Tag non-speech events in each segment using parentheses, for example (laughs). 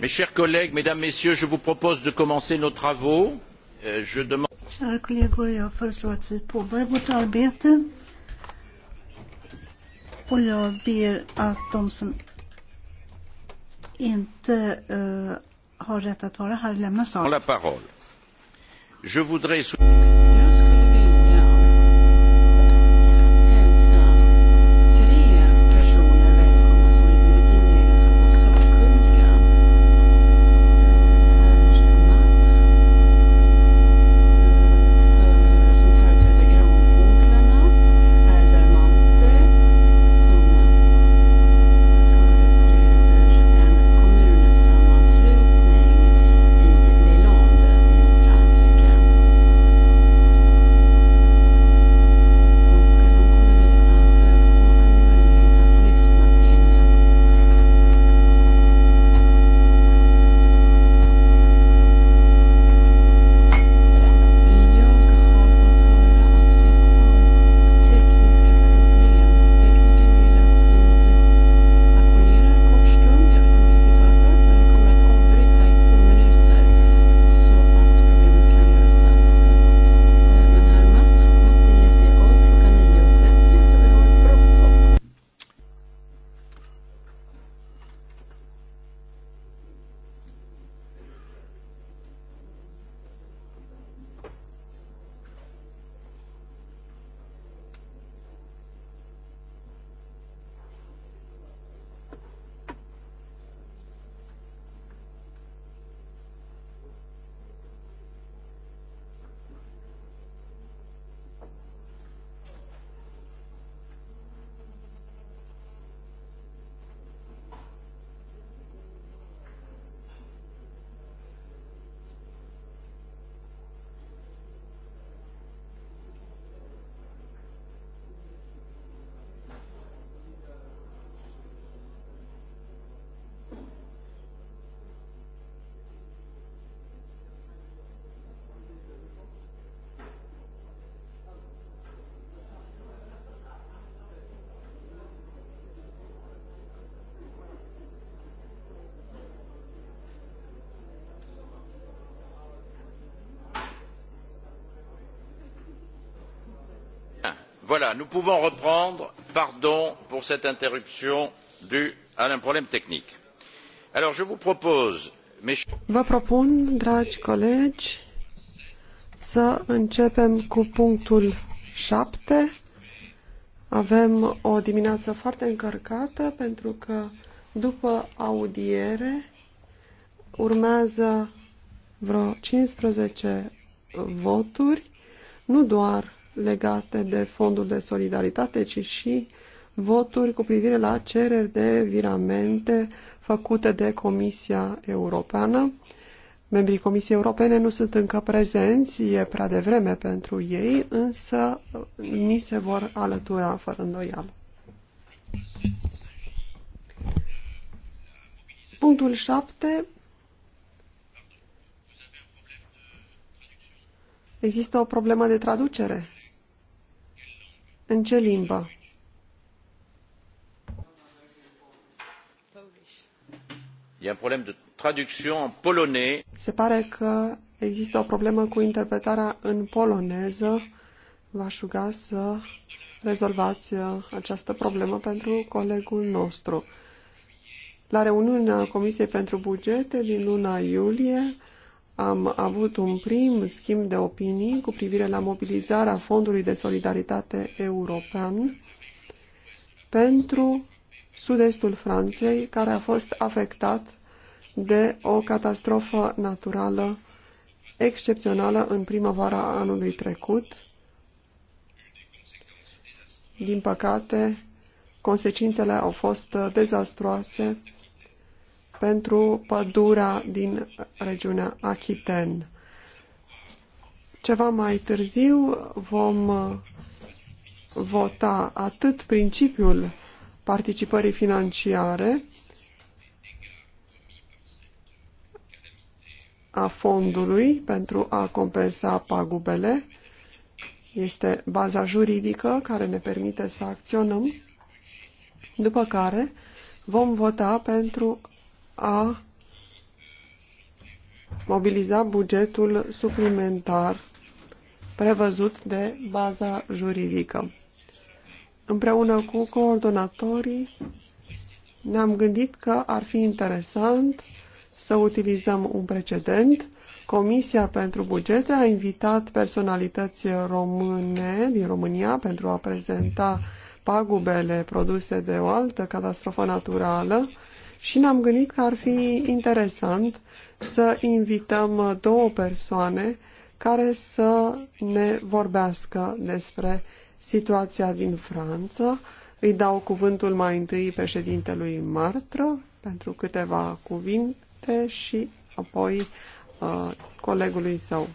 Mes chers collègues, mesdames, messieurs, je vous propose de commencer nos travaux. Euh, je demande... Kära kollegor, eh, Je voudrais... Voilà, nous pouvons reprendre. Pardon pour cette interruption due à un problème technique. Alors, je vous propose, mes... Vă propun, dragi colegi, să începem cu punctul 7. Avem o dimineață foarte încărcată pentru că după audiere urmează vreo 15 voturi, nu doar legate de fondul de solidaritate, ci și voturi cu privire la cereri de viramente făcute de Comisia Europeană. Membrii Comisiei Europene nu sunt încă prezenți, e prea devreme pentru ei, însă ni se vor alătura fără îndoială. Punctul 7. Există o problemă de traducere. În ce limbă? Se pare că există o problemă cu interpretarea în poloneză. V-aș ruga să rezolvați uh, această problemă pentru colegul nostru. La reuniunea Comisiei pentru Bugete din luna iulie am avut un prim schimb de opinii cu privire la mobilizarea Fondului de Solidaritate European pentru sud-estul Franței, care a fost afectat de o catastrofă naturală excepțională în primăvara anului trecut. Din păcate, consecințele au fost dezastroase pentru pădura din regiunea Achiten. Ceva mai târziu vom uh, vota atât principiul participării financiare a fondului pentru a compensa pagubele. Este baza juridică care ne permite să acționăm, după care vom vota pentru a mobiliza bugetul suplimentar prevăzut de baza juridică. Împreună cu coordonatorii ne-am gândit că ar fi interesant să utilizăm un precedent. Comisia pentru bugete a invitat personalități române din România pentru a prezenta pagubele produse de o altă catastrofă naturală și ne-am gândit că ar fi interesant să invităm uh, două persoane care să ne vorbească despre situația din Franța. Îi dau cuvântul mai întâi președintelui Martră pentru câteva cuvinte și apoi uh, colegului său.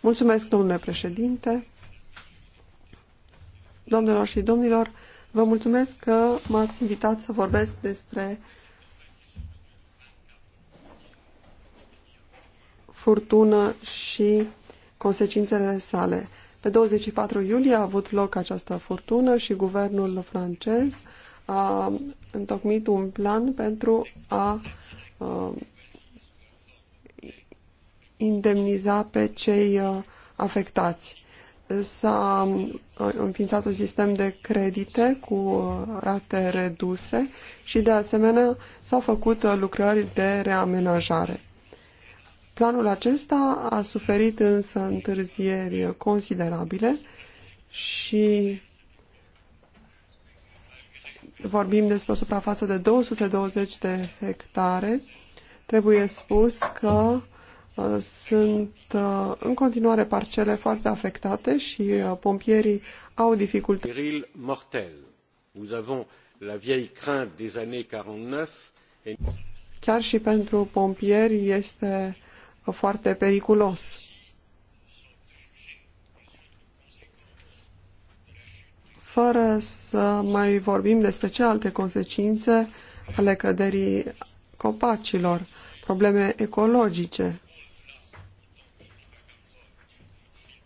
Mulțumesc, domnule președinte. Domnilor și domnilor, vă mulțumesc că m-ați invitat să vorbesc despre furtună și consecințele sale. Pe 24 iulie a avut loc această furtună și guvernul francez a întocmit un plan pentru a indemniza pe cei afectați. S-a înființat un sistem de credite cu rate reduse și, de asemenea, s-au făcut lucrări de reamenajare. Planul acesta a suferit însă întârzieri considerabile și vorbim despre o suprafață de 220 de hectare. Trebuie spus că uh, sunt uh, în continuare parcele foarte afectate și uh, pompierii au dificultăți. Peril mortel. Nous avons la vieille crainte des années 49 Chiar și pentru pompieri este foarte periculos. Fără să mai vorbim despre celelalte consecințe ale căderii copacilor, probleme ecologice.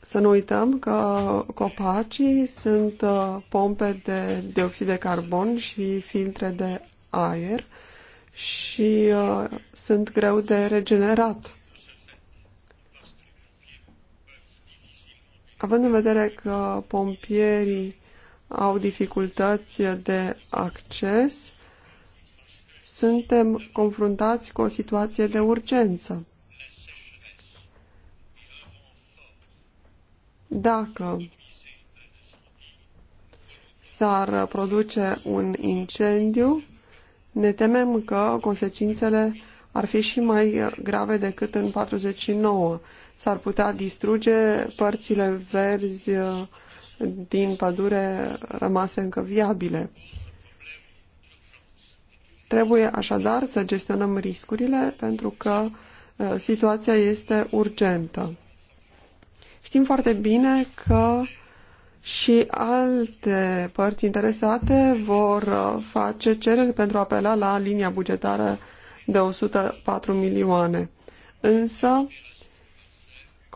Să nu uităm că copacii sunt uh, pompe de dioxid de carbon și filtre de aer și uh, sunt greu de regenerat. Având în vedere că pompierii au dificultăți de acces, suntem confruntați cu o situație de urgență. Dacă s-ar produce un incendiu, ne temem că consecințele ar fi și mai grave decât în 49 s-ar putea distruge părțile verzi uh, din pădure rămase încă viabile. Trebuie așadar să gestionăm riscurile pentru că uh, situația este urgentă. Știm foarte bine că și alte părți interesate vor uh, face cereri pentru a apela la linia bugetară de 104 milioane. Însă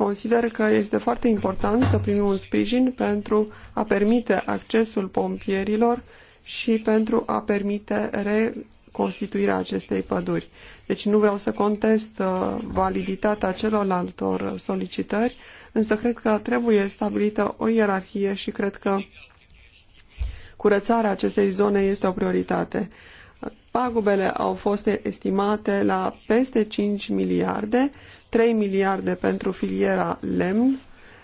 Consider că este foarte important să primim un sprijin pentru a permite accesul pompierilor și pentru a permite reconstituirea acestei păduri. Deci nu vreau să contest uh, validitatea celorlaltor solicitări, însă cred că trebuie stabilită o ierarhie și cred că curățarea acestei zone este o prioritate. Pagubele au fost estimate la peste 5 miliarde, 3 miliarde pentru filiera lemn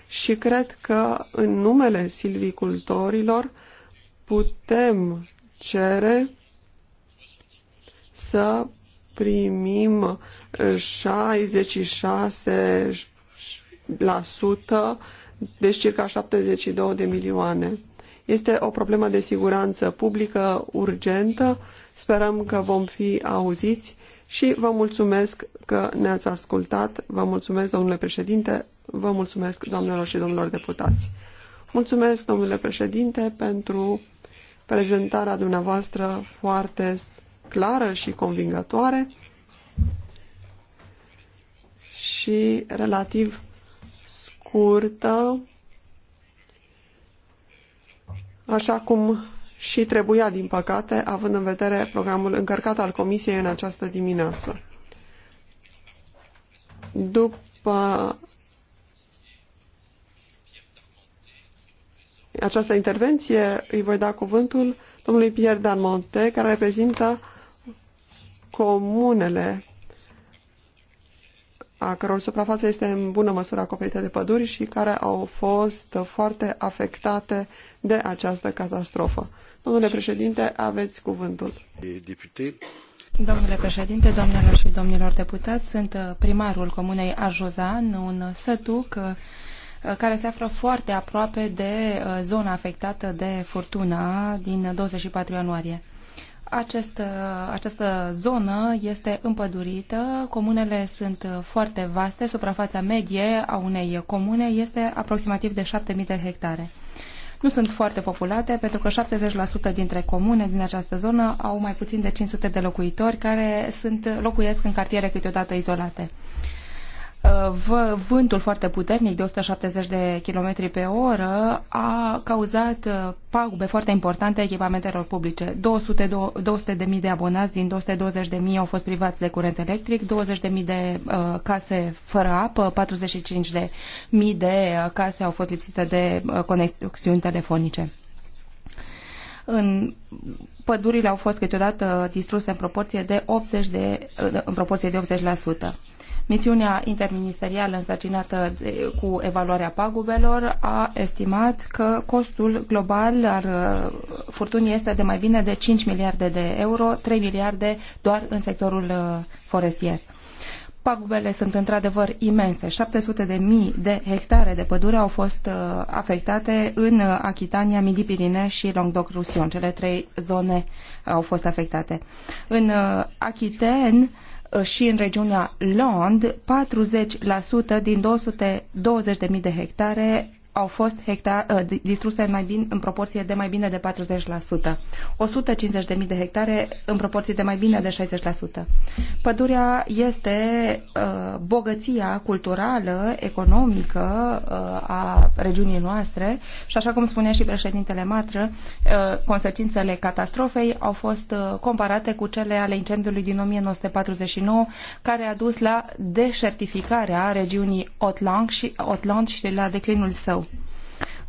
și cred că în numele silvicultorilor putem cere să primim 66% deci circa 72 de milioane. Este o problemă de siguranță publică urgentă. Sperăm că vom fi auziți și vă mulțumesc că ne-ați ascultat, vă mulțumesc, domnule președinte, vă mulțumesc, doamnelor și domnilor deputați. Mulțumesc, domnule președinte, pentru prezentarea dumneavoastră foarte clară și convingătoare și relativ scurtă, așa cum și trebuia, din păcate, având în vedere programul încărcat al Comisiei în această dimineață. După această intervenție îi voi da cuvântul domnului Pierre Darmonte, care reprezintă comunele a căror suprafață este în bună măsură acoperită de păduri și care au fost foarte afectate de această catastrofă. Domnule președinte, aveți cuvântul. Domnule președinte, domnilor și domnilor deputați, sunt uh, primarul Comunei Ajozan, un sătuc uh, care se află foarte aproape de uh, zona afectată de furtuna din 24 ianuarie. Acest, această zonă este împădurită, comunele sunt foarte vaste, suprafața medie a unei comune este aproximativ de 7.000 de hectare nu sunt foarte populate, pentru că 70% dintre comune din această zonă au mai puțin de 500 de locuitori care sunt, locuiesc în cartiere câteodată izolate. Uh, vântul foarte puternic de 170 de km pe oră a cauzat uh, pagube foarte importante echipamentelor publice. 200.000 200 de abonați din 220.000 au fost privați de curent electric, 20.000 de uh, case fără apă, 45.000 de uh, case au fost lipsite de conexiuni telefonice. În pădurile au fost câteodată distruse în proporție de 80 de, în proporție de 80%. Misiunea interministerială însărcinată de, cu evaluarea pagubelor a estimat că costul global al uh, furtunii este de mai bine de 5 miliarde de euro, 3 miliarde doar în sectorul uh, forestier. Pagubele sunt într-adevăr imense. 700 de mii de hectare de pădure au fost uh, afectate în Achitania, Midi-Pirine și Languedoc-Roussillon. Cele trei zone au fost afectate. În Achiten, Uh, și în regiunea Lond, 40% din 220.000 de hectare au fost uh, distruse mai bine, în proporție de mai bine de 40%, 150.000 de hectare în proporție de mai bine de 60%. Pădurea este uh, bogăția culturală, economică uh, a regiunii noastre și așa cum spunea și președintele Matră, uh, consecințele catastrofei au fost uh, comparate cu cele ale incendiului din 1949 care a dus la deșertificarea regiunii Otland și, Otland și la declinul său.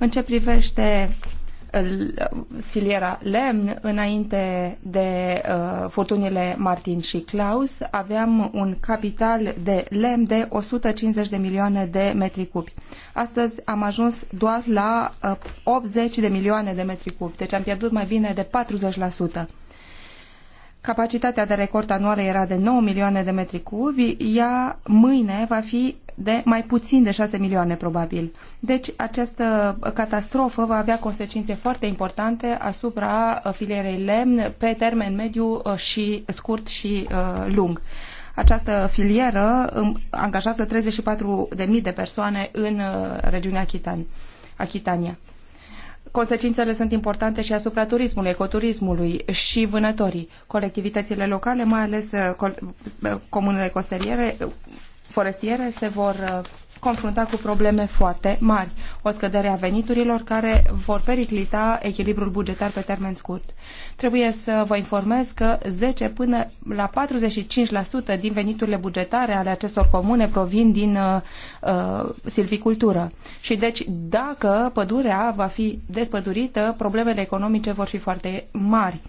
În ce privește uh, siliera lemn, înainte de uh, furtunile Martin și Claus, aveam un capital de lemn de 150 de milioane de metri cubi. Astăzi am ajuns doar la uh, 80 de milioane de metri cubi, deci am pierdut mai bine de 40%. Capacitatea de record anuală era de 9 milioane de metri cubi, ea mâine va fi de mai puțin de 6 milioane, probabil. Deci, această catastrofă va avea consecințe foarte importante asupra uh, filierei lemn pe termen mediu uh, și scurt și uh, lung. Această filieră um, angajează 34.000 de persoane în regiunea Achitania. Consecințele sunt importante și asupra turismului, ecoturismului și vânătorii. Colectivitățile locale, mai ales comunele costeriere, forestiere se vor uh, confrunta cu probleme foarte mari, o scădere a veniturilor care vor periclita echilibrul bugetar pe termen scurt. Trebuie să vă informez că 10 până la 45% din veniturile bugetare ale acestor comune provin din uh, uh, silvicultură. Și deci dacă pădurea va fi despădurită, problemele economice vor fi foarte mari.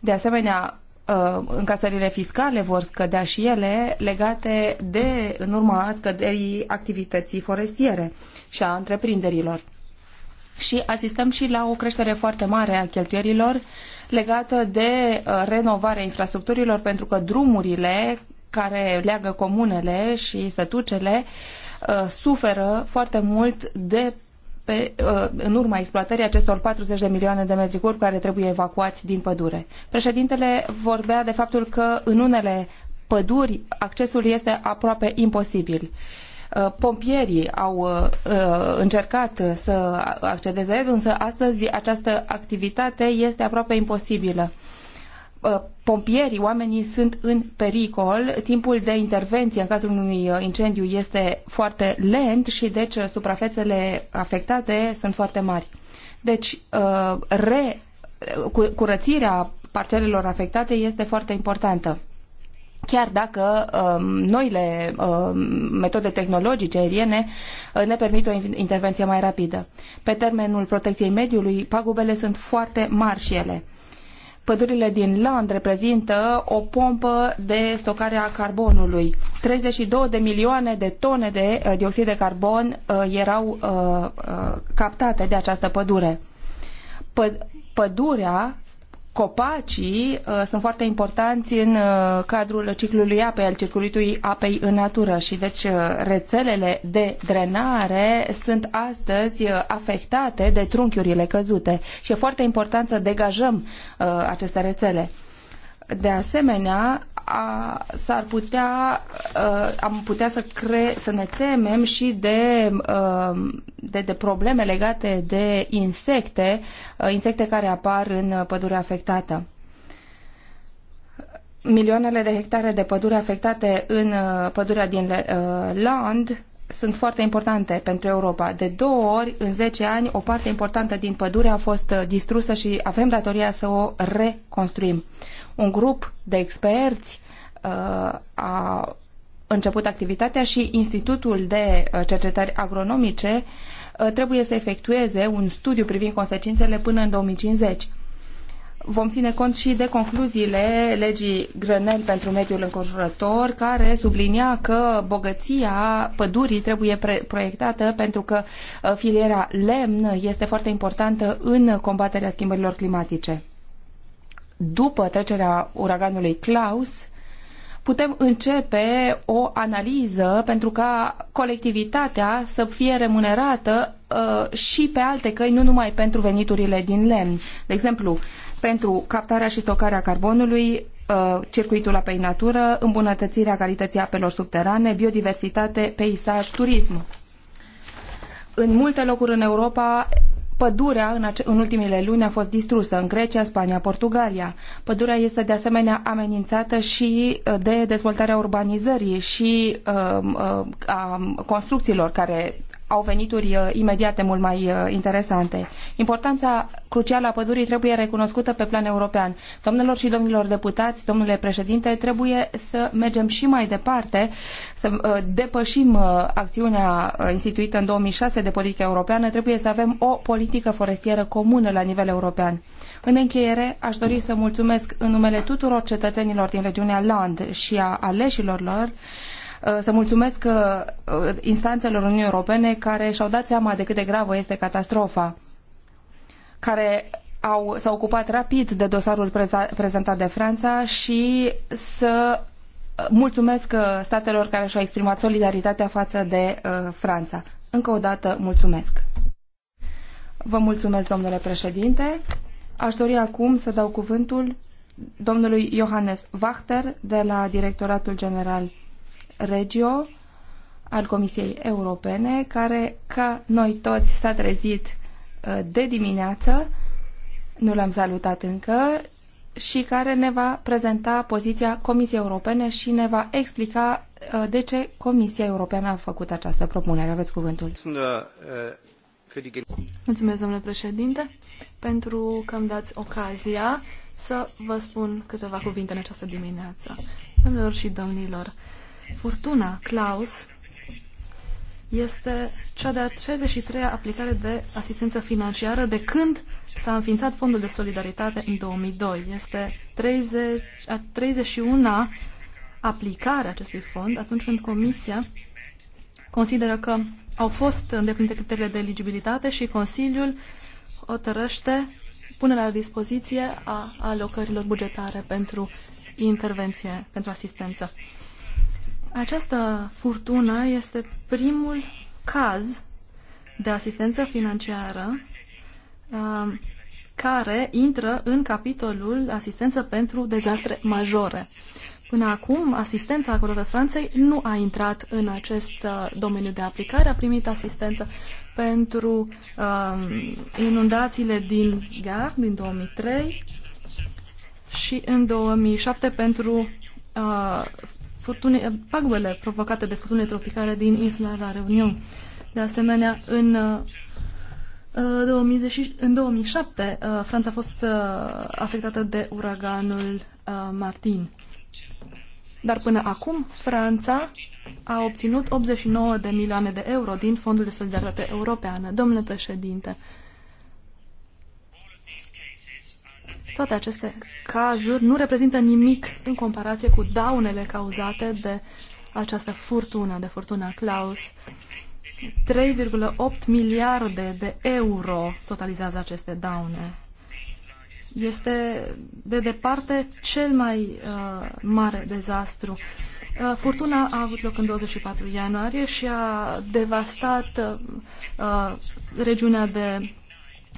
De asemenea, Uh, încasările fiscale vor scădea și ele legate de, în urma scăderii activității forestiere și a întreprinderilor. Și asistăm și la o creștere foarte mare a cheltuierilor legată de uh, renovarea infrastructurilor, pentru că drumurile care leagă comunele și sătucele uh, suferă foarte mult de pe, uh, în urma exploatării acestor 40 de milioane de metri curbi care trebuie evacuați din pădure. Președintele vorbea de faptul că în unele păduri accesul este aproape imposibil. Uh, pompierii au uh, încercat să accedeze, însă astăzi această activitate este aproape imposibilă Uh, pompierii, oamenii sunt în pericol, timpul de intervenție în cazul unui uh, incendiu este foarte lent și deci uh, suprafețele afectate sunt foarte mari. Deci, re, curățirea parcelelor afectate este foarte importantă chiar dacă um, noile um, metode tehnologice aeriene ne permit o intervenție mai rapidă. Pe termenul protecției mediului, pagubele sunt foarte mari și ele. Pădurile din Land reprezintă o pompă de stocare a carbonului. 32 de milioane de tone de uh, dioxid de carbon uh, erau uh, captate de această pădure. pădurea copacii uh, sunt foarte importanți în uh, cadrul ciclului apei, al circuitului apei în natură și deci uh, rețelele de drenare sunt astăzi uh, afectate de trunchiurile căzute și e foarte important să degajăm uh, aceste rețele. De asemenea, a, s-ar putea, a, ă, am putea să, cre- să ne temem și de, a, ă, de, de probleme legate de insecte, a, ă, insecte care apar în pădurea afectată. Milioanele de hectare de pădure afectate în pădurea din Land sunt foarte importante pentru Europa. De două ori, în 10 ani, o parte importantă din pădure a fost distrusă și avem datoria să o reconstruim un grup de experți uh, a început activitatea și Institutul de uh, Cercetări Agronomice uh, trebuie să efectueze un studiu privind consecințele până în 2050. Vom ține cont și de concluziile legii Grenel pentru mediul înconjurător, care sublinia că bogăția pădurii trebuie proiectată pentru că filiera lemn este foarte importantă în combaterea schimbărilor climatice după trecerea uraganului Klaus, putem începe o analiză pentru ca colectivitatea să fie remunerată uh, și pe alte căi, nu numai pentru veniturile din lemn. De exemplu, pentru captarea și stocarea carbonului, uh, circuitul apei natură, îmbunătățirea calității apelor subterane, biodiversitate, peisaj, turism. În multe locuri în Europa Pădurea în, ace- în ultimile luni a fost distrusă în Grecia, Spania, Portugalia. Pădurea este de asemenea amenințată și uh, de dezvoltarea urbanizării și uh, uh, a construcțiilor care au venituri uh, imediate mult mai uh, interesante. Importanța crucială a pădurii trebuie recunoscută pe plan european. Domnilor și domnilor deputați, domnule președinte, trebuie să mergem și mai departe, să uh, depășim acțiunea instituită în 2006 de politică europeană, trebuie să avem o politică forestieră comună la nivel european. În încheiere, aș dori să mulțumesc în numele tuturor cetățenilor din regiunea Land și a aleșilor lor Uh, să mulțumesc uh, uh, instanțelor Uniunii Europene care și-au dat seama de cât de gravă este catastrofa, care au, s-au ocupat rapid de dosarul preza, prezentat de Franța și să mulțumesc statelor care și-au exprimat solidaritatea față de uh, Franța. Încă o dată, mulțumesc! Vă mulțumesc, domnule președinte. Aș dori acum să dau cuvântul domnului Johannes Wachter de la Directoratul General Regio al Comisiei Europene, care, ca noi toți, s-a trezit uh, de dimineață, nu l-am salutat încă, și care ne va prezenta poziția Comisiei Europene și ne va explica uh, de ce Comisia Europeană a făcut această propunere. Aveți cuvântul. Mulțumesc, domnule președinte, pentru că îmi dați ocazia să vă spun câteva cuvinte în această dimineață. Domnilor și domnilor, uh, Furtuna Claus este cea de-a 33-a aplicare de asistență financiară de când s-a înființat Fondul de Solidaritate în 2002. Este 30, a 31-a aplicare acestui fond atunci când Comisia consideră că au fost îndeplinite criteriile de eligibilitate și Consiliul hotărăște pune la dispoziție a alocărilor bugetare pentru intervenție, pentru asistență. Această furtună este primul caz de asistență financiară uh, care intră în capitolul asistență pentru dezastre majore. Până acum, asistența acordată Franței nu a intrat în acest uh, domeniu de aplicare, a primit asistență pentru uh, inundațiile din Gar din 2003 și în 2007 pentru uh, furtune, pagubele provocate de furtunile tropicale din insula La Reunion. De asemenea, în, uh, 2010, uh, în 2007, uh, Franța a fost uh, afectată de uraganul uh, Martin. Dar până acum, Franța a obținut 89 de milioane de euro din Fondul de Solidaritate Europeană. Domnule președinte, toate aceste cazuri nu reprezintă nimic în comparație cu daunele cauzate de această furtună, de furtuna Klaus. 3,8 miliarde de euro totalizează aceste daune. Este de departe cel mai uh, mare dezastru. Uh, furtuna a avut loc în 24 ianuarie și a devastat uh, uh regiunea de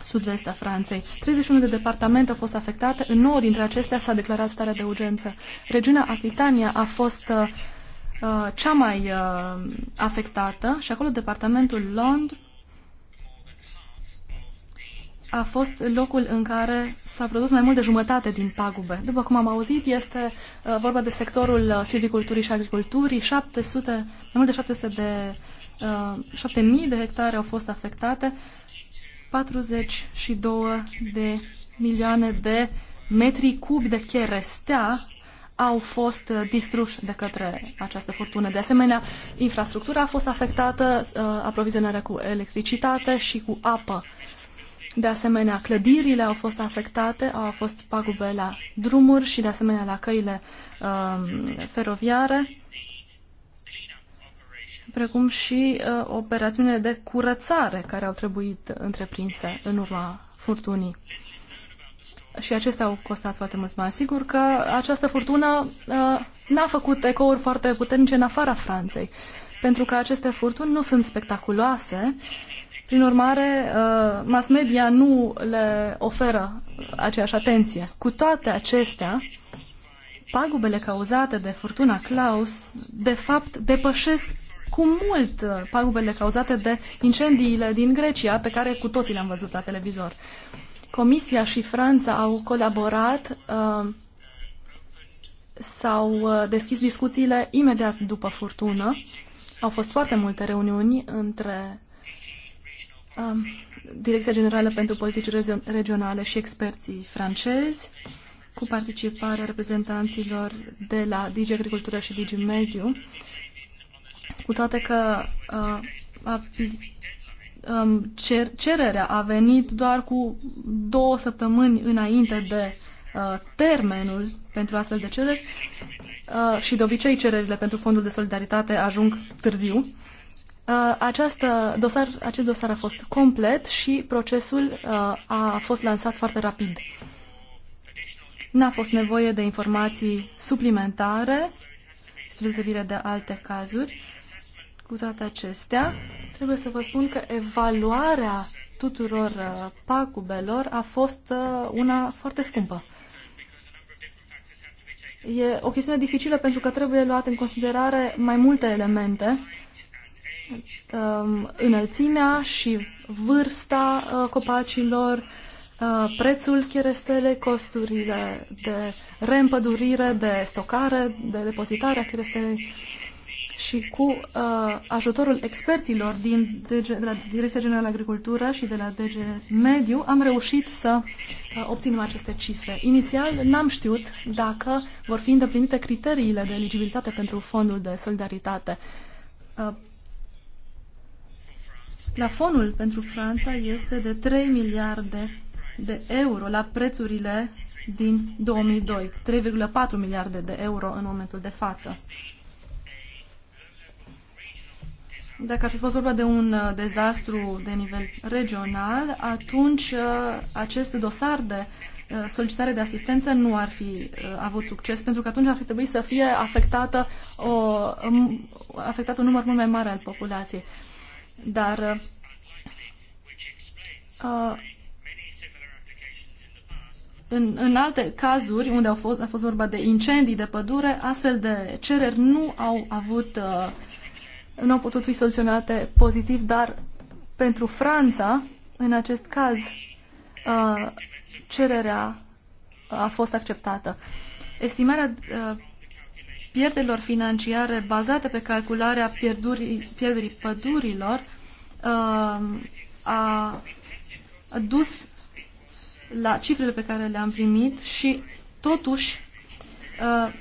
sud-vest a Franței. 31 de departamente au fost afectate, în 9 dintre acestea s-a declarat starea de urgență. Regiunea Aquitania a fost uh, uh cea mai uh, afectată și acolo departamentul Londra a fost locul în care s-a produs mai mult de jumătate din pagube. După cum am auzit, este uh, vorba de sectorul uh, silviculturii și agriculturii. 700, mai mult de 700 de, uh, 7000 de hectare au fost afectate. 42 de milioane de metri cubi de cherestea au fost uh, distruși de către această furtună. De asemenea, infrastructura a fost afectată, uh, aprovizionarea cu electricitate și cu apă. De asemenea, clădirile au fost afectate, au fost pagube la drumuri și de asemenea la căile um, feroviare precum și uh, operațiunile de curățare care au trebuit întreprinse în urma furtunii. Și acestea au costat foarte mult bani. Sigur că această furtună uh, n-a făcut ecouri foarte puternice în afara Franței, pentru că aceste furtuni nu sunt spectaculoase, prin urmare, uh, mass media nu le oferă aceeași atenție. Cu toate acestea, pagubele cauzate de furtuna Claus, de fapt, depășesc cu mult uh, pagubele cauzate de incendiile din Grecia, pe care cu toții le-am văzut la televizor. Comisia și Franța au colaborat, uh, s-au uh, deschis discuțiile imediat după furtună. Au fost foarte multe reuniuni între uh, Direcția Generală pentru Politici Regionale și experții francezi, cu participarea reprezentanților de la Digi Agricultură și Digi Mediu cu toate că uh, a, um, cer, cererea a venit doar cu două săptămâni înainte de uh, termenul pentru astfel de cereri uh, și de obicei cererile pentru Fondul de Solidaritate ajung târziu. Uh, această dosar, acest dosar a fost complet și procesul uh, a fost lansat foarte rapid. N-a fost nevoie de informații suplimentare, spre de alte cazuri. Cu toate acestea, trebuie să vă spun că evaluarea tuturor uh, pagubelor a fost uh, una foarte scumpă. E o chestiune dificilă pentru că trebuie luat în considerare mai multe elemente, um, înălțimea și vârsta uh, copacilor, prețul cherestele, costurile de reîmpădurire, de stocare, de depozitare a cherestelei și cu uh, ajutorul experților din DG, de la Direcția Generală Agricultură și de la DG Mediu am reușit să uh, obținem aceste cifre. Inițial n-am știut dacă vor fi îndeplinite criteriile de eligibilitate pentru fondul de solidaritate. Uh, plafonul pentru Franța este de 3 miliarde de euro la prețurile din 2002, 3,4 miliarde de euro în momentul de față. Dacă ar fi fost vorba de un uh, dezastru de nivel regional, atunci uh, acest dosar de uh, solicitare de asistență nu ar fi avut succes, pentru că atunci ar fi trebuit să fie afectată o, um, afectat un număr mult mai mare al populației. Dar în, în alte cazuri unde au fost, a fost vorba de incendii de pădure, astfel de cereri nu au avut uh, nu au putut fi soluționate pozitiv, dar pentru Franța, în acest caz, uh, cererea a fost acceptată. Estimarea uh, pierderilor financiare bazate pe calcularea pierderii pădurilor uh, a dus la cifrele pe care le-am primit și totuși uh,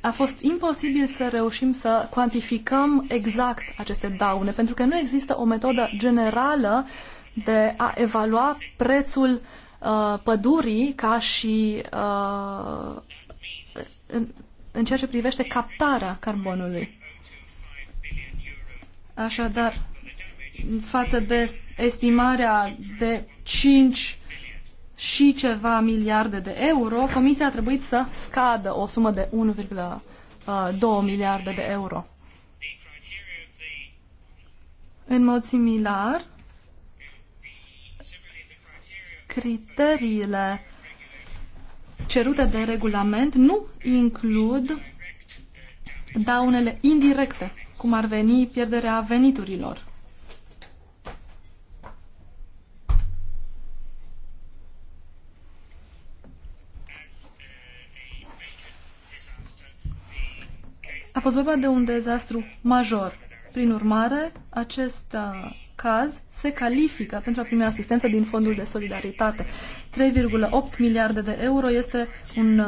a fost imposibil să reușim să cuantificăm exact aceste daune, pentru că nu există o metodă generală de a evalua prețul uh, pădurii ca și uh, în, în ceea ce privește captarea carbonului. Așadar, față de estimarea de 5 și ceva miliarde de euro, Comisia a trebuit să scadă o sumă de 1,2 uh, miliarde de euro. În mod similar, criteriile cerute de regulament nu includ daunele indirecte, cum ar veni pierderea veniturilor. A fost vorba de un dezastru major. Prin urmare, acest uh, caz se califică pentru a primi asistență din Fondul de Solidaritate. 3,8 miliarde de euro este un, uh,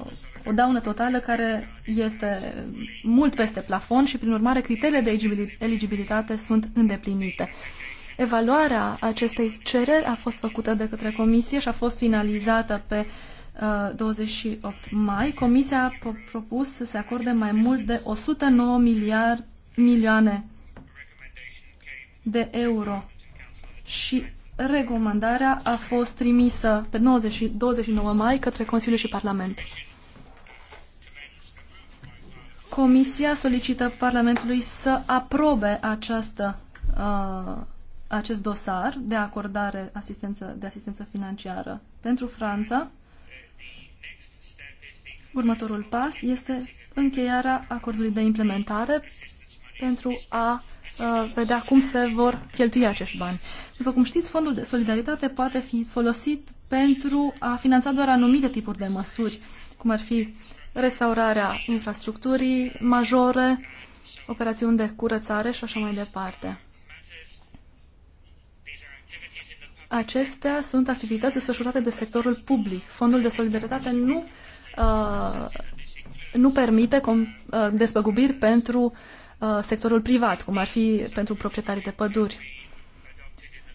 uh, o daună totală care este mult peste plafon și, prin urmare, criteriile de eligibilitate sunt îndeplinite. Evaluarea acestei cereri a fost făcută de către Comisie și a fost finalizată pe uh, 28 uh, mai, Comisia a propus să se acorde mai mult de 109 miliard, milioane de euro și recomandarea a fost trimisă pe 90, 29 mai către Consiliu și Parlament. Comisia solicită Parlamentului să aprobe această, uh, acest dosar de acordare asistență, de asistență financiară pentru Franța Următorul pas este încheiarea acordului de implementare pentru a uh, vedea cum se vor cheltui acești bani. După cum știți, fondul de solidaritate poate fi folosit pentru a finanța doar anumite tipuri de măsuri, cum ar fi restaurarea infrastructurii majore, operațiuni de curățare și așa mai departe. Acestea sunt activități desfășurate de sectorul public. Fondul de solidaritate nu Uh, nu permite com- uh, despăgubiri pentru uh, sectorul privat, cum ar fi pentru proprietarii de păduri.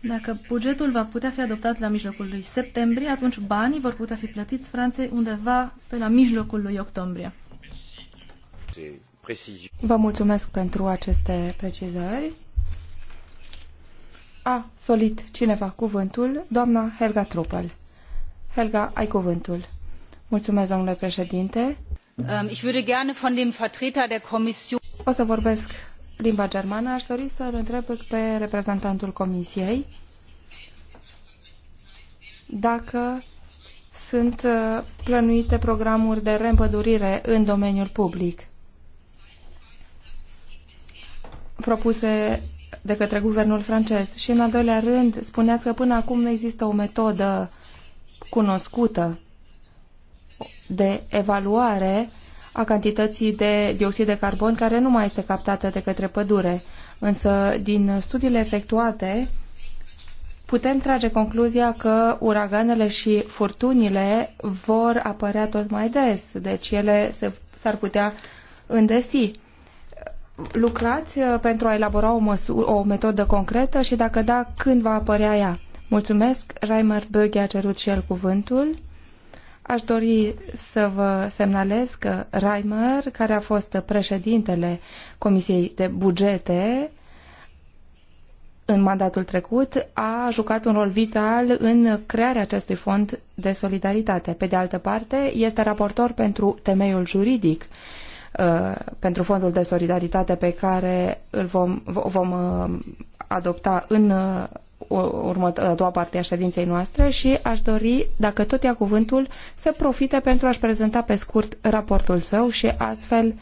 Dacă bugetul va putea fi adoptat la mijlocul lui septembrie, atunci banii vor putea fi plătiți Franței undeva pe la mijlocul lui octombrie. Vă mulțumesc pentru aceste precizări. A solit cineva cuvântul, doamna Helga Truppel. Helga, ai cuvântul. Mulțumesc, președinte. Um, ich würde gerne von dem Vertreter der Kommission... O să vorbesc limba germană. Aș dori să îl întreb pe reprezentantul Comisiei dacă sunt uh, plănuite programuri de reîmpădurire în domeniul public propuse de către guvernul francez. Și în al doilea rând, spuneați că până acum nu există o metodă cunoscută de evaluare a cantității de dioxid de carbon care nu mai este captată de către pădure. Însă, din studiile efectuate, putem trage concluzia că uraganele și furtunile vor apărea tot mai des, deci ele s-ar putea îndesi. Lucrați uh, pentru a elabora o, măsur, o metodă concretă și dacă da, când va apărea ea? Mulțumesc, Reimer Böge a cerut și el cuvântul. Aș dori să vă semnalez că Reimer, care a fost președintele Comisiei de Bugete în mandatul trecut, a jucat un rol vital în crearea acestui fond de solidaritate. Pe de altă parte, este raportor pentru temeiul juridic uh, pentru fondul de solidaritate pe care îl vom, vom uh, adopta în uh, următoarea a doua parte a ședinței noastre și aș dori, dacă tot ia cuvântul, să profite pentru a-și prezenta pe scurt raportul său și astfel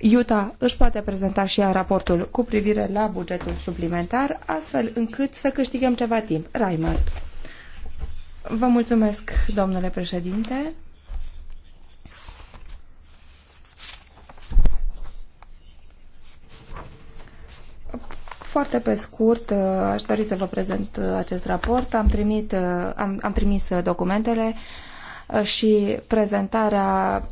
Iuta își poate prezenta și ea raportul cu privire la bugetul suplimentar, astfel încât să câștigăm ceva timp. Raimar. Vă mulțumesc, domnule președinte. Foarte pe scurt, uh, aș dori să vă prezent uh, acest raport. Am, trimit, uh, am, am trimis documentele și prezentarea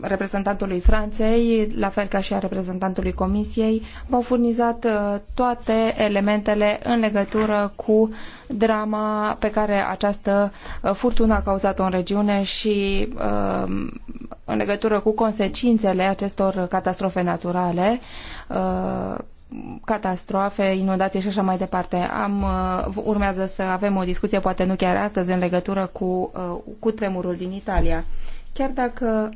reprezentantului Franței, la fel ca și a reprezentantului Comisiei, m-au furnizat toate elementele în legătură cu drama pe care această furtună a cauzat-o în regiune și în legătură cu consecințele acestor catastrofe naturale catastrofe, inundații și așa mai departe. Am, uh, urmează să avem o discuție, poate nu chiar astăzi, în legătură cu, uh, cu tremurul din Italia. Chiar dacă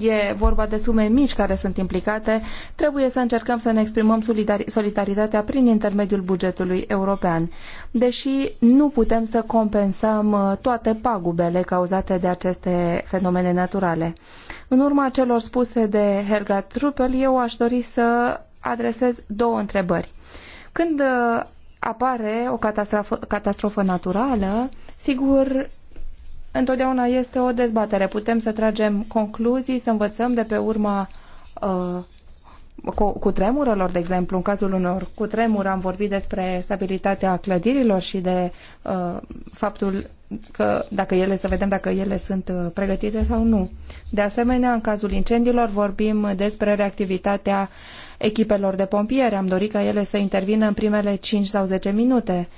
e vorba de sume mici care sunt implicate, trebuie să încercăm să ne exprimăm solidaritatea prin intermediul bugetului european. Deși nu putem să compensăm uh, toate pagubele cauzate de aceste fenomene naturale. În urma celor spuse de Helga Truppel, eu aș dori să adresez două întrebări. Când uh, apare o catastrofă, catastrofă naturală, sigur, întotdeauna este o dezbatere. Putem să tragem concluzii, să învățăm de pe urma uh, cu, cu tremurelor, de exemplu, în cazul unor cu tremur am vorbit despre stabilitatea clădirilor și de uh, faptul că dacă ele, să vedem dacă ele sunt uh, pregătite sau nu. De asemenea, în cazul incendiilor vorbim despre reactivitatea uh, echipelor de pompieri. Am dorit ca ele să intervină în primele 5 sau 10 minute.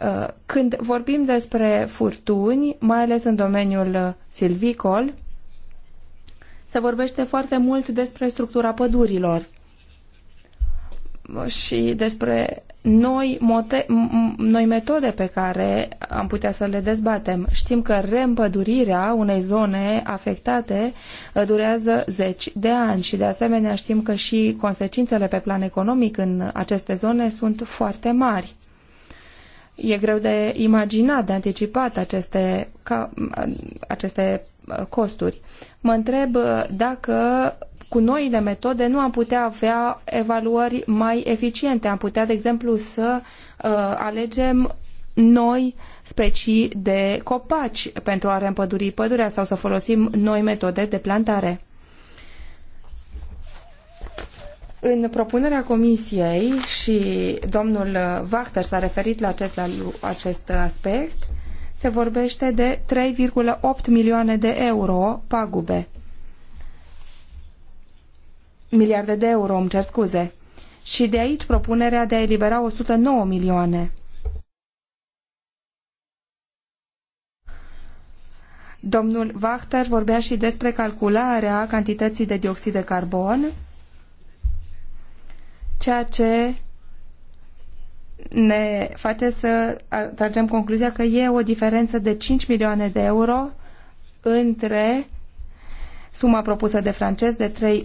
Uh, când vorbim despre furtuni, mai ales în domeniul uh, silvicol, se vorbește foarte mult despre structura pădurilor și despre noi, mote, noi metode pe care am putea să le dezbatem. Știm că reîmpădurirea unei zone afectate uh, durează zeci de ani și de asemenea știm că și consecințele pe plan economic în aceste zone sunt foarte mari. E greu de imaginat, de anticipat aceste, ca, aceste uh, costuri. Mă întreb uh, dacă cu noile metode nu am putea avea evaluări mai eficiente. Am putea, de exemplu, să uh, alegem noi specii de copaci pentru a reîmpăduri pădurea sau să folosim noi metode de plantare. În propunerea comisiei și domnul Wachter s-a referit la acest, la acest aspect, se vorbește de 3,8 milioane de euro pagube miliarde de euro, îmi cer scuze. Și de aici propunerea de a elibera 109 milioane. Domnul Wachter vorbea și despre calcularea cantității de dioxid de carbon, ceea ce ne face să tragem concluzia că e o diferență de 5 milioane de euro între suma propusă de francez de 3,8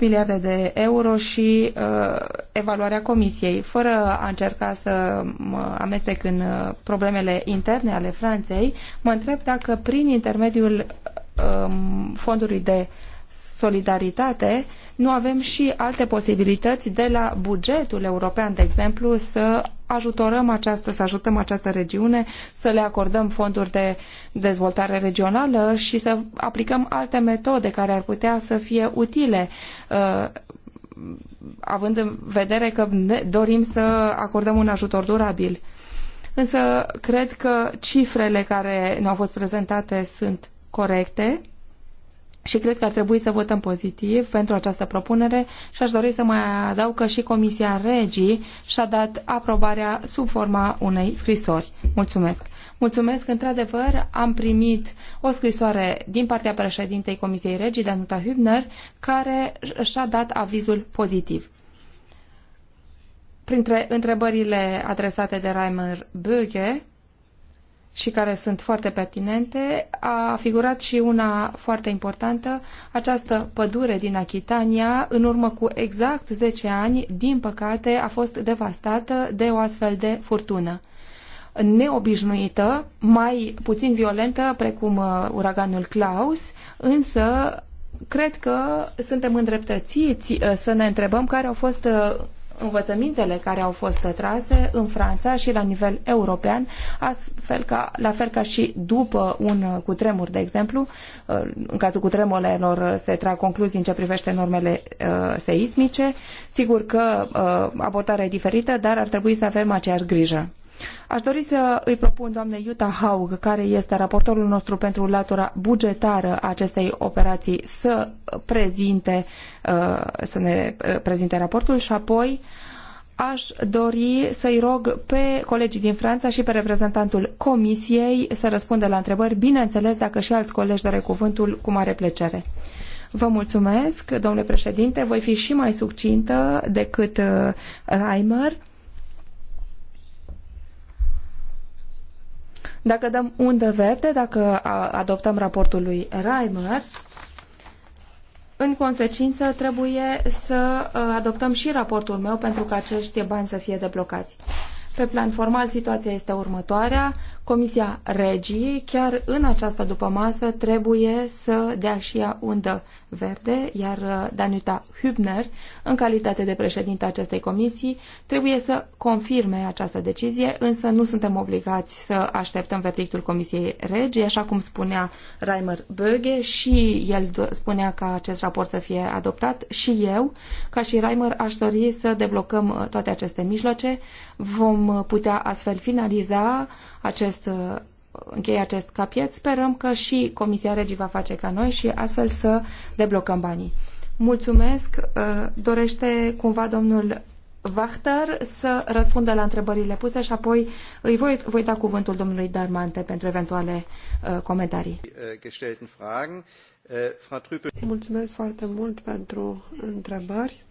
miliarde de euro și uh, evaluarea comisiei, fără a încerca să mă amestec în uh, problemele interne ale Franței, mă întreb dacă prin intermediul uh, fondului de solidaritate, nu avem și alte posibilități de la bugetul european, de exemplu, să ajutorăm această, să ajutăm această regiune, să le acordăm fonduri de dezvoltare regională și să aplicăm alte metode care ar putea să fie utile uh, având în vedere că ne dorim să acordăm un ajutor durabil. Însă cred că cifrele care ne-au fost prezentate sunt corecte și cred că ar trebui să votăm pozitiv pentru această propunere și aș dori să mai adaug că și Comisia Regii și-a dat aprobarea sub forma unei scrisori. Mulțumesc! Mulțumesc, într-adevăr, am primit o scrisoare din partea președintei Comisiei Regii, Danuta Hübner, care și-a dat avizul pozitiv. Printre întrebările adresate de Reimer Böge, și care sunt foarte pertinente, a figurat și una foarte importantă, această pădure din Achitania, în urmă cu exact 10 ani, din păcate, a fost devastată de o astfel de furtună neobișnuită, mai puțin violentă, precum uh, uraganul Klaus, însă cred că suntem îndreptățiți uh, să ne întrebăm care au fost uh, învățămintele care au fost trase în Franța și la nivel european, astfel ca, la fel ca și după un uh, cutremur, de exemplu, uh, în cazul cutremurelor uh, se trag concluzii în ce privește normele seismice. Sigur că abordarea e diferită, dar ar trebui să avem aceeași grijă. Aș dori să îi propun doamnei Iuta Haug, care este raportorul nostru pentru latura bugetară a acestei operații, să prezinte, uh, să ne uh, prezinte raportul și apoi aș dori să-i rog pe colegii din Franța și pe reprezentantul Comisiei să răspundă la întrebări, bineînțeles dacă și alți colegi doresc cuvântul, cu mare plăcere. Vă mulțumesc, domnule președinte, voi fi și mai succintă decât uh, Reimer. Dacă dăm undă verde, dacă adoptăm raportul lui Reimer, în consecință trebuie să adoptăm și raportul meu pentru că acești bani să fie deblocați. Pe plan formal, situația este următoarea. Comisia Regii, chiar în această dupămasă, trebuie să dea și ea undă verde, iar uh, Danuta Hübner, în calitate de președinte acestei comisii, trebuie să confirme această decizie, însă nu suntem obligați să așteptăm verdictul Comisiei Regii, așa cum spunea Reimer Böge și el spunea ca acest raport să fie adoptat și eu, ca și Reimer, aș dori să deblocăm uh, toate aceste mijloace. Vom uh, putea astfel finaliza acest, uh, încheie acest capiet. Sperăm că și Comisia Regii va face ca noi și astfel să deblocăm banii. Mulțumesc. Uh, dorește cumva domnul Vachter să răspundă la întrebările puse și apoi îi voi, voi da cuvântul domnului Darmante pentru eventuale uh, comentarii. Mulțumesc foarte mult pentru întrebări.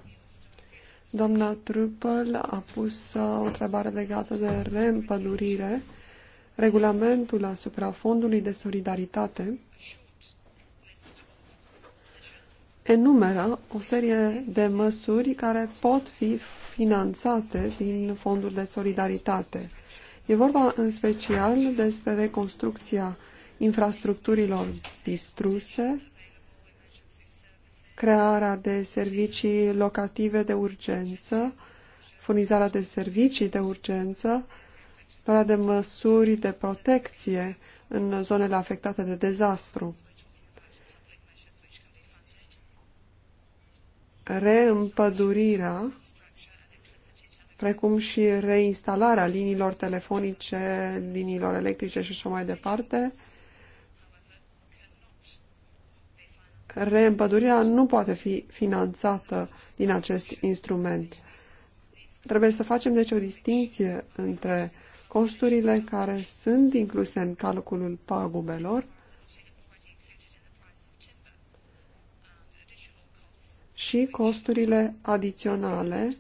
Doamna Trupel a pus o întrebare legată de reîmpădurire Regulamentul asupra Fondului de Solidaritate enumeră o serie de măsuri care pot fi finanțate din fondul de solidaritate. E vorba în special despre reconstrucția infrastructurilor distruse, crearea de servicii locative de urgență, furnizarea de servicii de urgență, luarea de măsuri de protecție în zonele afectate de dezastru, reîmpădurirea, precum și reinstalarea liniilor telefonice, liniilor electrice și așa mai departe, reîmpădurirea nu poate fi finanțată din acest instrument. Trebuie să facem deci o distinție între costurile care sunt incluse în calculul pagubelor și costurile adiționale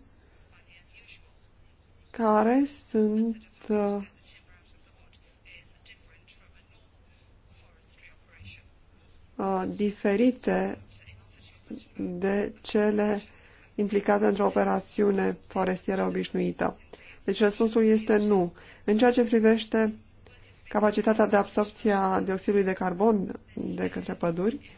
care sunt uh, diferite de cele implicate într-o operațiune forestieră obișnuită. Deci răspunsul este nu. În ceea ce privește capacitatea de absorpție a dioxidului de carbon de către păduri,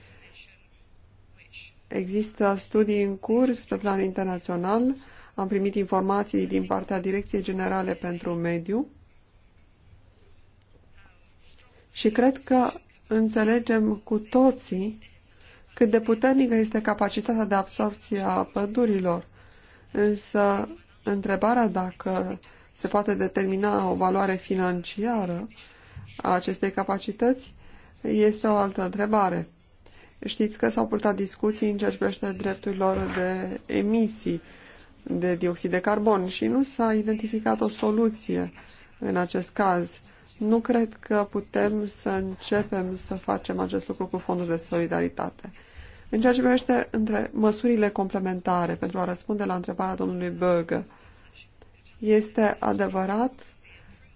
există studii în curs pe plan internațional. Am primit informații din partea Direcției Generale pentru Mediu și cred că înțelegem cu toții cât de puternică este capacitatea de absorpție a pădurilor. Însă Întrebarea dacă se poate determina o valoare financiară a acestei capacități este o altă întrebare. Știți că s-au purtat discuții în ceea ce privește drepturilor de emisii de dioxid de carbon și nu s-a identificat o soluție în acest caz. Nu cred că putem să începem să facem acest lucru cu fondul de solidaritate. În ceea ce privește între măsurile complementare, pentru a răspunde la întrebarea domnului Bögă, este adevărat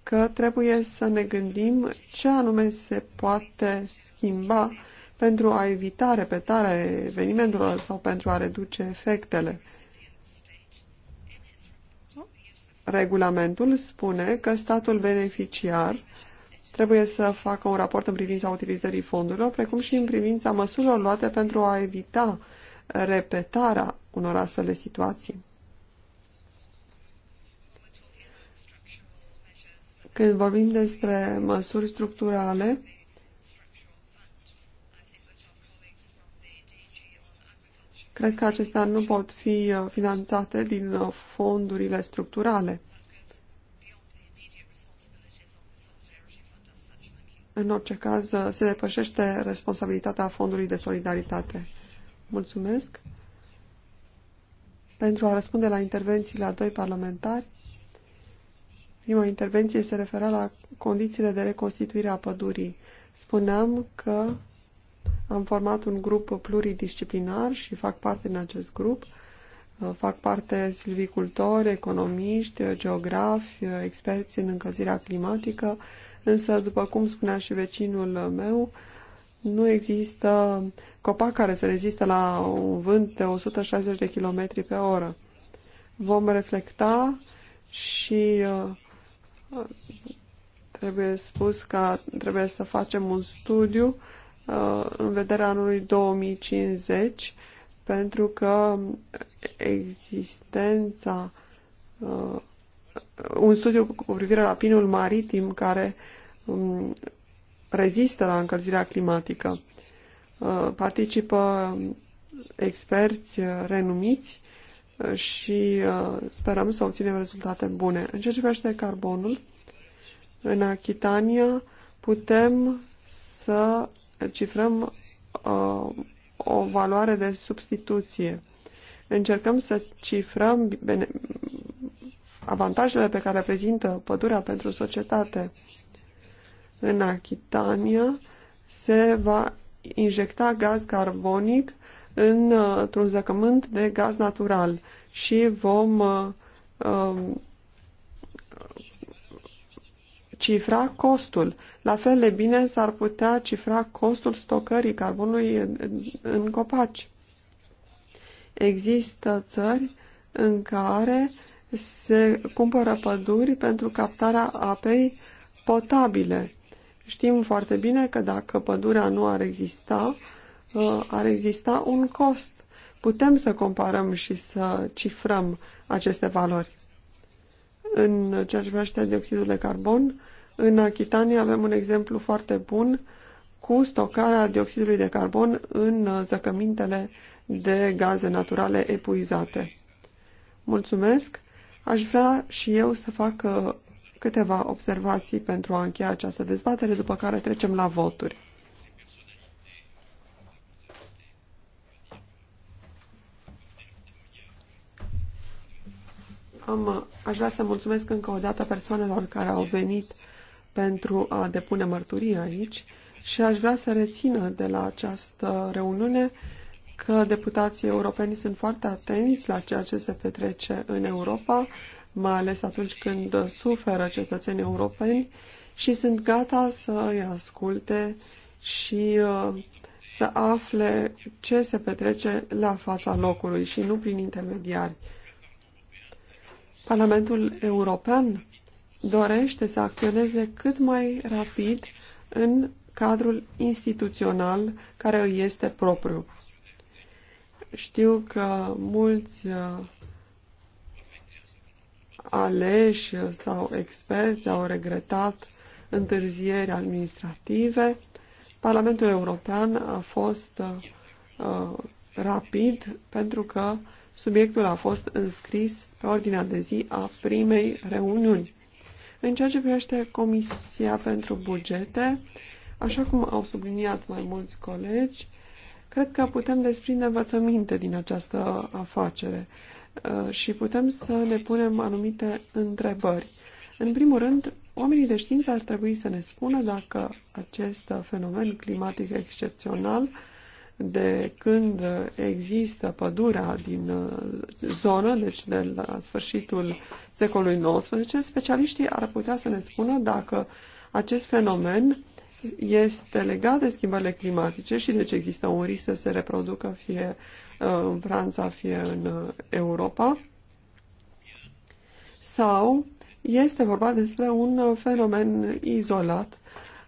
că trebuie să ne gândim ce anume se poate schimba pentru a evita repetarea evenimentelor sau pentru a reduce efectele. Regulamentul spune că statul beneficiar trebuie să facă un raport în privința utilizării fondurilor, precum și în privința măsurilor luate pentru a evita repetarea unor astfel de situații. Când vorbim despre măsuri structurale, cred că acestea nu pot fi finanțate din fondurile structurale. În orice caz, se depășește responsabilitatea Fondului de Solidaritate. Mulțumesc. Pentru a răspunde la intervențiile a doi parlamentari, prima intervenție se refera la condițiile de reconstituire a pădurii. Spuneam că am format un grup pluridisciplinar și fac parte din acest grup. Fac parte silvicultori, economiști, geografi, experți în încălzirea climatică, însă, după cum spunea și vecinul meu, nu există copac care să reziste la un vânt de 160 de km pe oră. Vom reflecta și uh, trebuie spus că trebuie să facem un studiu uh, în vederea anului 2050 pentru că existența uh, un studiu cu privire la pinul maritim care um, rezistă la încălzirea climatică. Uh, participă um, experți uh, renumiți uh, și uh, sperăm să obținem rezultate bune. În ce privește carbonul, în Achitania putem să cifrăm uh, o valoare de substituție. Încercăm să cifrăm avantajele pe care prezintă pădurea pentru societate. În Achitania se va injecta gaz carbonic într-un zăcământ de gaz natural și vom uh, um, cifra costul. La fel de bine s-ar putea cifra costul stocării carbonului în copaci. Există țări în care se cumpără păduri pentru captarea apei potabile. Știm foarte bine că dacă pădurea nu ar exista, uh, ar exista un cost. Putem să comparăm și să cifrăm aceste valori. În ceea ce privește dioxidul de carbon, în Achitania avem un exemplu foarte bun cu stocarea dioxidului de carbon în uh, zăcămintele de gaze naturale epuizate. Mulțumesc! Aș vrea și eu să fac uh, câteva observații pentru a încheia această dezbatere, după care trecem la voturi. Am, uh, aș vrea să mulțumesc încă o dată persoanelor care au venit pentru a depune mărturie aici și aș vrea să rețină de la această reuniune că deputații europeni sunt foarte atenți la ceea ce se petrece în Europa, mai ales atunci când suferă cetățenii europeni și sunt gata să îi asculte și uh, să afle ce se petrece la fața locului și nu prin intermediari. Parlamentul European dorește să acționeze cât mai rapid în cadrul instituțional care îi este propriu. Știu că mulți uh, aleși sau experți au regretat întârzieri administrative. Parlamentul European a fost uh, uh, rapid pentru că subiectul a fost înscris pe ordinea de zi a primei reuniuni. În ceea ce privește Comisia pentru Bugete, așa cum au subliniat mai mulți colegi, Cred că putem desprinde învățăminte din această afacere uh, și putem să ne punem anumite întrebări. În primul rând, oamenii de știință ar trebui să ne spună dacă acest fenomen climatic excepțional de când există pădurea din uh, zonă, deci de la sfârșitul secolului XIX, specialiștii ar putea să ne spună dacă acest fenomen este legat de schimbările climatice și deci există un risc să se reproducă fie uh, în Franța, fie în uh, Europa. Sau este vorba despre un uh, fenomen izolat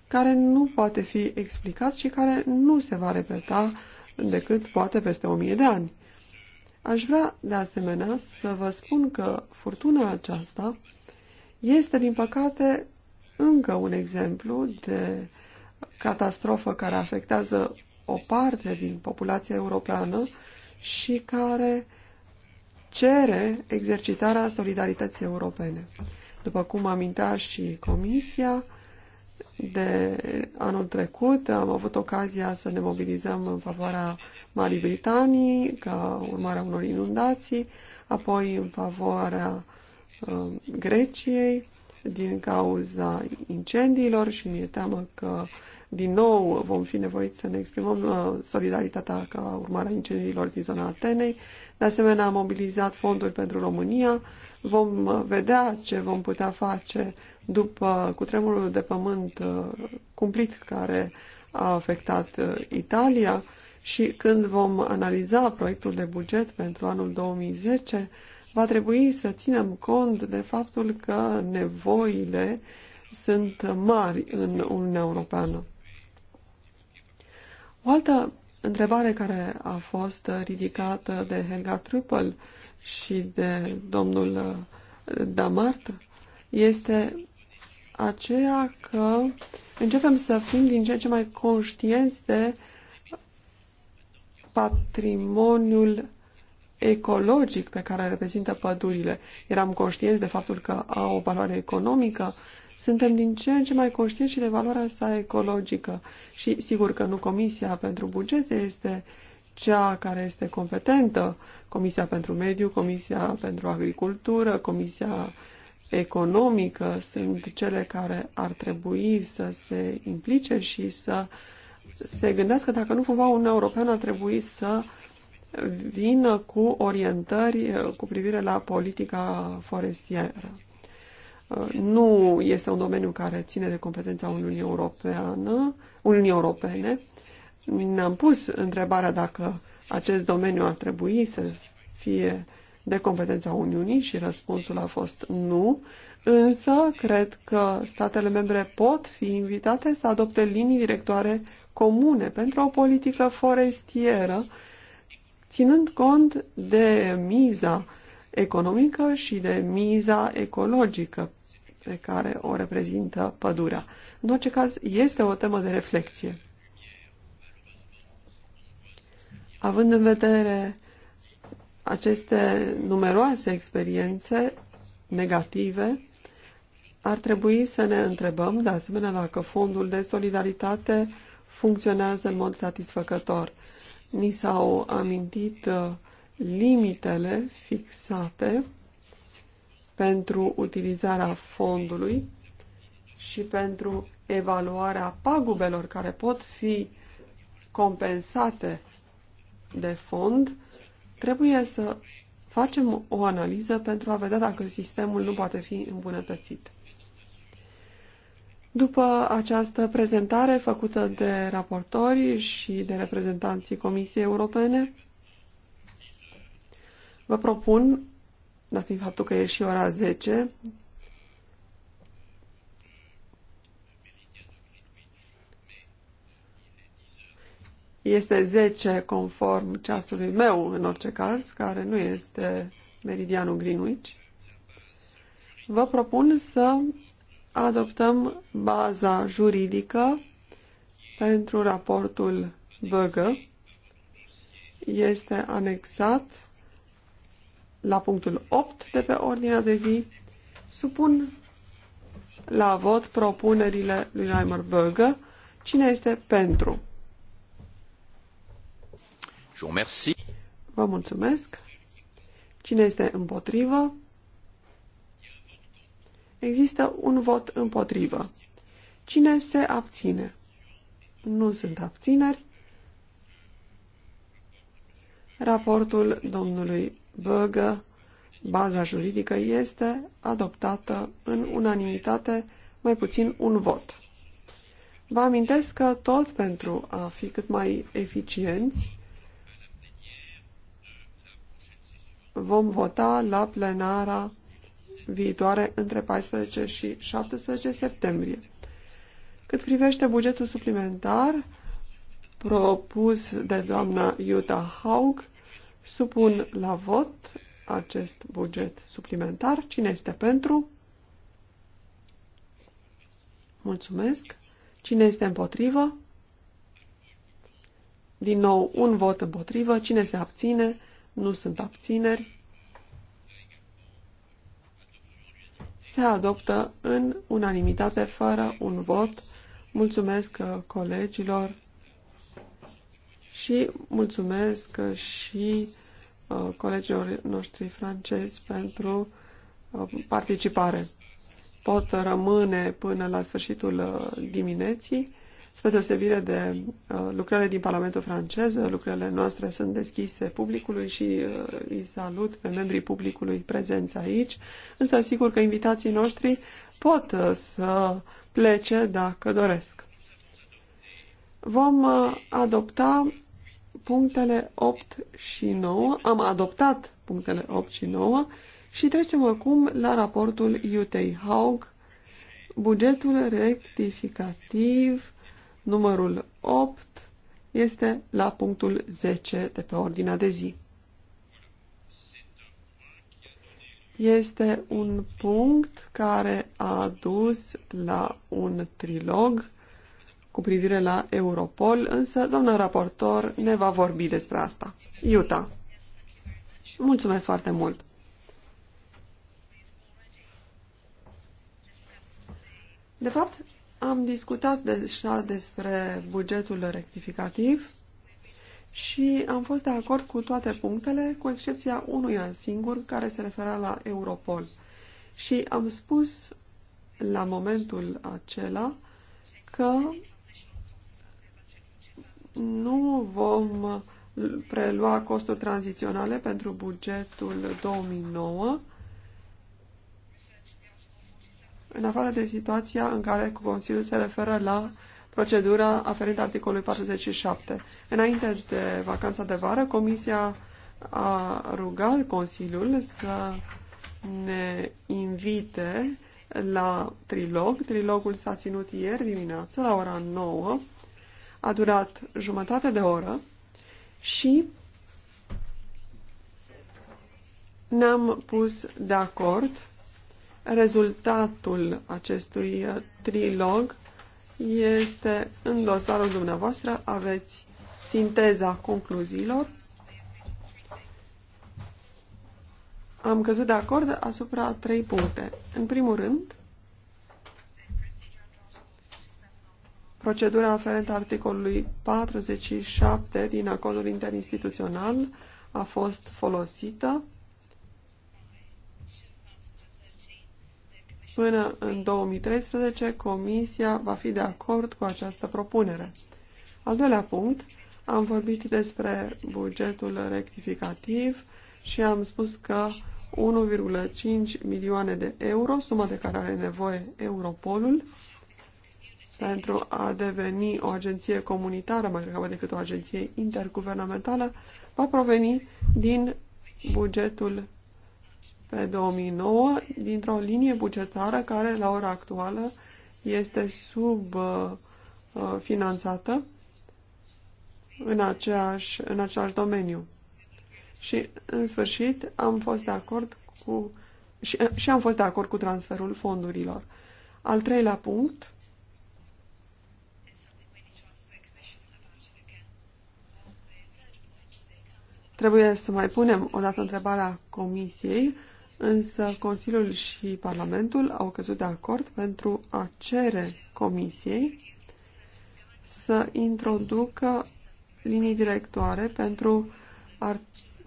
care nu poate fi explicat și care nu se va repeta decât poate peste o mie de ani. Aș vrea, de asemenea, să vă spun că furtuna aceasta este, din păcate, încă un exemplu de catastrofă care afectează o parte din populația europeană și care cere exercitarea solidarității europene. După cum amintea și Comisia, de anul trecut am avut ocazia să ne mobilizăm în favoarea Marii Britanii ca urmare a unor inundații, apoi în favoarea uh, Greciei, din cauza incendiilor și mi-e teamă că din nou vom fi nevoiți să ne exprimăm uh, solidaritatea ca urmare a incendiilor din zona Atenei. De asemenea, am mobilizat fonduri pentru România. Vom uh, vedea ce vom putea face după uh, cutremurul de pământ cumplit care a afectat Italia și când vom analiza proiectul de buget pentru anul 2010, va trebui să ținem cont de faptul că nevoile sunt mari în Uniunea Europeană. O altă întrebare care a fost ridicată de Helga Trupel și de domnul Damart este aceea că începem să fim din ce în ce mai conștienți de patrimoniul ecologic pe care reprezintă pădurile. Eram conștienți de faptul că au o valoare economică, suntem din ce în ce mai conștienți și de valoarea sa ecologică. Și sigur că nu Comisia pentru Bugete este cea care este competentă, Comisia pentru Mediu, Comisia pentru Agricultură, Comisia economică sunt cele care ar trebui să se implice și să se gândească dacă nu cumva un european ar trebui să uh, vină cu orientări uh, cu privire la politica forestieră. Uh, nu este un domeniu care ține de competența Uniunii, Europeană, Uniunii Europene. Ne-am pus întrebarea dacă acest domeniu ar trebui să fie de competența Uniunii și răspunsul a fost nu, însă cred că statele membre pot fi invitate să adopte linii directoare comune pentru o politică forestieră ținând cont de miza economică și de miza ecologică pe care o reprezintă pădurea. În orice caz, este o temă de reflexie. Având în vedere aceste numeroase experiențe negative, ar trebui să ne întrebăm, de asemenea, dacă fondul de solidaritate funcționează în mod satisfăcător. Ni s-au amintit uh, limitele fixate pentru utilizarea fondului și pentru evaluarea pagubelor care pot fi compensate de fond, trebuie să facem o analiză pentru a vedea dacă sistemul nu poate fi îmbunătățit. După această prezentare făcută de raportori și de reprezentanții Comisiei Europene, vă propun, dat fiind faptul că e și ora 10, este 10 conform ceasului meu, în orice caz, care nu este meridianul Greenwich, vă propun să adoptăm baza juridică pentru raportul Văgă. Este anexat la punctul 8 de pe ordinea de zi. Supun la vot propunerile lui Reimer Böge. Cine este pentru? Vă mulțumesc. Cine este împotrivă? Există un vot împotrivă. Cine se abține? Nu sunt abțineri. Raportul domnului Băgă, baza juridică, este adoptată în unanimitate, mai puțin un vot. Vă amintesc că tot pentru a fi cât mai eficienți, vom vota la plenara viitoare între 14 și 17 septembrie. Cât privește bugetul suplimentar propus de doamna Jutta Haug, supun la vot acest buget suplimentar. Cine este pentru? Mulțumesc. Cine este împotrivă? Din nou, un vot împotrivă. Cine se abține? Nu sunt abțineri. se adoptă în unanimitate, fără un vot. Mulțumesc uh, colegilor și mulțumesc uh, și uh, colegilor noștri francezi pentru participare. Pot rămâne până la sfârșitul dimineții spre deosebire de uh, lucrările din Parlamentul francez, lucrările noastre sunt deschise publicului și uh, îi salut pe membrii publicului prezenți aici, însă sigur că invitații noștri pot uh, să plece dacă doresc. Vom adopta punctele 8 și 9. Am adoptat punctele 8 și 9 și trecem acum la raportul Utei Haug, bugetul rectificativ numărul 8 este la punctul 10 de pe ordinea de zi. Este un punct care a dus la un trilog cu privire la Europol, însă doamna raportor ne va vorbi despre asta. Iuta. Mulțumesc foarte mult! De fapt, am discutat deja despre bugetul rectificativ și am fost de acord cu toate punctele, cu excepția unuia singur care se refera la Europol. Și am spus la momentul acela că nu vom prelua costuri tranziționale pentru bugetul 2009 în afară de situația în care Consiliul se referă la procedura aferită articolului 47. Înainte de vacanța de vară, Comisia a rugat Consiliul să ne invite la trilog. Trilogul s-a ținut ieri dimineață la ora 9. A durat jumătate de oră și ne-am pus de acord Rezultatul acestui uh, trilog este în dosarul dumneavoastră. Aveți sinteza concluziilor. Am căzut de acord asupra trei puncte. În primul rând, procedura aferentă articolului 47 din acordul interinstituțional a fost folosită Până în 2013, Comisia va fi de acord cu această propunere. Al doilea punct, am vorbit despre bugetul rectificativ și am spus că 1,5 milioane de euro, suma de care are nevoie Europolul, pentru a deveni o agenție comunitară mai degrabă decât o agenție interguvernamentală, va proveni din bugetul pe 2009 dintr-o linie bugetară care la ora actuală este subfinanțată uh, uh, în, aceeași, în același domeniu. Și, în sfârșit, am fost de acord cu și, și am fost de acord cu transferul fondurilor. Al treilea punct trebuie să mai punem o dată întrebarea Comisiei însă Consiliul și Parlamentul au căzut de acord pentru a cere Comisiei să introducă linii directoare pentru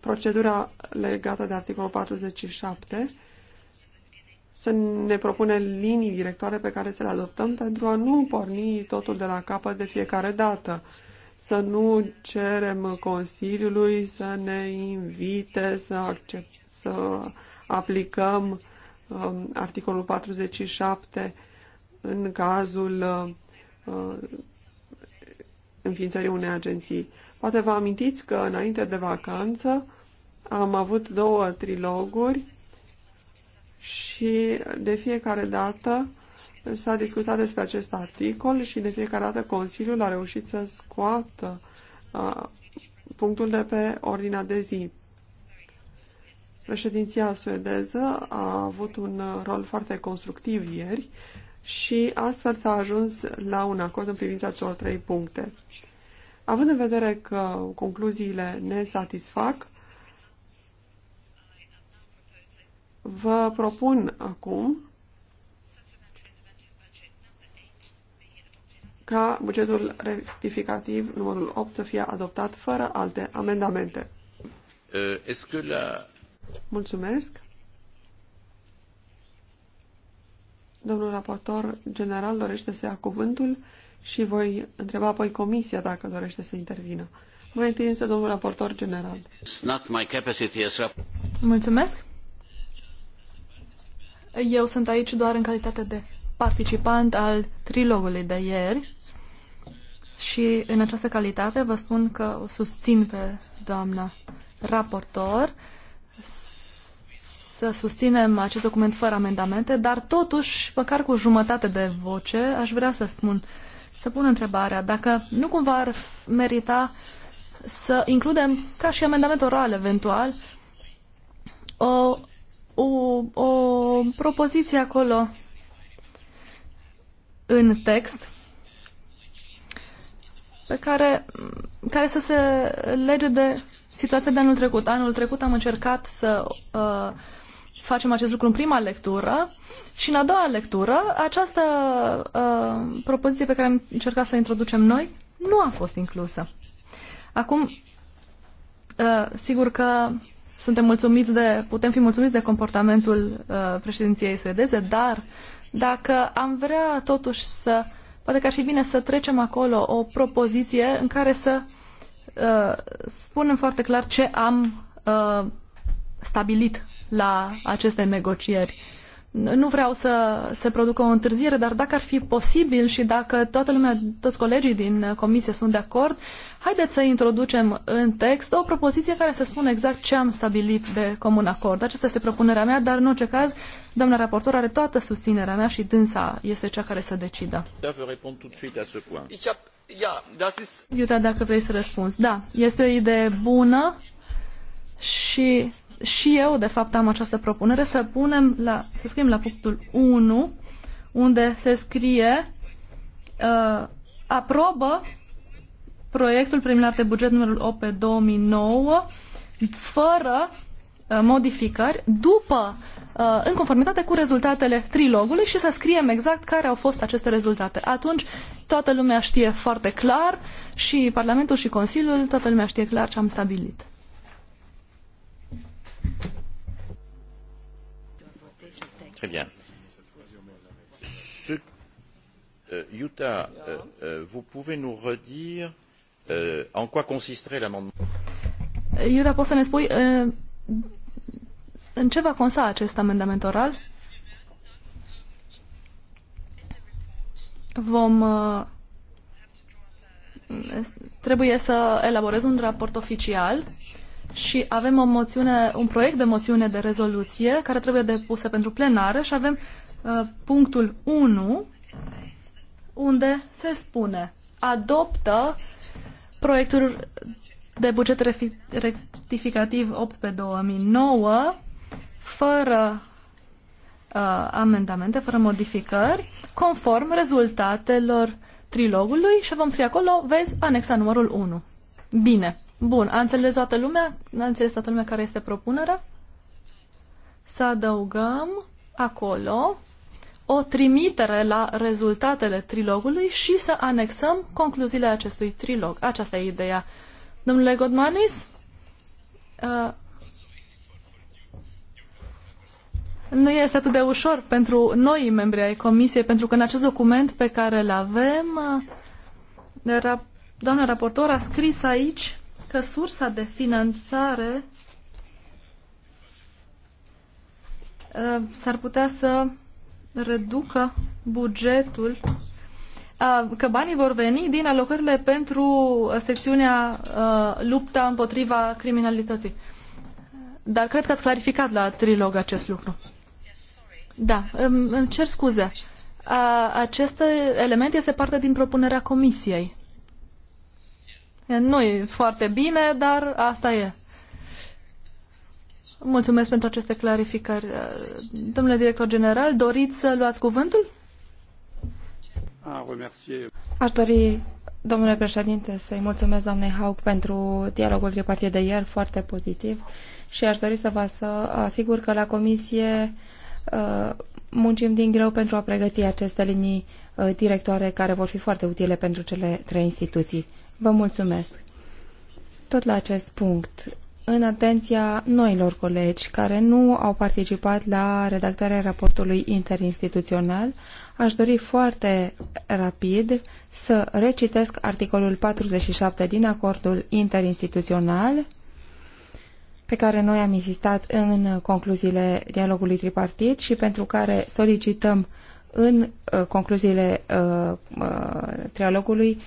procedura legată de articolul 47 să ne propune linii directoare pe care să le adoptăm pentru a nu porni totul de la capăt de fiecare dată. Să nu cerem Consiliului să ne invite să, accept, să aplicăm um, articolul 47 în cazul uh, înființării unei agenții. Poate vă amintiți că înainte de vacanță am avut două triloguri și de fiecare dată s-a discutat despre acest articol și de fiecare dată Consiliul a reușit să scoată uh, punctul de pe ordinea de zi. Președinția suedeză a avut un rol foarte constructiv ieri și astfel s-a ajuns la un acord în privința celor trei puncte. Având în vedere că concluziile ne satisfac, vă propun acum ca bugetul rectificativ numărul 8 să fie adoptat fără alte amendamente. Uh, Mulțumesc. Domnul raportor general dorește să ia cuvântul și voi întreba apoi comisia dacă dorește să intervină. Mai întâi însă domnul raportor general. Mulțumesc. Eu sunt aici doar în calitate de participant al trilogului de ieri și în această calitate vă spun că o susțin pe doamna raportor să susținem acest document fără amendamente, dar totuși, măcar cu jumătate de voce, aș vrea să spun, să pun întrebarea dacă nu cumva ar merita să includem, ca și amendament oral eventual, o, o, o propoziție acolo în text pe care, care să se lege de situația de anul trecut. Anul trecut am încercat să uh, facem acest lucru în prima lectură și în a doua lectură această uh, propoziție pe care am încercat să o introducem noi nu a fost inclusă. Acum, uh, sigur că suntem mulțumiți de, putem fi mulțumiți de comportamentul uh, președinției suedeze, dar dacă am vrea totuși să, poate că ar fi bine să trecem acolo o propoziție în care să uh, spunem foarte clar ce am uh, stabilit la aceste negocieri. Nu vreau să se producă o întârziere, dar dacă ar fi posibil și dacă toată lumea, toți colegii din comisie sunt de acord, haideți să introducem în text o propoziție care să spună exact ce am stabilit de comun acord. Aceasta este propunerea mea, dar în orice caz, doamna raportor are toată susținerea mea și dânsa este cea care să decidă. Da, Iuta, dacă vrei să răspunzi. Da, este o idee bună și și eu, de fapt, am această propunere să punem la, să scriem la punctul 1, unde se scrie uh, aprobă proiectul preliminar de buget numărul 8 pe 2009 fără uh, modificări după uh, în conformitate cu rezultatele trilogului și să scriem exact care au fost aceste rezultate. Atunci toată lumea știe foarte clar și Parlamentul și Consiliul, toată lumea știe clar ce am stabilit. Très bien. Ce, euh, Utah, euh, euh, vous pouvez nous redire euh, en quoi consisterait l'amendement Iuda, poți să ne spui uh, în ce va consta acest amendament oral? Vom uh, trebuie să elaborez un raport oficial și avem o moțiune, un proiect de moțiune de rezoluție care trebuie depusă pentru plenară și avem uh, punctul 1 unde se spune adoptă proiectul de buget rectificativ 8 pe 2009 fără uh, amendamente, fără modificări, conform rezultatelor trilogului și vom scrie acolo, vezi, anexa numărul 1. Bine. Bun, a înțeles toată lumea? A înțeles toată lumea care este propunerea? Să adăugăm acolo o trimitere la rezultatele trilogului și să anexăm concluziile acestui trilog. Aceasta e ideea. Domnule Godmanis, uh, nu este atât de ușor pentru noi membri ai Comisiei, pentru că în acest document pe care îl avem, uh, doamna raportor a scris aici că sursa de finanțare uh, s-ar putea să reducă bugetul, uh, că banii vor veni din alocările pentru secțiunea uh, lupta împotriva criminalității. Dar cred că ați clarificat la trilog acest lucru. Da, îmi cer scuze. Acest element este parte din propunerea comisiei. Nu e foarte bine, dar asta e. Mulțumesc pentru aceste clarificări. Domnule director general, doriți să luați cuvântul? Aș dori, domnule președinte, să-i mulțumesc doamnei Haug pentru dialogul tripartit de ieri, foarte pozitiv, și aș dori să vă asigur că la comisie uh, muncim din greu pentru a pregăti aceste linii uh, directoare care vor fi foarte utile pentru cele trei instituții. Vă mulțumesc. Tot la acest punct, în atenția noilor colegi care nu au participat la redactarea raportului interinstituțional, aș dori foarte rapid să recitesc articolul 47 din acordul interinstituțional pe care noi am insistat în concluziile dialogului tripartit și pentru care solicităm uh, în uh, concluziile uh, uh, trialogului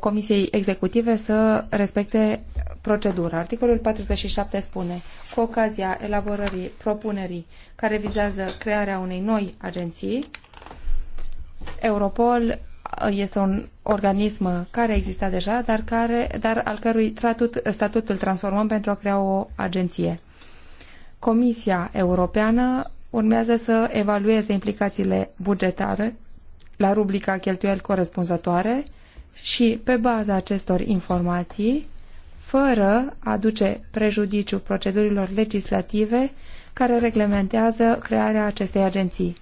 Comisiei Executive să respecte procedura. Articolul 47 spune, cu ocazia elaborării propunerii care vizează crearea unei noi agenții, Europol este un organism care exista deja, dar, care, dar al cărui tratut, statut îl transformăm pentru a crea o agenție. Comisia Europeană urmează să evalueze implicațiile bugetare la rubrica cheltuieli corespunzătoare și, pe baza acestor informații, fără a aduce prejudiciu procedurilor legislative care reglementează crearea acestei agenții.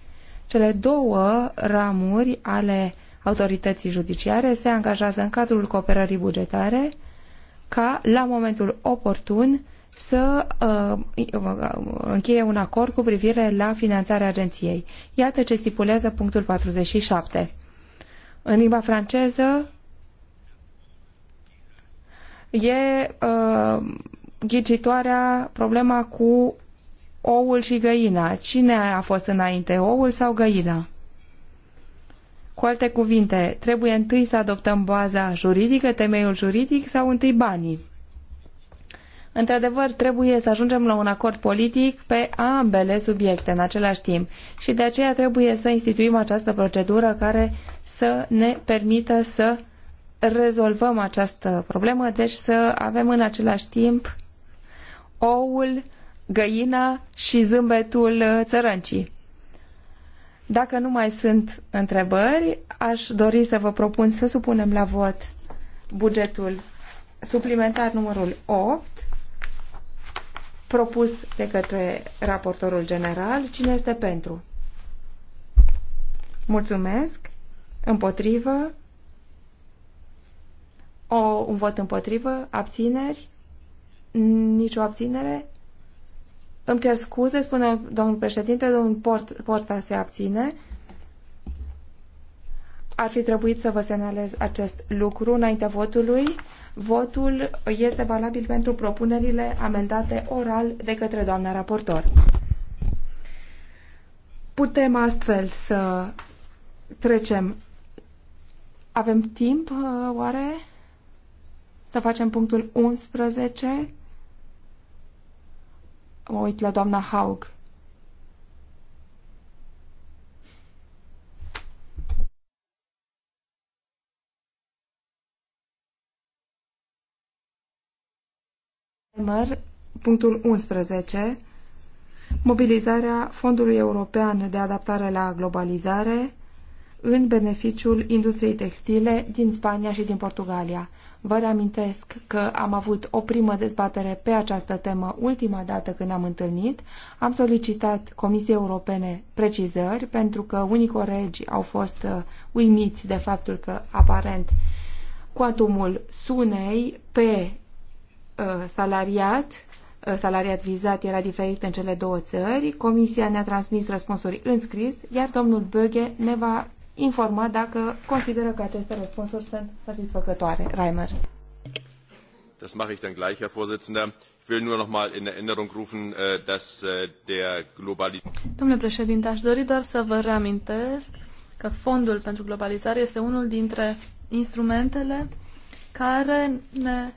Cele două ramuri ale autorității judiciare se angajează în cadrul cooperării bugetare ca, la momentul oportun, să uh, uh, uh, încheie un acord cu privire la finanțarea agenției. Iată ce stipulează punctul 47. În limba franceză e uh, ghicitoarea problema cu oul și găina. Cine a fost înainte, oul sau găina? Cu alte cuvinte, trebuie întâi să adoptăm baza juridică, temeiul juridic sau întâi banii? Într-adevăr, trebuie să ajungem la un acord politic pe ambele subiecte în același timp și de aceea trebuie să instituim această procedură care să ne permită să rezolvăm această problemă, deci să avem în același timp oul, găina și zâmbetul țărâncii. Dacă nu mai sunt întrebări, aș dori să vă propun să supunem la vot bugetul suplimentar numărul 8 propus de către raportorul general. Cine este pentru? Mulțumesc. Împotrivă. O, un vot împotrivă. Abțineri. Nicio abținere. Îmi cer scuze, spune domnul președinte, domnul Port, Porta se abține. Ar fi trebuit să vă semnalez acest lucru înaintea votului. Votul este valabil pentru propunerile amendate oral de către doamna raportor. Putem astfel să trecem. Avem timp, uh, oare? Să facem punctul 11. Mă uit la doamna Haug. punctul 11, mobilizarea Fondului European de Adaptare la Globalizare în beneficiul industriei textile din Spania și din Portugalia. Vă reamintesc că am avut o primă dezbatere pe această temă ultima dată când am întâlnit. Am solicitat Comisiei Europene precizări pentru că unii colegi au fost uh, uimiți de faptul că aparent cuantumul sunei pe Uh, salariat, uh, salariat vizat era diferit în cele două țări. Comisia ne-a transmis răspunsuri în scris, iar domnul Böge ne va informa dacă consideră că aceste răspunsuri sunt satisfăcătoare. Reimer. Das mache ich dann gleich, Herr Vorsitzender. Ich will nur noch mal in Erinnerung rufen, äh, dass äh, der Globalisierung... Domnule președinte, aș dori doar să vă reamintesc că Fondul pentru Globalizare este unul dintre instrumentele care ne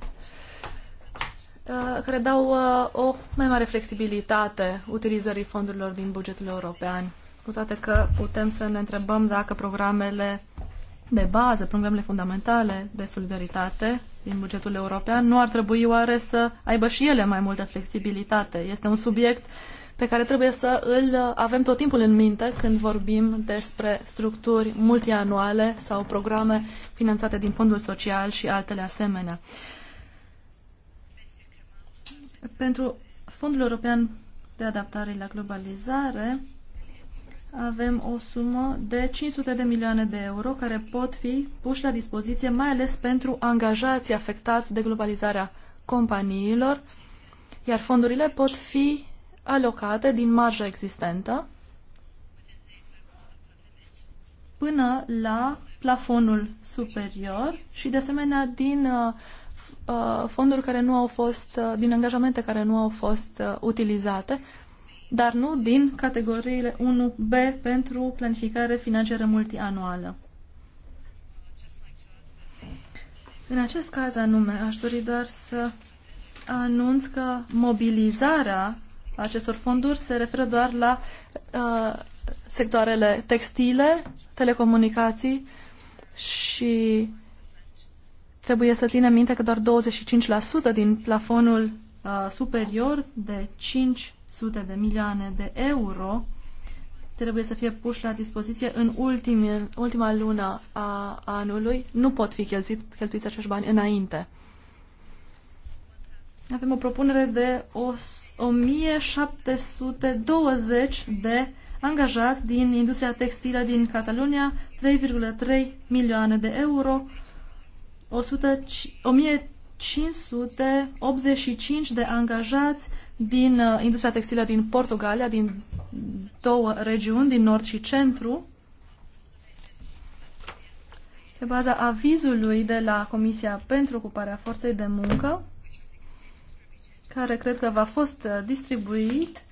Uh, care dau uh, o mai mare flexibilitate utilizării fondurilor din bugetul european. Cu toate că putem să ne întrebăm dacă programele de bază, programele fundamentale de solidaritate din bugetul european nu ar trebui oare să aibă și ele mai multă flexibilitate. Este un subiect pe care trebuie să îl uh, avem tot timpul în minte când vorbim despre structuri multianuale sau programe finanțate din fondul social și altele asemenea. Pentru Fondul European de Adaptare la Globalizare avem o sumă de 500 de milioane de euro care pot fi puși la dispoziție mai ales pentru angajații afectați de globalizarea companiilor, iar fondurile pot fi alocate din marja existentă până la plafonul superior și, de asemenea, din uh, Uh, fonduri care nu au fost, uh, din angajamente care nu au fost uh, utilizate, dar nu din categoriile 1B pentru planificare financiară multianuală. În acest caz anume, aș dori doar să anunț că mobilizarea acestor fonduri se referă doar la uh, sectoarele textile, telecomunicații și Trebuie să ținem minte că doar 25% din plafonul uh, superior de 500 de milioane de euro trebuie să fie puși la dispoziție în ultimul, ultima lună a anului. Nu pot fi cheltuit, cheltuiți acești bani înainte. Avem o propunere de 1720 de angajați din industria textilă din Catalunia, 3,3 milioane de euro, 1585 de angajați din uh, industria textilă din Portugalia, din două regiuni, din nord și centru. Pe baza avizului de la Comisia pentru Ocuparea Forței de Muncă, care cred că va fost uh, distribuit,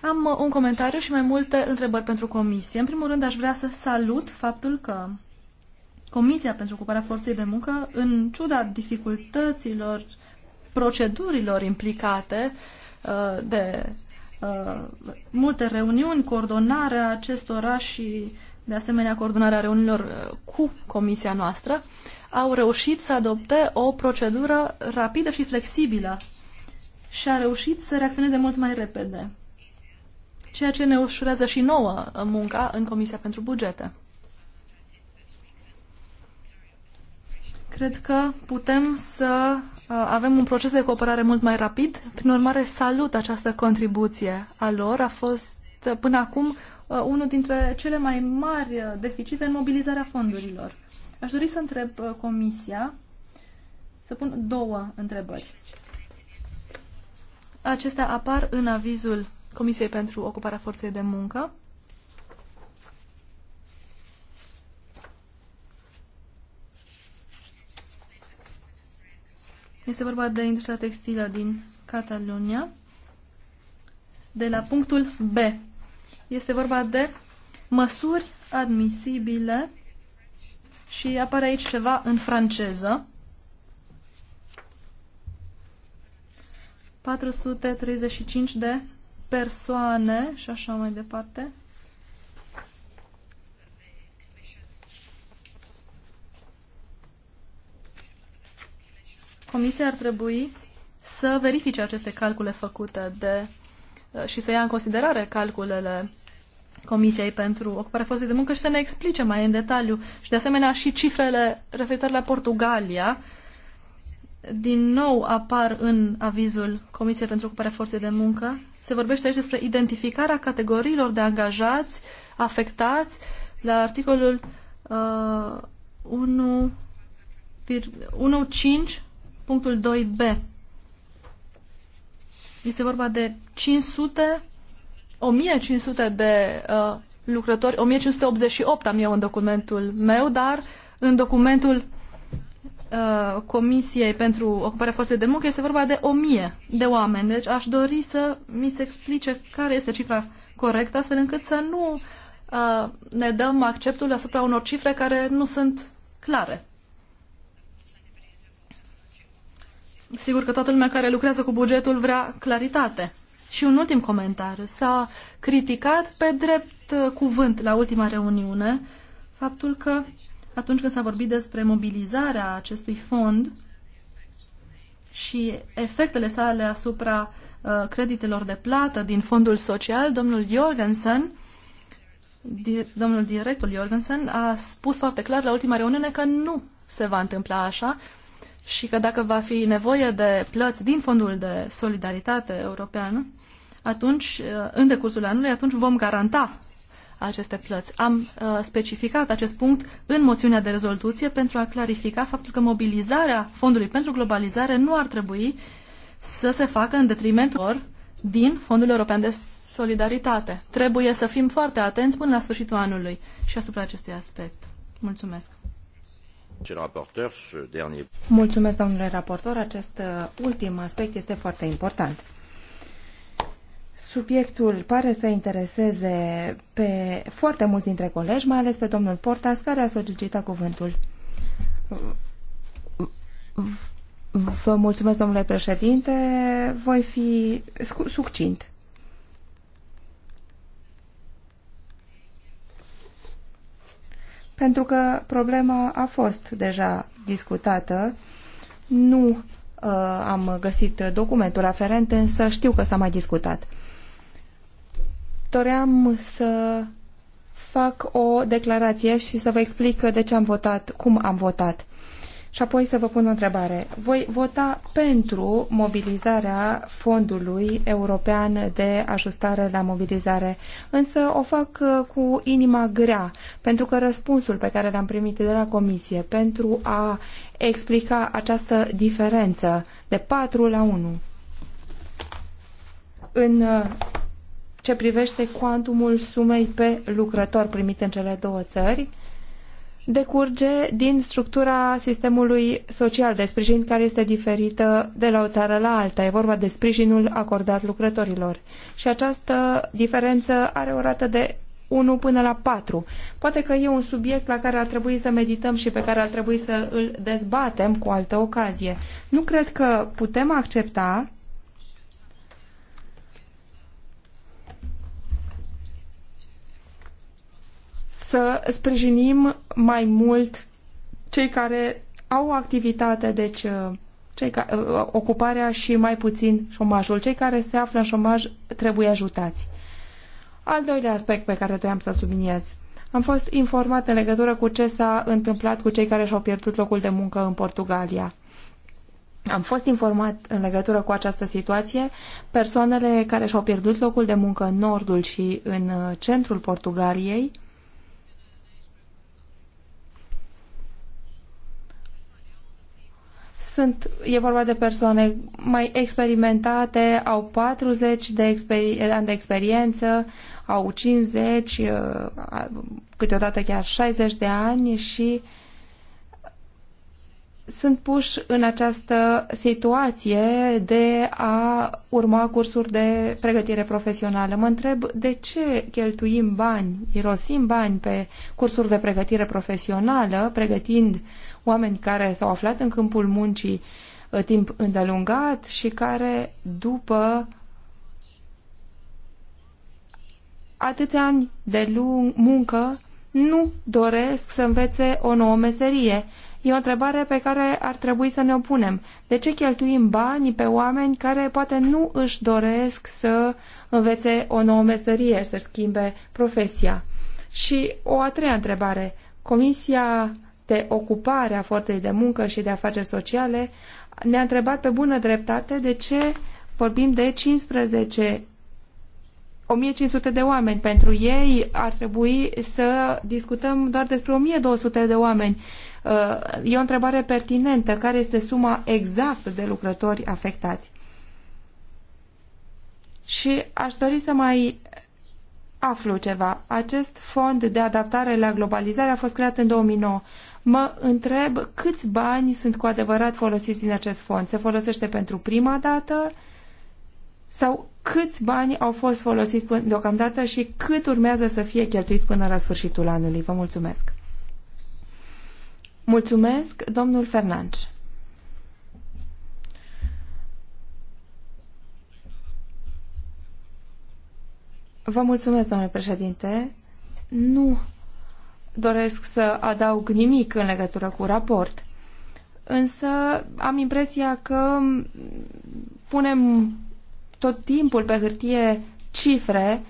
am uh, un comentariu și mai multe întrebări pentru Comisie. În primul rând, aș vrea să salut faptul că Comisia pentru ocuparea forței de muncă, în ciuda dificultăților, procedurilor implicate uh, de uh, multe reuniuni, coordonarea acestora și de asemenea coordonarea reuniunilor uh, cu comisia noastră, au reușit să adopte o procedură rapidă și flexibilă și a reușit să reacționeze mult mai repede, ceea ce ne ușurează și nouă munca în Comisia pentru Bugete. Cred că putem să uh, avem un proces de cooperare mult mai rapid. Prin urmare, salut această contribuție a lor. A fost uh, până acum uh, unul dintre cele mai mari deficite în mobilizarea fondurilor. Aș dori să întreb Comisia, să pun două întrebări. Acestea apar în avizul Comisiei pentru Ocuparea Forței de Muncă Este vorba de industria textilă din Catalunia. De la punctul B. Este vorba de măsuri admisibile și apare aici ceva în franceză. 435 de persoane și așa mai departe. Comisia ar trebui să verifice aceste calcule făcute de, uh, și să ia în considerare calculele Comisiei pentru Ocuparea Forței de Muncă și să ne explice mai în detaliu și de asemenea și cifrele referitoare la Portugalia din nou apar în avizul Comisiei pentru Ocuparea Forței de Muncă. Se vorbește aici despre identificarea categoriilor de angajați afectați la articolul uh, 1.5 punctul 2b. Este vorba de 500, 1500 de uh, lucrători, 1588 am eu în documentul meu, dar în documentul uh, Comisiei pentru Ocuparea Forței de Muncă este vorba de 1000 de oameni. Deci aș dori să mi se explice care este cifra corectă, astfel încât să nu uh, ne dăm acceptul asupra unor cifre care nu sunt clare. Sigur că toată lumea care lucrează cu bugetul vrea claritate. Și un ultim comentariu. S-a criticat pe drept uh, cuvânt la ultima reuniune faptul că atunci când s-a vorbit despre mobilizarea acestui fond și efectele sale asupra uh, creditelor de plată din fondul social, domnul Jorgensen, domnul director Jorgensen, a spus foarte clar la ultima reuniune că nu se va întâmpla așa, și că dacă va fi nevoie de plăți din Fondul de Solidaritate European, atunci, uh, în decursul anului, atunci vom garanta aceste plăți. Am uh, specificat acest punct în moțiunea de rezoluție pentru a clarifica faptul că mobilizarea Fondului pentru Globalizare nu ar trebui să se facă în detrimentul din Fondul European de Solidaritate. Trebuie să fim foarte atenți până la sfârșitul anului și asupra acestui aspect. Mulțumesc! Mulțumesc, domnule raportor. Acest uh, ultim aspect este foarte important. Subiectul pare să intereseze pe foarte mulți dintre colegi, mai ales pe domnul Portas, care a solicitat cuvântul. Vă mulțumesc, domnule președinte. Voi fi succint. pentru că problema a fost deja discutată. Nu uh, am găsit documentul aferent, însă știu că s-a mai discutat. Doream să fac o declarație și să vă explic de ce am votat, cum am votat. Și apoi să vă pun o întrebare. Voi vota pentru mobilizarea Fondului European de Ajustare la Mobilizare, însă o fac uh, cu inima grea, pentru că răspunsul pe care l-am primit de la Comisie pentru a explica această diferență de 4 la 1 în uh, ce privește cuantumul sumei pe lucrător primit în cele două țări, decurge din structura sistemului social de sprijin care este diferită de la o țară la alta. E vorba de sprijinul acordat lucrătorilor. Și această diferență are o rată de 1 până la 4. Poate că e un subiect la care ar trebui să medităm și pe care ar trebui să îl dezbatem cu altă ocazie. Nu cred că putem accepta să sprijinim mai mult cei care au activitate, deci uh, cei ca, uh, ocuparea și mai puțin șomajul. Cei care se află în șomaj trebuie ajutați. Al doilea aspect pe care doream să-l subliniez. Am fost informat în legătură cu ce s-a întâmplat cu cei care și-au pierdut locul de muncă în Portugalia. Am fost informat în legătură cu această situație. Persoanele care și-au pierdut locul de muncă în nordul și în uh, centrul Portugaliei Sunt, e vorba de persoane mai experimentate, au 40 de ani de experiență, au 50, uh, câteodată chiar 60 de ani și sunt puși în această situație de a urma cursuri de pregătire profesională. Mă întreb de ce cheltuim bani, irosim bani pe cursuri de pregătire profesională, pregătind uh, oameni care s-au aflat în câmpul muncii uh, timp îndelungat și care după atâția ani de lung, muncă nu doresc să învețe o nouă meserie. E o întrebare pe care ar trebui să ne o punem. De ce cheltuim banii pe oameni care poate nu își doresc să învețe o nouă meserie, să schimbe profesia? Și o a treia întrebare. Comisia de ocupare a forței de muncă și de afaceri sociale, ne-a întrebat pe bună dreptate de ce vorbim de 15 1500 de oameni. Pentru ei ar trebui să discutăm doar despre 1200 de oameni. Uh, e o întrebare pertinentă. Care este suma exactă de lucrători afectați? Și aș dori să mai aflu ceva. Acest fond de adaptare la globalizare a fost creat în 2009. Mă întreb câți bani sunt cu adevărat folosiți din acest fond. Se folosește pentru prima dată sau câți bani au fost folosiți deocamdată și cât urmează să fie cheltuiți până la sfârșitul anului. Vă mulțumesc. Mulțumesc, domnul Fernandes. Vă mulțumesc, domnule președinte. Nu doresc să adaug nimic în legătură cu raport, însă am impresia că punem tot timpul pe hârtie cifre,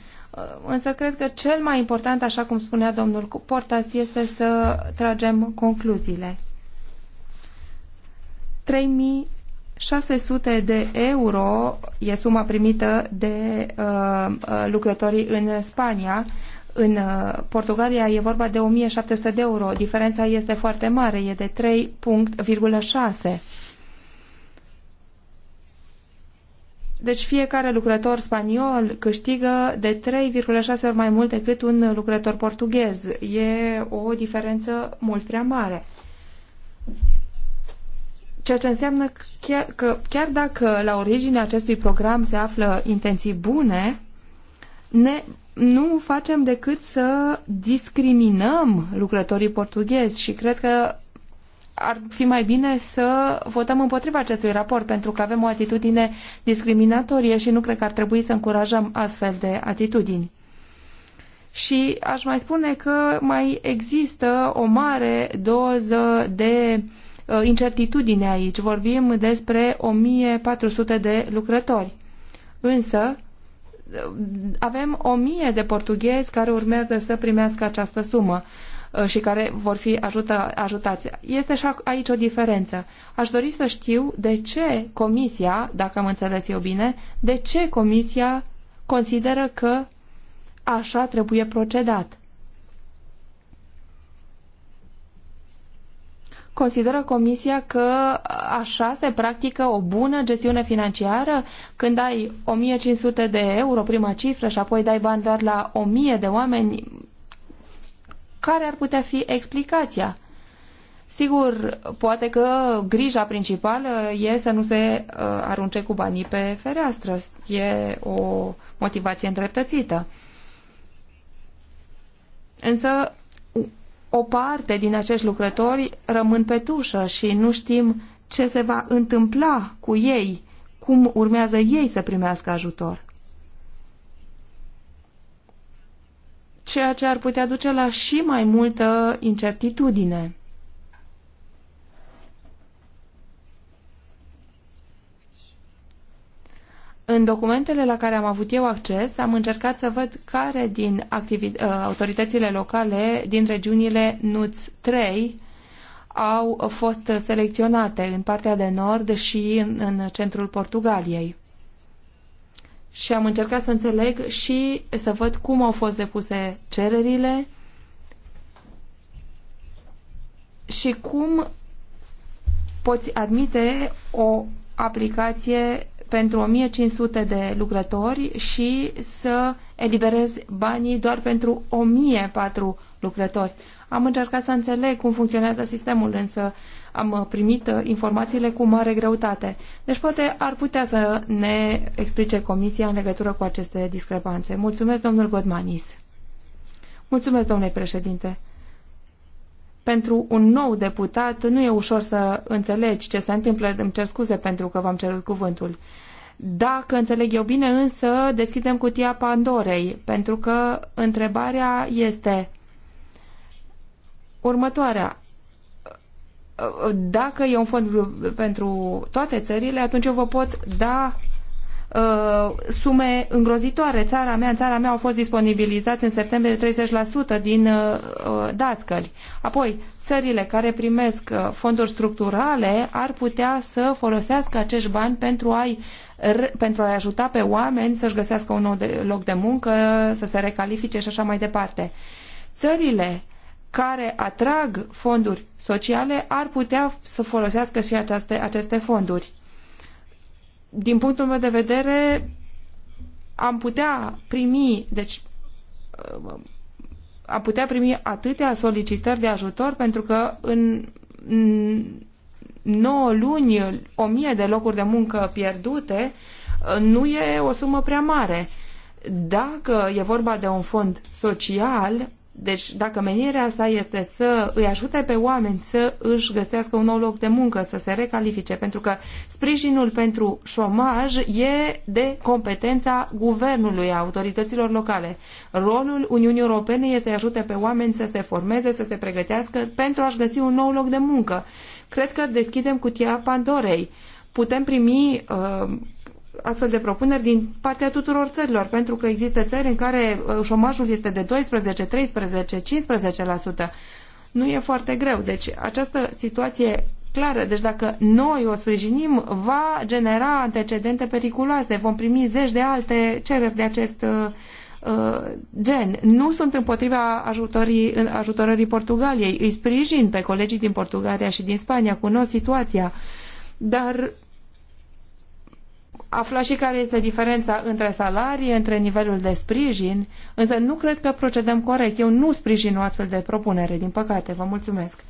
însă cred că cel mai important, așa cum spunea domnul Portas, este să tragem concluziile. 3000 600 de euro e suma primită de uh, uh, lucrătorii în Spania. În uh, Portugalia e vorba de 1700 de euro. Diferența este foarte mare, e de 3,6. Deci fiecare lucrător spaniol câștigă de 3,6 ori mai mult decât un lucrător portughez. E o diferență mult prea mare. Ceea ce înseamnă chiar, că chiar dacă la originea acestui program se află intenții bune, ne, nu facem decât să discriminăm lucrătorii portughezi și cred că ar fi mai bine să votăm împotriva acestui raport, pentru că avem o atitudine discriminatorie și nu cred că ar trebui să încurajăm astfel de atitudini. Și aș mai spune că mai există o mare doză de Uh, incertitudine aici. Vorbim despre 1400 de lucrători. Însă, uh, avem 1000 de portughezi care urmează să primească această sumă uh, și care vor fi ajută, ajutați. Este și aici o diferență. Aș dori să știu de ce Comisia, dacă am înțeles eu bine, de ce Comisia consideră că așa trebuie procedat. Consideră Comisia că așa se practică o bună gestiune financiară când ai 1500 de euro, prima cifră, și apoi dai bani doar la 1000 de oameni? Care ar putea fi explicația? Sigur, poate că grija principală e să nu se uh, arunce cu banii pe fereastră. E o motivație îndreptățită. Însă o parte din acești lucrători rămân pe tușă și nu știm ce se va întâmpla cu ei, cum urmează ei să primească ajutor. Ceea ce ar putea duce la și mai multă incertitudine. În documentele la care am avut eu acces, am încercat să văd care din uh, autoritățile locale din regiunile NUTS 3 au fost selecționate în partea de nord și în, în centrul Portugaliei. Și am încercat să înțeleg și să văd cum au fost depuse cererile și cum poți admite o aplicație pentru 1500 de lucrători și să eliberez banii doar pentru 1004 lucrători. Am încercat să înțeleg cum funcționează sistemul, însă am uh, primit uh, informațiile cu mare greutate. Deci poate ar putea să ne explice Comisia în legătură cu aceste discrepanțe. Mulțumesc, domnul Godmanis. Mulțumesc, domnule președinte pentru un nou deputat nu e ușor să înțelegi ce se întâmplă. Îmi cer scuze pentru că v-am cerut cuvântul. Dacă înțeleg eu bine, însă deschidem cutia Pandorei, pentru că întrebarea este următoarea. Dacă e un fond pentru toate țările, atunci eu vă pot da Uh, sume îngrozitoare. Țara mea, în țara mea au fost disponibilizați în septembrie 30% din uh, uh Apoi, țările care primesc uh, fonduri structurale ar putea să folosească acești bani pentru a-i pentru a ajuta pe oameni să-și găsească un nou de, loc de muncă, să se recalifice și așa mai departe. Țările care atrag fonduri sociale ar putea să folosească și aceste, aceste fonduri din punctul meu de vedere, am putea primi, deci, uh, am putea primi atâtea solicitări de ajutor pentru că în 9 luni, o mie de locuri de muncă pierdute, uh, nu e o sumă prea mare. Dacă e vorba de un fond social, deci, dacă menirea sa este să îi ajute pe oameni să își găsească un nou loc de muncă, să se recalifice, pentru că sprijinul pentru șomaj e de competența guvernului, a autorităților locale. Rolul Uniunii Europene este să ajute pe oameni să se formeze, să se pregătească pentru a-și găsi un nou loc de muncă. Cred că deschidem cutia Pandorei. Putem primi uh, astfel de propuneri din partea tuturor țărilor, pentru că există țări în care uh, șomajul este de 12, 13, 15%. Nu e foarte greu. Deci această situație clară, deci dacă noi o sprijinim, va genera antecedente periculoase. Vom primi zeci de alte cereri de acest uh, uh, gen. Nu sunt împotriva ajutorii, ajutorării Portugaliei. Îi sprijin pe colegii din Portugalia și din Spania, cunosc situația. Dar afla și care este diferența între salarii, între nivelul de sprijin, însă nu cred că procedăm corect. Eu nu sprijin o astfel de propunere, din păcate. Vă mulțumesc.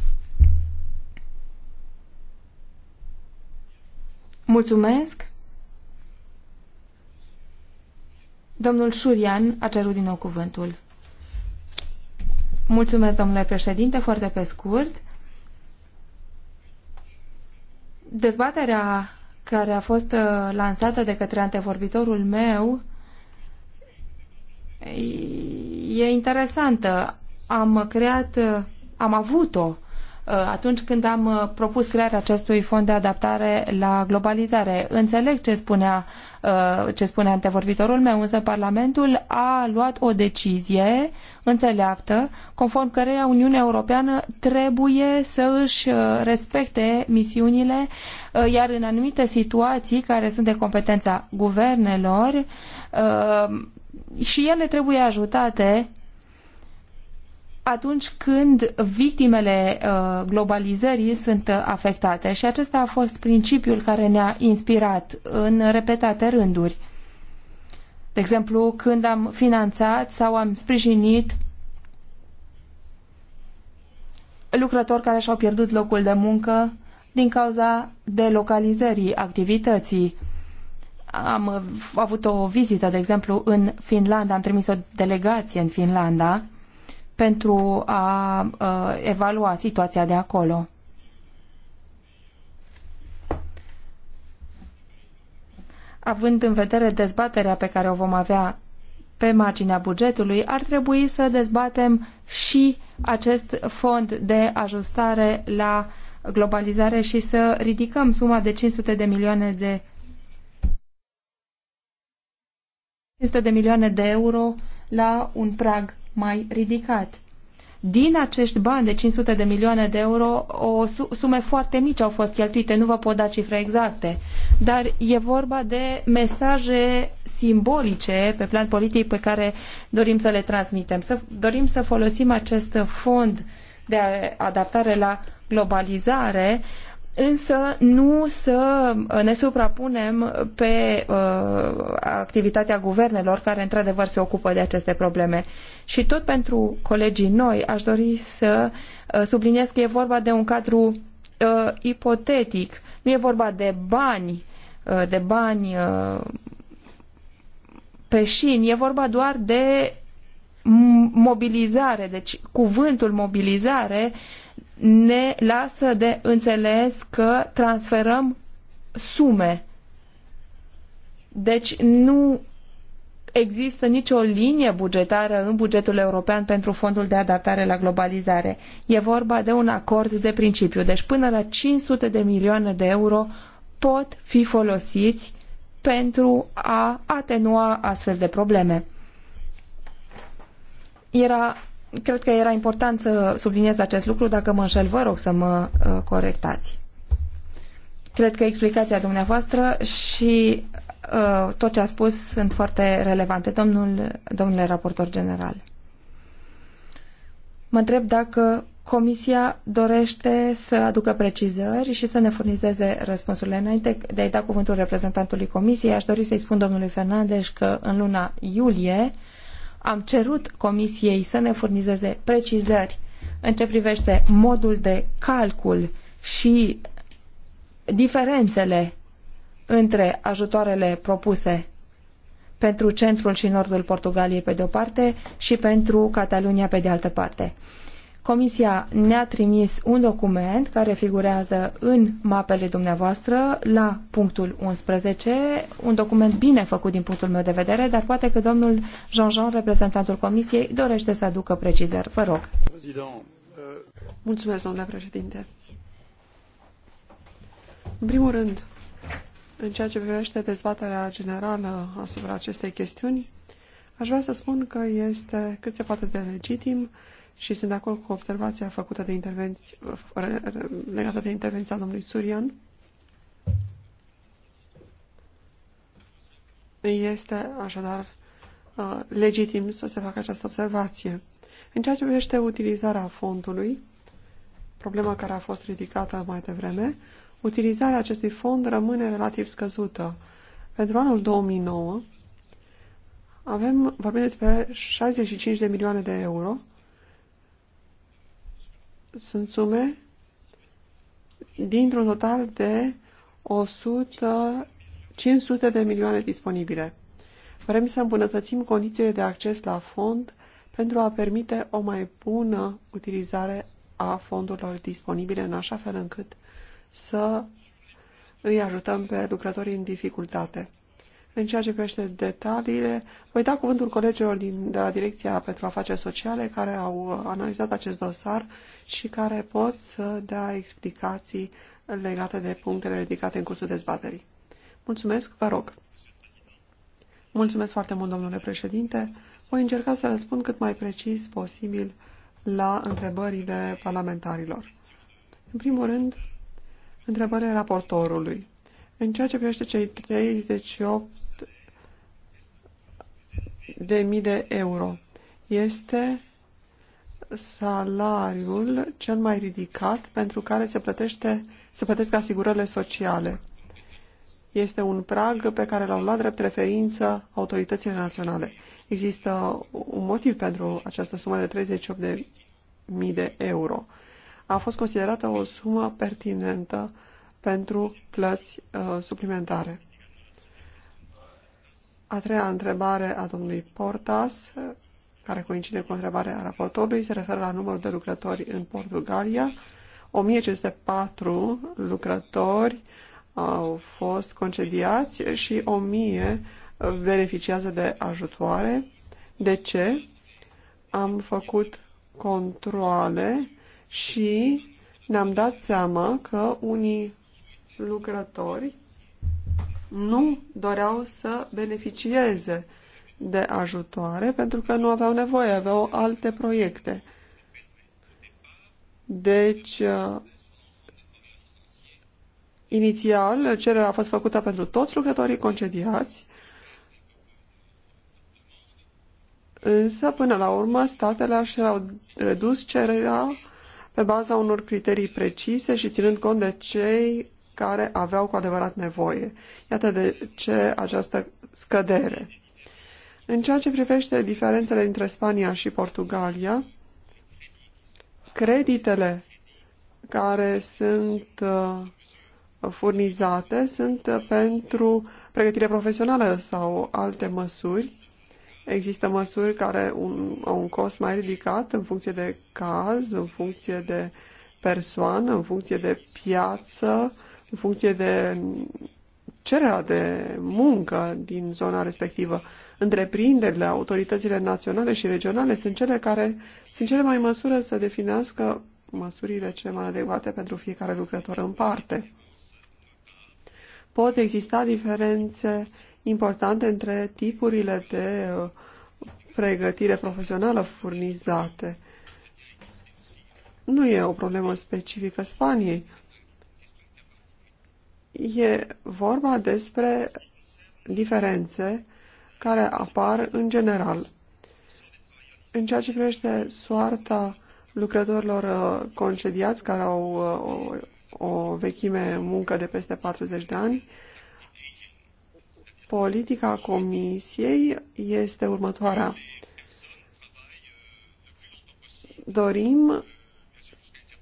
Mulțumesc. Domnul Șurian a cerut din nou cuvântul. Mulțumesc, domnule președinte, foarte pe scurt. Dezbaterea care a fost uh, lansată de către antevorbitorul meu e interesantă. Am creat, uh, am avut-o Uh, atunci când am uh, propus crearea acestui fond de adaptare la globalizare. Înțeleg ce spunea uh, ce spune antevorbitorul meu, însă Parlamentul a luat o decizie înțeleaptă, conform căreia Uniunea Europeană trebuie să își respecte misiunile, iar în anumite situații care sunt de competența guvernelor, și ele trebuie ajutate atunci când victimele uh, globalizării sunt uh, afectate. Și acesta a fost principiul care ne-a inspirat în repetate rânduri. De exemplu, când am finanțat sau am sprijinit lucrători care și-au pierdut locul de muncă din cauza delocalizării activității. Am avut o vizită, de exemplu, în Finlanda, am trimis o delegație în Finlanda pentru a evalua situația de acolo. Având în vedere dezbaterea pe care o vom avea pe marginea bugetului, ar trebui să dezbatem și acest fond de ajustare la globalizare și să ridicăm suma de 500 de milioane de 500 de milioane de euro la un prag mai ridicat. Din acești bani de 500 de milioane de euro, o sume foarte mici au fost cheltuite, nu vă pot da cifre exacte, dar e vorba de mesaje simbolice pe plan politic pe care dorim să le transmitem. Să, dorim să folosim acest fond de adaptare la globalizare însă nu să uh, ne suprapunem pe uh, activitatea guvernelor care într-adevăr se ocupă de aceste probleme. Și tot pentru colegii noi aș dori să uh, subliniez că e vorba de un cadru uh, ipotetic, nu e vorba de bani, uh, de bani uh, pe șin, e vorba doar de mobilizare, deci cuvântul mobilizare uh, ne lasă de înțeles că transferăm sume. Deci nu există nicio linie bugetară în bugetul european pentru fondul de adaptare la globalizare. E vorba de un acord de principiu. Deci până la 500 de milioane de euro pot fi folosiți pentru a atenua astfel de probleme. Era cred că era important să subliniez acest lucru. Dacă mă înșel, vă rog să mă uh, corectați. Cred că explicația dumneavoastră și uh, tot ce a spus sunt foarte relevante, domnul, domnule raportor general. Mă întreb dacă Comisia dorește să aducă precizări și să ne furnizeze răspunsurile. Înainte de a-i da cuvântul reprezentantului Comisiei, aș dori să-i spun domnului Fernandez că în luna iulie am cerut Comisiei să ne furnizeze precizări în ce privește modul de calcul și diferențele între ajutoarele propuse pentru centrul și nordul Portugaliei pe de o parte și pentru Catalunia pe de altă parte. Comisia ne-a trimis un document care figurează în mapele dumneavoastră la punctul 11, un document bine făcut din punctul meu de vedere, dar poate că domnul Jean-Jean, reprezentantul Comisiei, dorește să aducă precizări. Vă rog. Mulțumesc, domnule președinte. În primul rând, în ceea ce privește dezbaterea generală asupra acestei chestiuni, aș vrea să spun că este cât se poate de legitim uh, și sunt de acord cu observația făcută de intervenție, legată de intervenția domnului Surian. Este așadar uh, legitim să se facă această observație. În ceea ce privește utilizarea fondului, problema care a fost ridicată mai devreme, utilizarea acestui fond rămâne relativ scăzută. Pentru anul 2009 avem, vorbim despre 65 de milioane de euro, sunt sume dintr-un total de 100, 500 de milioane disponibile. Vrem să îmbunătățim condițiile de acces la fond pentru a permite o mai bună utilizare a fondurilor disponibile în așa fel încât să îi ajutăm pe lucrătorii în dificultate. În ceea ce privește detaliile, voi da cuvântul colegilor din, de la Direcția pentru Afaceri Sociale care au analizat acest dosar și care pot să dea explicații legate de punctele ridicate în cursul dezbaterii. Mulțumesc, vă rog. Mulțumesc foarte mult, domnule președinte. Voi încerca să răspund cât mai precis posibil la întrebările parlamentarilor. În primul rând, întrebările raportorului. În ceea ce privește cei 38 de mii de euro, este salariul cel mai ridicat pentru care se, plătește, se plătesc asigurările sociale. Este un prag pe care l-au luat drept referință autoritățile naționale. Există un motiv pentru această sumă de 38.000 de euro. A fost considerată o sumă pertinentă pentru plăți uh, suplimentare. A treia întrebare a domnului Portas, care coincide cu întrebarea raportorului, se referă la numărul de lucrători în Portugalia. 1504 lucrători au fost concediați și 1000 beneficiază de ajutoare. De ce? Am făcut controle și ne-am dat seama că unii lucrători nu doreau să beneficieze de ajutoare pentru că nu aveau nevoie, aveau alte proiecte. Deci, uh, inițial, cererea a fost făcută pentru toți lucrătorii concediați, însă, până la urmă, statele și-au redus cererea pe baza unor criterii precise și ținând cont de cei care aveau cu adevărat nevoie. Iată de ce această scădere. În ceea ce privește diferențele între Spania și Portugalia, creditele care sunt uh, furnizate sunt uh, pentru pregătire profesională sau alte măsuri. Există măsuri care un, au un cost mai ridicat în funcție de caz, în funcție de persoană, în funcție de piață, în funcție de cererea de muncă din zona respectivă. Întreprinderile, autoritățile naționale și regionale sunt cele care sunt cele mai măsură să definească măsurile cele mai adecvate pentru fiecare lucrător în parte. Pot exista diferențe importante între tipurile de uh, pregătire profesională furnizate. Nu e o problemă specifică Spaniei. E vorba despre diferențe care apar în general. În ceea ce privește soarta lucrătorilor uh, concediați care au uh, o, o vechime muncă de peste 40 de ani, politica Comisiei este următoarea. Dorim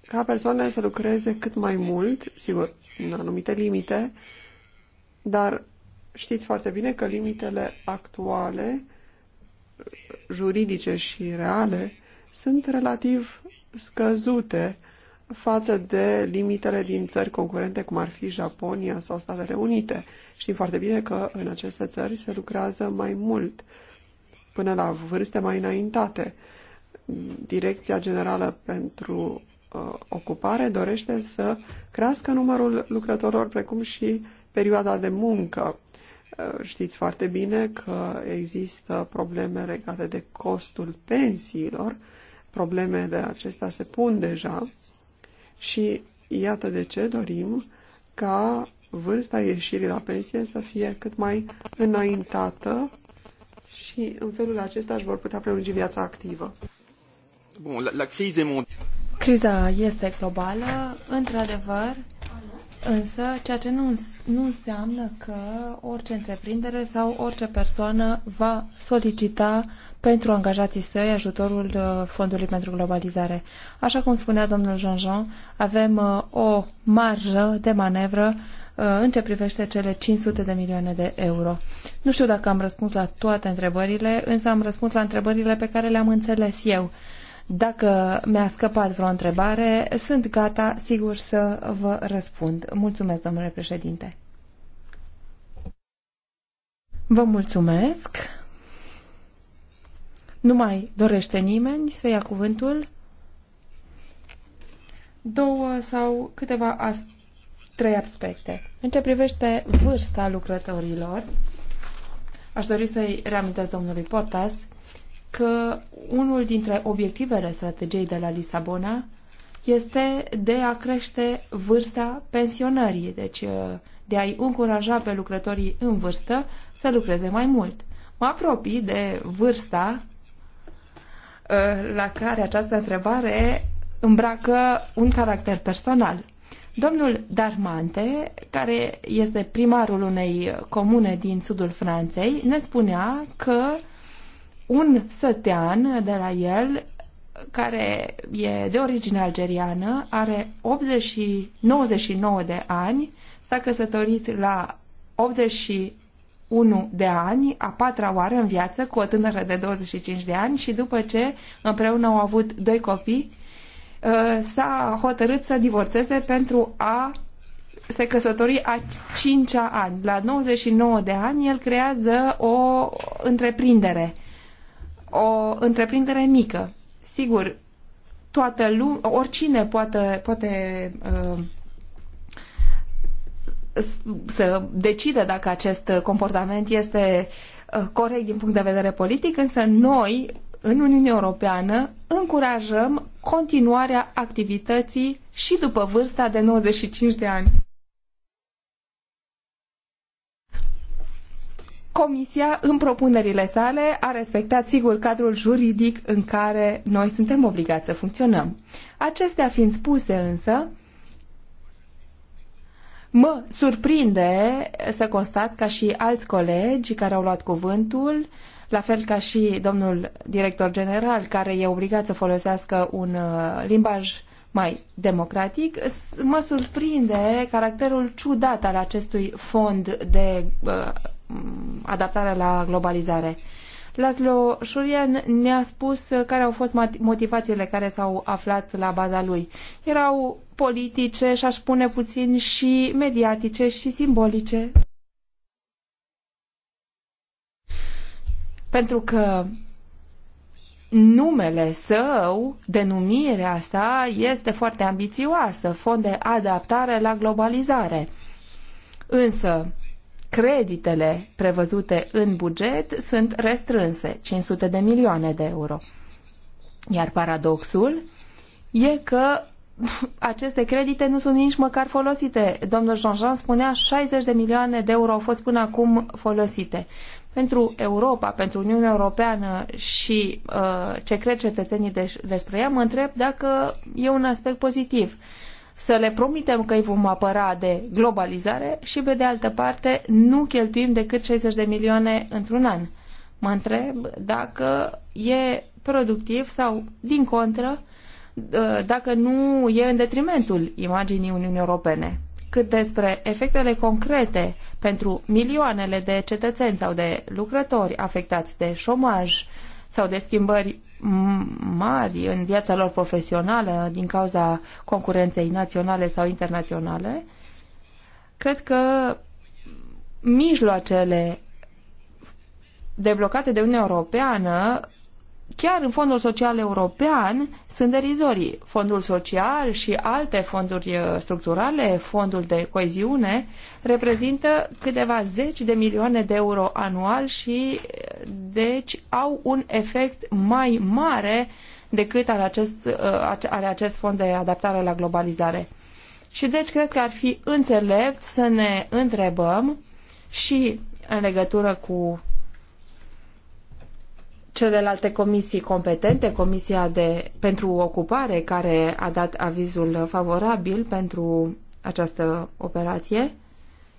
ca persoanele să lucreze cât mai mult, sigur, în anumite limite, dar știți foarte bine că limitele actuale, juridice și reale, sunt relativ scăzute față de limitele din țări concurente, cum ar fi Japonia sau Statele Unite. Știm foarte bine că în aceste țări se lucrează mai mult, până la vârste mai înaintate. Direcția Generală pentru Uh, ocupare dorește să crească numărul lucrătorilor, precum și perioada de muncă. Uh, știți foarte bine că există probleme legate de costul pensiilor. Probleme de acestea se pun deja și iată de ce dorim ca vârsta ieșirii la pensie să fie cât mai înaintată și în felul acesta își vor putea prelungi viața activă. Bun, la, la crize mondială. Criza este globală, într-adevăr, însă ceea ce nu, nu înseamnă că orice întreprindere sau orice persoană va solicita pentru angajații săi ajutorul uh, Fondului pentru Globalizare. Așa cum spunea domnul Jean-Jean, avem uh, o marjă de manevră uh, în ce privește cele 500 de milioane de euro. Nu știu dacă am răspuns la toate întrebările, însă am răspuns la întrebările pe care le-am înțeles eu. Dacă mi-a scăpat vreo întrebare, sunt gata, sigur, să vă răspund. Mulțumesc, domnule președinte. Vă mulțumesc. Nu mai dorește nimeni să ia cuvântul? Două sau câteva as trei aspecte. În ce privește vârsta lucrătorilor, aș dori să-i reamintesc domnului Portas că unul dintre obiectivele strategiei de la Lisabona este de a crește vârsta pensionării, deci uh, de a-i încuraja pe lucrătorii în vârstă să lucreze mai mult. Mă apropii de vârsta uh, la care această întrebare îmbracă un caracter personal. Domnul Darmante, care este primarul unei comune din sudul Franței, ne spunea că un sătean de la el care e de origine algeriană, are 80, 99 de ani, s-a căsătorit la 81 de ani, a patra oară în viață, cu o tânără de 25 de ani și după ce împreună au avut doi copii, uh, s-a hotărât să divorțeze pentru a se căsători a cincea ani. La 99 de ani, el creează o întreprindere o întreprindere mică. Sigur, toată lumea, oricine poate, poate uh, să decide dacă acest comportament este uh, corect din punct de vedere politic, însă noi, în Uniunea Europeană, încurajăm continuarea activității și după vârsta de 95 de ani. Comisia, în propunerile sale, a respectat, sigur, cadrul juridic în care noi suntem obligați să funcționăm. Acestea fiind spuse, însă, mă surprinde să constat ca și alți colegi care au luat cuvântul, la fel ca și domnul director general, care e obligat să folosească un uh, limbaj mai democratic, mă surprinde caracterul ciudat al acestui fond de uh, Mm, adaptarea la globalizare. Laszlo Shurian ne-a spus care au fost motivațiile care s-au aflat la baza lui. Erau politice și aș spune puțin și mediatice și simbolice. Pentru că numele său, denumirea sa, este foarte ambițioasă, fond de adaptare la globalizare. Însă, creditele prevăzute în buget sunt restrânse, 500 de milioane de euro. Iar paradoxul e că (laughs) aceste credite nu sunt nici măcar folosite. Domnul Jean-Jean spunea 60 de milioane de euro au fost până acum folosite. Pentru Europa, pentru Uniunea Europeană și uh, ce cred cetățenii de- despre ea, mă întreb dacă e un aspect pozitiv. Uh, să le promitem că îi vom apăra de globalizare și, pe de altă parte, nu cheltuim decât 60 de milioane într-un an. Mă întreb dacă e productiv sau, din contră, dacă nu e în detrimentul imaginii Uniunii Europene. Cât despre efectele concrete pentru milioanele de cetățeni sau de lucrători afectați de șomaj sau de schimbări mari în viața lor profesională din cauza concurenței naționale sau internaționale, cred că mijloacele deblocate de Uniunea Europeană chiar în Fondul Social European sunt derizorii. Fondul Social și alte fonduri uh, structurale, fondul de coeziune, reprezintă câteva zeci de milioane de euro anual și uh, deci au un efect mai mare decât are acest, uh, are acest fond de adaptare la globalizare. Și deci cred că ar fi înțelept să ne întrebăm și în legătură cu celelalte comisii competente, Comisia de, pentru Ocupare, care a dat avizul favorabil pentru această operație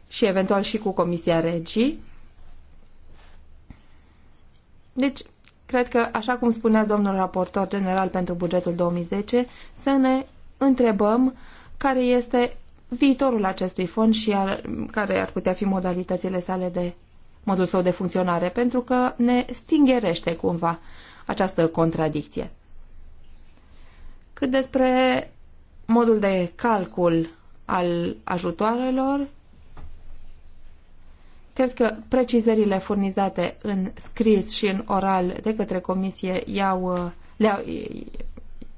și eventual și cu Comisia Regii. Deci, cred că, așa cum spunea domnul raportor general pentru bugetul 2010, să ne întrebăm care este viitorul acestui fond și al, care ar putea fi modalitățile sale de modul său de funcționare, pentru că ne stingerește cumva această contradicție. Cât despre modul de calcul al ajutoarelor, cred că precizările furnizate în scris și în oral de către comisie iau, au le-au,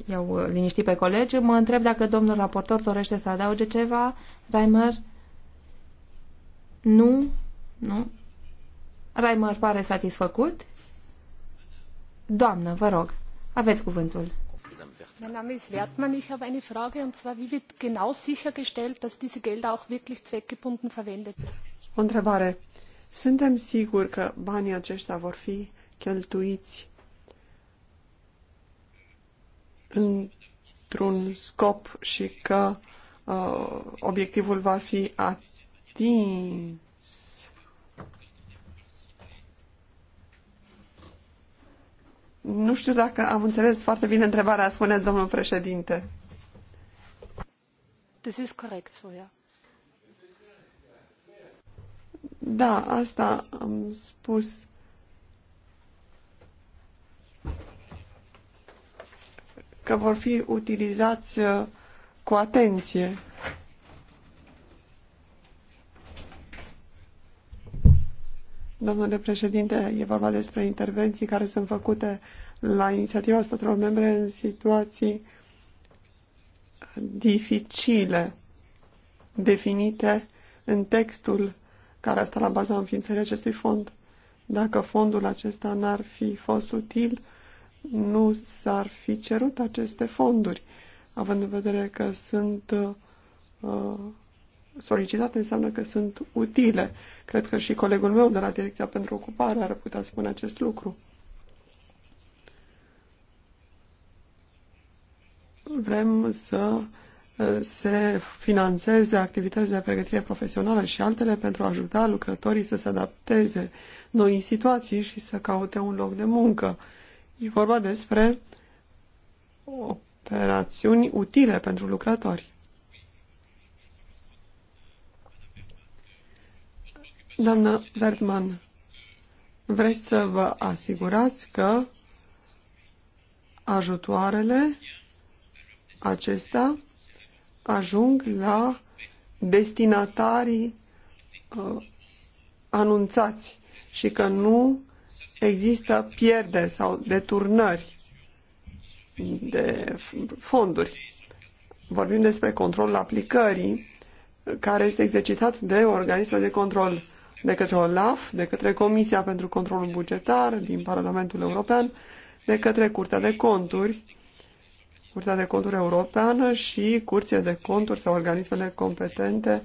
i-au liniștit pe colegi. Mă întreb dacă domnul raportor dorește să adauge ceva. Reimer? Nu? Nu? Reimer pare satisfăcut. Doamnă, vă rog, aveți cuvântul. Mein Name ist Wertmann. Ich habe eine Frage, und zwar, wie wird genau sichergestellt, dass diese Gelder auch wirklich zweckgebunden verwendet werden? O întrebare. Suntem siguri că banii aceștia vor fi cheltuiți într-un scop și că uh, obiectivul va fi atins Nu știu dacă am înțeles foarte bine întrebarea, spune domnul președinte. This is correct, so yeah. Da, asta am spus. Că vor fi utilizați uh, cu atenție. Domnule președinte, e vorba despre intervenții care sunt făcute la inițiativa statelor membre în situații dificile definite în textul care asta la baza înființării acestui fond. Dacă fondul acesta n-ar fi fost util, nu s-ar fi cerut aceste fonduri, având în vedere că sunt uh, solicitate înseamnă că sunt utile. Cred că și colegul meu de la Direcția pentru Ocupare ar putea spune acest lucru. Vrem să uh, se financeze activități de pregătire profesională și altele pentru a ajuta lucrătorii să se adapteze noi situații și să caute un loc de muncă. E vorba despre operațiuni utile pentru lucrători. Doamnă Bertman, vreți să vă asigurați că ajutoarele acestea ajung la destinatarii uh, anunțați și că nu există pierde sau deturnări de fonduri. Vorbim despre controlul aplicării care este exercitat de organisme de control de către OLAF, de către Comisia pentru Controlul Bugetar din Parlamentul European, de către Curtea de Conturi, Curtea de Conturi Europeană și Curția de Conturi sau organismele competente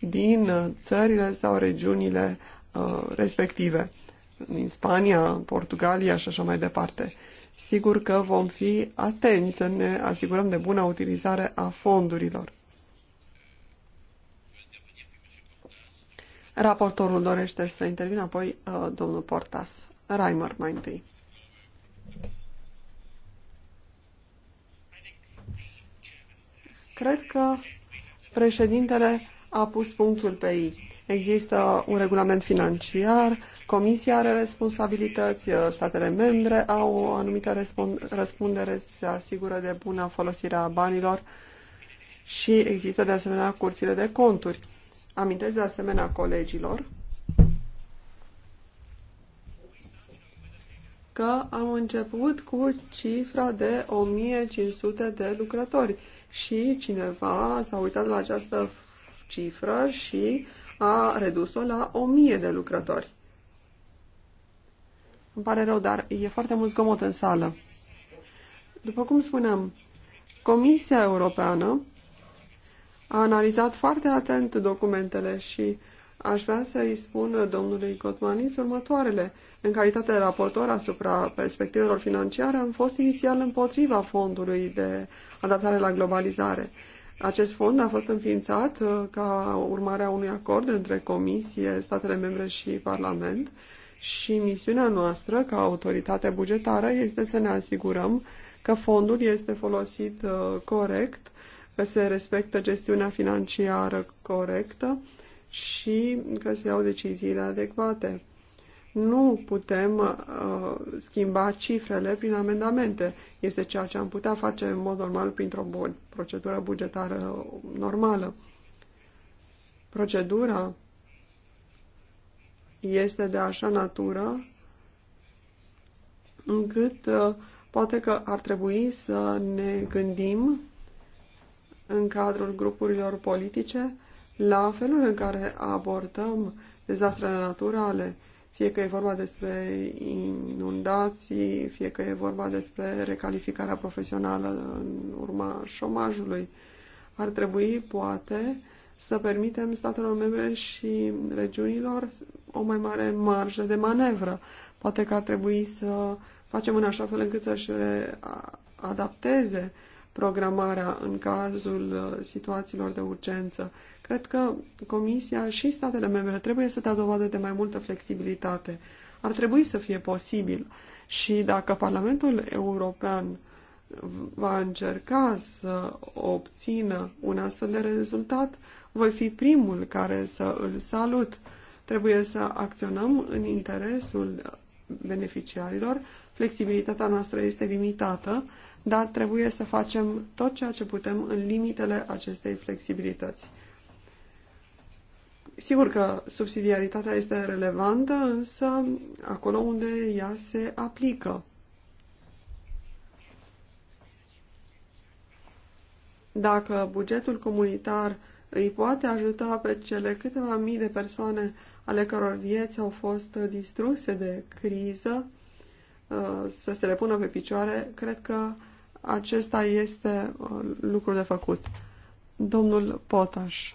din uh, țările sau regiunile uh, respective, din Spania, Portugalia și așa mai departe. Sigur că vom fi atenți să ne asigurăm de bună utilizare a fondurilor. Raportorul dorește să intervină, apoi uh, domnul Portas. Reimer mai întâi. Cred că președintele a pus punctul pe ei. Există un regulament financiar, Comisia are responsabilități, uh, statele membre au o anumită răspundere, se asigură de bună folosire a banilor și există de asemenea curțile de conturi amintesc de asemenea colegilor că am început cu cifra de 1500 de lucrători și cineva s-a uitat la această cifră și a redus-o la 1000 de lucrători. Îmi pare rău, dar e foarte mult zgomot în sală. După cum spuneam, Comisia Europeană a analizat foarte atent documentele și aș vrea să-i spun domnului Cotmanis următoarele. În calitate de raportor asupra perspectivelor financiare, am fost inițial împotriva fondului de adaptare la globalizare. Acest fond a fost înființat uh, ca urmare a unui acord între Comisie, statele membre și Parlament și misiunea noastră ca autoritate bugetară este să ne asigurăm că fondul este folosit uh, corect că se respectă gestiunea financiară corectă și că se iau deciziile adecvate. Nu putem uh, schimba cifrele prin amendamente. Este ceea ce am putea face în mod normal printr-o procedură bugetară normală. Procedura este de așa natură încât uh, poate că ar trebui să ne gândim în cadrul grupurilor politice la felul în care abordăm dezastrele naturale, fie că e vorba despre inundații, fie că e vorba despre recalificarea profesională în urma șomajului. Ar trebui, poate, să permitem statelor membre și regiunilor o mai mare marjă de manevră. Poate că ar trebui să facem în așa fel încât să-și adapteze programarea în cazul uh, situațiilor de urgență. Cred că Comisia și statele membre trebuie să dea dovadă de mai multă flexibilitate. Ar trebui să fie posibil și dacă Parlamentul European va încerca să obțină un astfel de rezultat, voi fi primul care să îl salut. Trebuie să acționăm în interesul beneficiarilor. Flexibilitatea noastră este limitată, dar trebuie să facem tot ceea ce putem în limitele acestei flexibilități. Sigur că subsidiaritatea este relevantă, însă acolo unde ea se aplică. Dacă bugetul comunitar îi poate ajuta pe cele câteva mii de persoane ale căror vieți au fost distruse de criză, uh, să se le pună pe picioare, cred că acesta este uh, lucru de făcut. Domnul Potaș.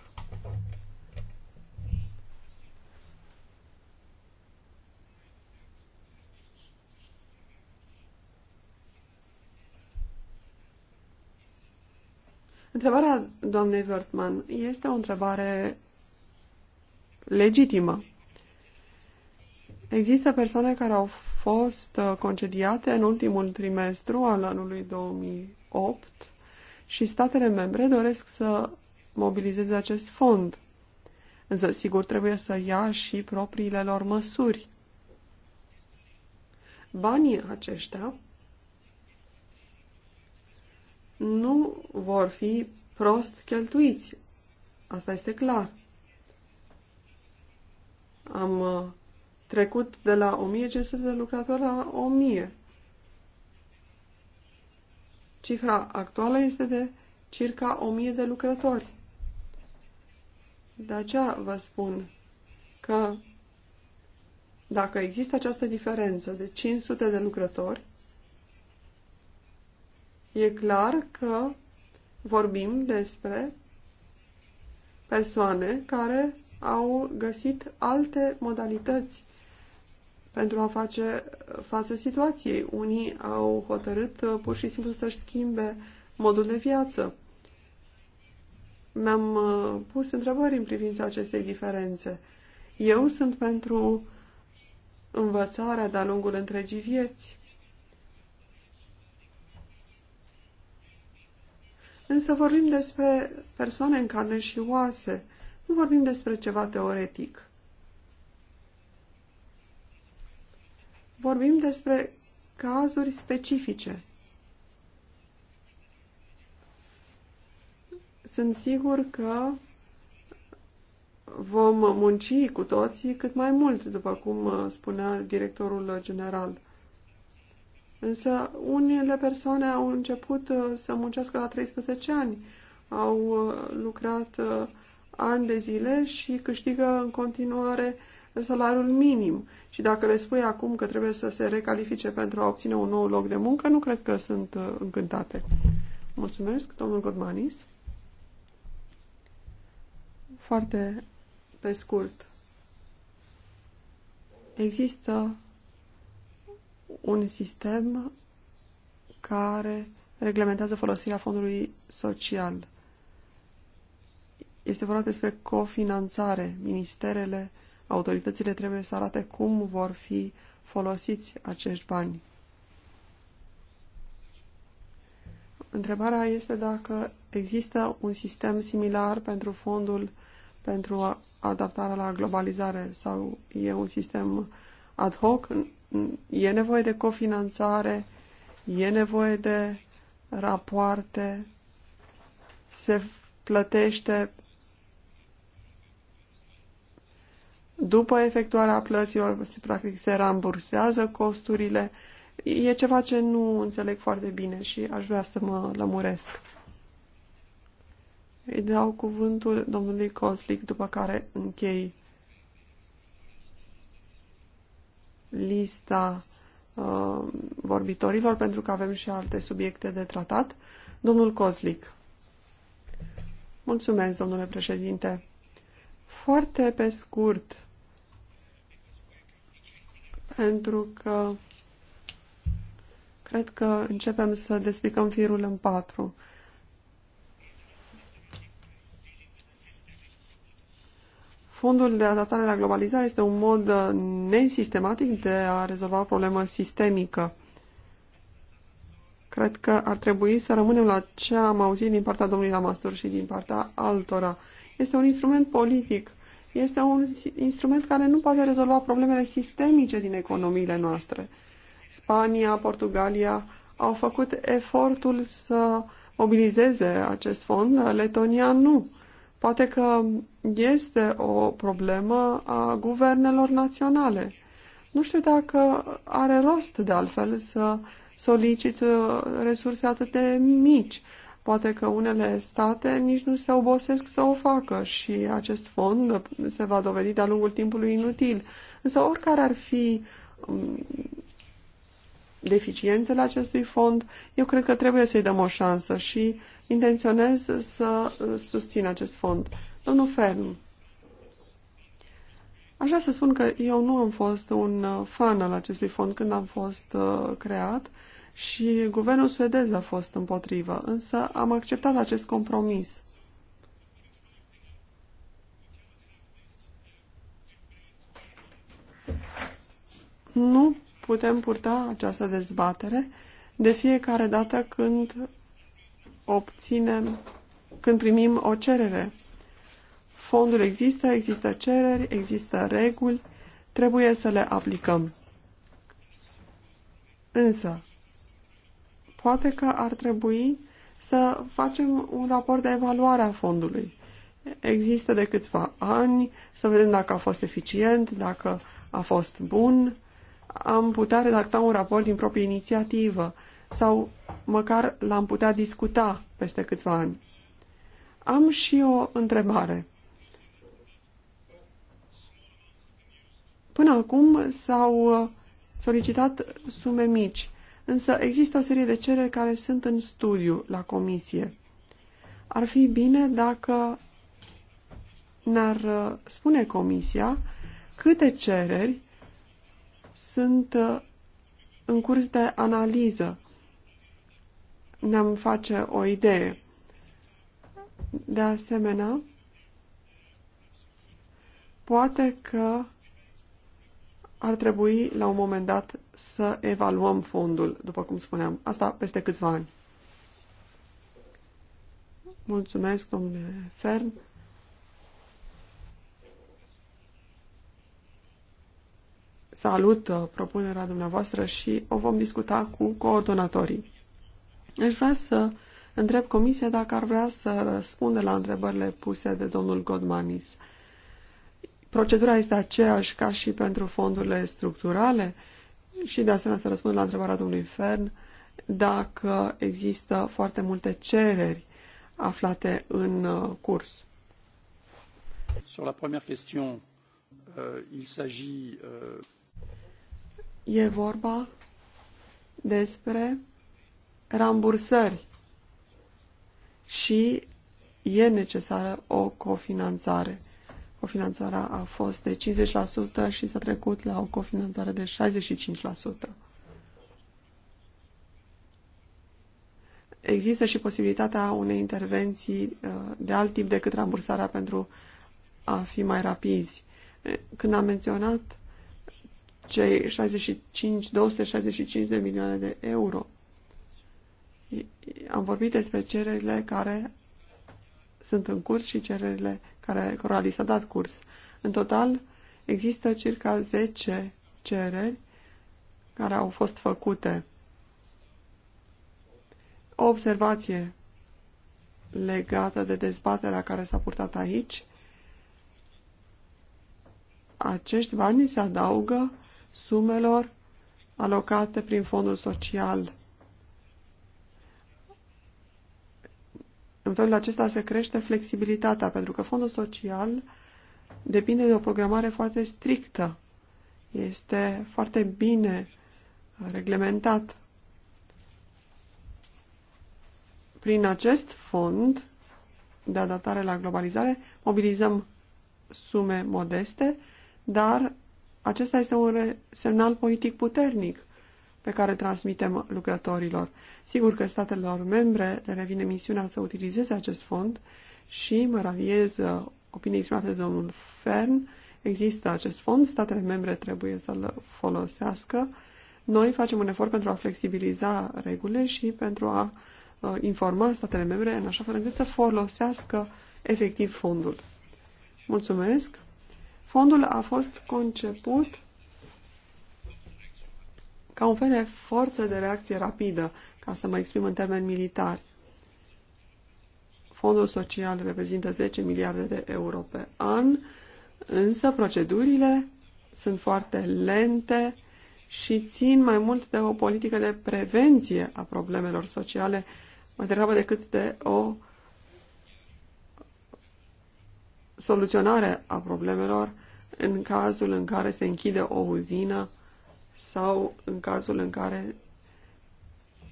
Întrebarea doamnei Wertmann este o întrebare legitimă. Există persoane care au fost uh, concediate în ultimul trimestru al anului 2008 și statele membre doresc să mobilizeze acest fond. Însă, sigur, trebuie să ia și propriile lor măsuri. Banii aceștia nu vor fi prost cheltuiți. Asta este clar. Am uh, trecut de la 1500 de lucrători la 1000. Cifra actuală este de circa 1000 de lucrători. De aceea vă spun că dacă există această diferență de 500 de lucrători, e clar că vorbim despre persoane care au găsit alte modalități pentru a face față situației. Unii au hotărât uh, pur și simplu să-și schimbe modul de viață. Mi-am uh, pus întrebări în privința acestei diferențe. Eu sunt pentru învățarea de-a lungul întregii vieți. Însă vorbim despre persoane în carne și oase, nu vorbim despre ceva teoretic. vorbim despre cazuri specifice. Sunt sigur că vom munci cu toții cât mai mult, după cum uh, spunea directorul general. Însă unele persoane au început uh, să muncească la 13 ani, au uh, lucrat ani de zile și câștigă în continuare salariul minim și dacă le spui acum că trebuie să se recalifice pentru a obține un nou loc de muncă, nu cred că sunt uh, încântate. Mulțumesc, domnul Godmanis. Foarte pe scurt. Există un sistem care reglementează folosirea fondului social. Este vorba despre cofinanțare. Ministerele uh, Autoritățile trebuie să arate cum vor fi folosiți acești bani. Întrebarea este dacă există un sistem similar pentru fondul pentru adaptarea la globalizare sau e un sistem ad hoc, e nevoie de cofinanțare, e nevoie de rapoarte, se plătește după efectuarea plăților, se, practic se rambursează costurile. E ceva ce nu înțeleg foarte bine și aș vrea să mă lămuresc. Îi dau cuvântul domnului Coslic, după care închei lista uh, vorbitorilor, pentru că avem și alte subiecte de tratat. Domnul Coslic. Mulțumesc, domnule președinte. Foarte pe scurt, pentru că cred că începem să despicăm firul în patru. Fondul de adaptare la globalizare este un mod nesistematic de a rezolva o problemă sistemică. Cred că ar trebui să rămânem la ce am auzit din partea domnului Lamastur și din partea altora. Este un instrument politic este un instrument care nu poate rezolva problemele sistemice din economiile noastre. Spania, Portugalia au făcut efortul să mobilizeze acest fond, Letonia nu. Poate că este o problemă a guvernelor naționale. Nu știu dacă are rost, de altfel, să solicit uh, resurse atât de mici. Poate că unele state nici nu se obosesc să o facă și acest fond se va dovedi de-a lungul timpului inutil. Însă oricare ar fi um, deficiențele acestui fond, eu cred că trebuie să-i dăm o șansă și intenționez să uh, susțin acest fond. Domnul Fern, aș vrea să spun că eu nu am fost un uh, fan al acestui fond când am fost uh, creat, și guvernul suedez a fost împotrivă, însă am acceptat acest compromis. Nu putem purta această dezbatere de fiecare dată când obținem, când primim o cerere. Fondul există, există cereri, există reguli, trebuie să le aplicăm. Însă, Poate că ar trebui să facem un raport de evaluare a fondului. Există de câțiva ani, să vedem dacă a fost eficient, dacă a fost bun. Am putea redacta un raport din proprie inițiativă sau măcar l-am putea discuta peste câțiva ani. Am și o întrebare. Până acum s-au solicitat sume mici însă există o serie de cereri care sunt în studiu la comisie. Ar fi bine dacă ne-ar uh, spune comisia câte cereri sunt uh, în curs de analiză. Ne-am face o idee. De asemenea, poate că ar trebui la un moment dat să evaluăm fondul, după cum spuneam. Asta peste câțiva ani. Mulțumesc, domnule Fern. Salut uh, propunerea dumneavoastră și o vom discuta cu coordonatorii. Aș vrea să întreb comisia dacă ar vrea să răspunde la întrebările puse de domnul Godmanis. Procedura este aceeași ca și pentru fondurile structurale și de asemenea să răspund la întrebarea domnului Fern dacă există foarte multe cereri aflate în uh, curs. Sur la première question, euh, il s'agit euh... E vorba despre rambursări și e necesară o cofinanțare cofinanțarea a fost de 50% și s-a trecut la o cofinanțare de 65%. Există și posibilitatea unei intervenții uh, de alt tip decât rambursarea pentru a fi mai rapizi. Când am menționat cei 65, 265 de milioane de euro, am vorbit despre cererile care sunt în curs și cererile care, Corali li s-a dat curs. În total, există circa 10 cereri care au fost făcute. O observație legată de dezbaterea care s-a purtat aici. Acești bani se adaugă sumelor alocate prin fondul social În felul acesta se crește flexibilitatea, pentru că fondul social depinde de o programare foarte strictă. Este foarte bine reglementat. Prin acest fond de adaptare la globalizare mobilizăm sume modeste, dar acesta este un semnal politic puternic pe care transmitem lucrătorilor. Sigur că statelor membre le revine misiunea să utilizeze acest fond și mă raviez uh, opinia exprimată de domnul Fern. Există acest fond, statele membre trebuie să-l folosească. Noi facem un efort pentru a flexibiliza regulile și pentru a uh, informa statele membre în așa fel încât să folosească efectiv fondul. Mulțumesc! Fondul a fost conceput ca un fel de forță de reacție rapidă, ca să mă exprim în termeni militari. Fondul social reprezintă 10 miliarde de euro pe an, însă procedurile sunt foarte lente și țin mai mult de o politică de prevenție a problemelor sociale, mai degrabă decât de o soluționare a problemelor în cazul în care se închide o uzină sau în cazul în care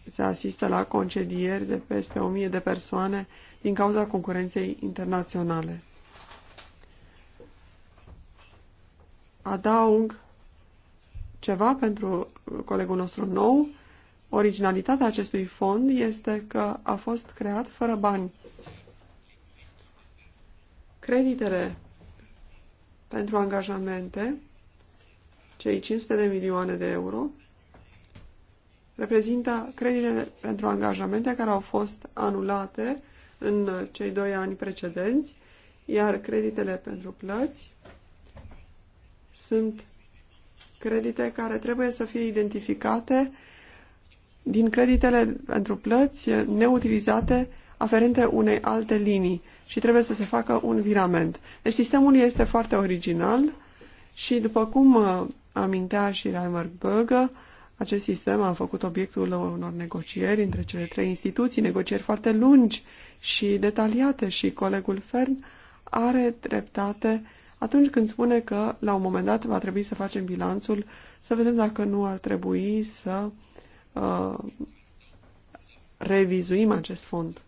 se asistă la concedieri de peste 1000 de persoane din cauza concurenței internaționale. Adaug ceva pentru colegul nostru nou. Originalitatea acestui fond este că a fost creat fără bani. Creditele pentru angajamente cei 500 de milioane de euro reprezintă credite pentru angajamente care au fost anulate în cei doi ani precedenți, iar creditele pentru plăți sunt credite care trebuie să fie identificate din creditele pentru plăți neutilizate aferente unei alte linii și trebuie să se facă un virament. Deci sistemul este foarte original și după cum amintea și Reimer Böge, acest sistem a făcut obiectul unor negocieri între cele trei instituții, negocieri foarte lungi și detaliate și colegul Fern are dreptate atunci când spune că la un moment dat va trebui să facem bilanțul, să vedem dacă nu ar trebui să uh, revizuim acest fond.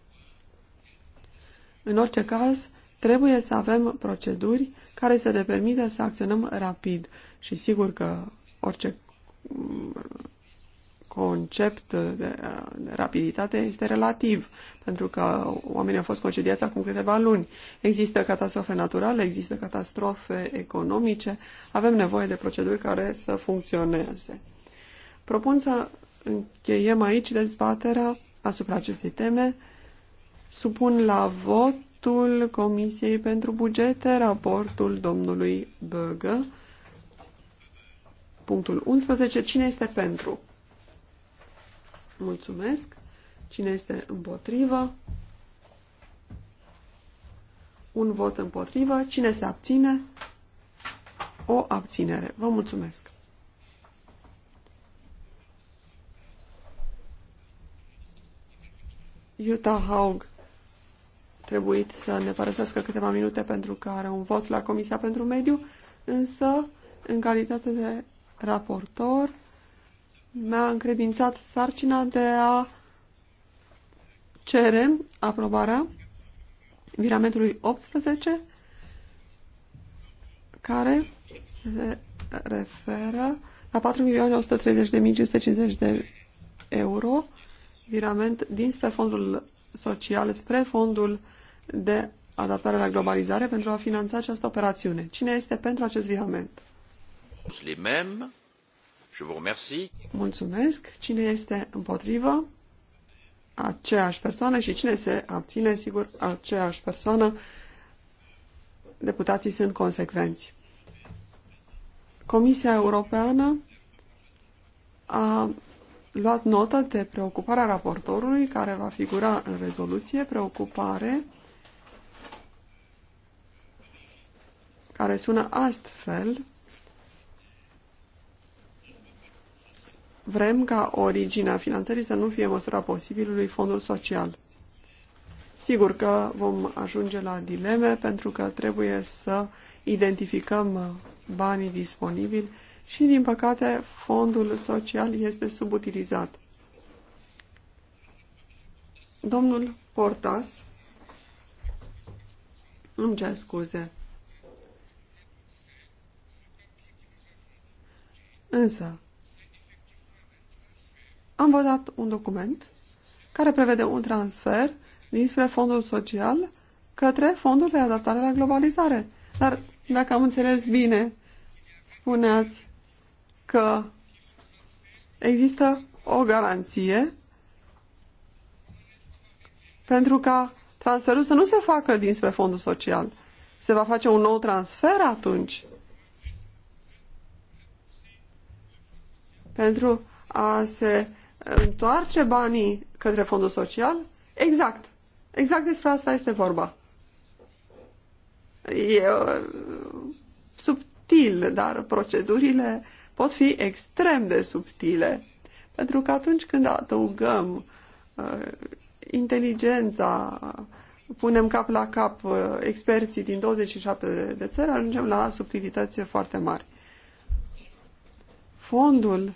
În orice caz, trebuie să avem proceduri care să ne permită să acționăm rapid și sigur că orice mm, concept de, rapiditate este relativ, pentru că oamenii au fost concediați acum câteva luni. Există catastrofe naturale, există catastrofe economice, avem nevoie de proceduri care să funcționeze. Propun să încheiem aici dezbaterea asupra acestei teme. Supun la votul Comisiei pentru Bugete raportul domnului Băgă Punctul 11. Cine este pentru? Mulțumesc. Cine este împotrivă? Un vot împotrivă. Cine se abține? O abținere. Vă mulțumesc. Utah Haug trebuit să ne părăsească câteva minute pentru că are un vot la Comisia pentru Mediu, însă, în calitate de raportor, mi-a încredințat sarcina de a cere aprobarea viramentului 18 care se referă la 4.130.550 de euro virament dinspre fondul social spre fondul de adaptare la globalizare pentru a finanța această operațiune. Cine este pentru acest virament? Les mêmes. Je vous remercie. Mulțumesc. Cine este împotrivă? Aceeași persoană și cine se abține, sigur, aceeași persoană. Deputații sunt consecvenți. Comisia Europeană a luat notă de preocuparea raportorului care va figura în rezoluție, preocupare care sună astfel Vrem ca originea finanțării să nu fie măsura posibilului fondul social. Sigur că vom ajunge la dileme pentru că trebuie să identificăm banii disponibili și, din păcate, fondul social este subutilizat. Domnul Portas, îmi cer scuze, însă am votat un document care prevede un transfer dinspre fondul social către fondul de adaptare la globalizare. Dar, dacă am înțeles bine, spuneați că există o garanție pentru ca transferul să nu se facă dinspre fondul social. Se va face un nou transfer atunci. Pentru a se întoarce banii către fondul social? Exact. Exact despre asta este vorba. E uh, subtil, dar procedurile pot fi extrem de subtile. Pentru că atunci când adăugăm uh, inteligența, punem cap la cap uh, experții din 27 de țări, ajungem la subtilități foarte mari. Fondul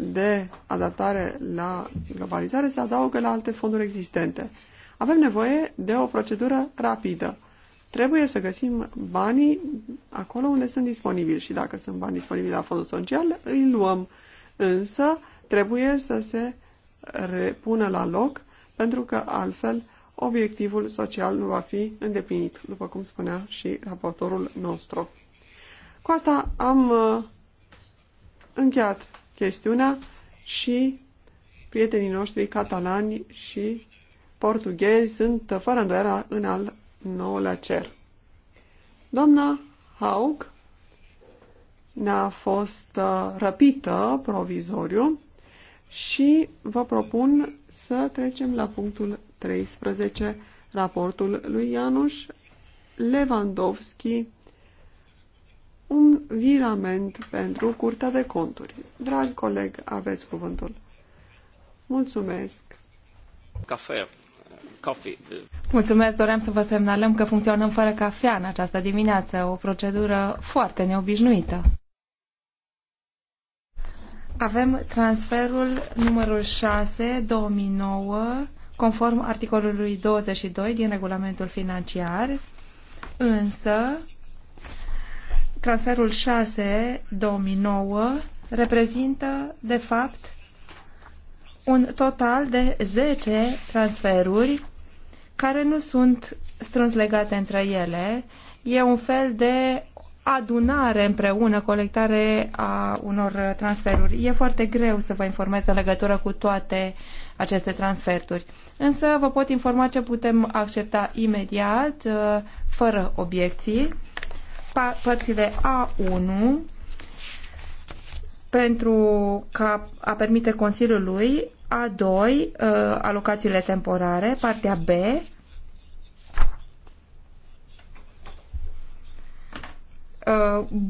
de adaptare la globalizare se adaugă la alte fonduri existente. Avem nevoie de o procedură rapidă. Trebuie să găsim banii acolo unde sunt disponibili și dacă sunt bani disponibili la fondul social, îi luăm. Însă trebuie să se repună la loc pentru că altfel obiectivul social nu va fi îndeplinit, după cum spunea și raportorul nostru. Cu asta am uh, încheiat chestiunea și prietenii noștri catalani și portughezi sunt fără îndoială în al nouălea cer. Doamna Haug ne-a fost uh, răpită provizoriu și vă propun să trecem la punctul 13, raportul lui Ianuș Lewandowski un virament pentru Curtea de Conturi. Drag coleg, aveți cuvântul. Mulțumesc. Cafea. Coffee. Mulțumesc, doream să vă semnalăm că funcționăm fără cafea în această dimineață, o procedură foarte neobișnuită. Avem transferul numărul 6, 2009, conform articolului 22 din regulamentul financiar, însă transferul 6 2009 reprezintă, de fapt, un total de 10 transferuri care nu sunt strâns legate între ele. E un fel de adunare împreună, colectare a unor transferuri. E foarte greu să vă informez în legătură cu toate aceste transferuri. Însă vă pot informa ce putem accepta imediat, fără obiecții părțile A1 pentru ca a permite Consiliului A2 uh, alocațiile temporare, partea B uh,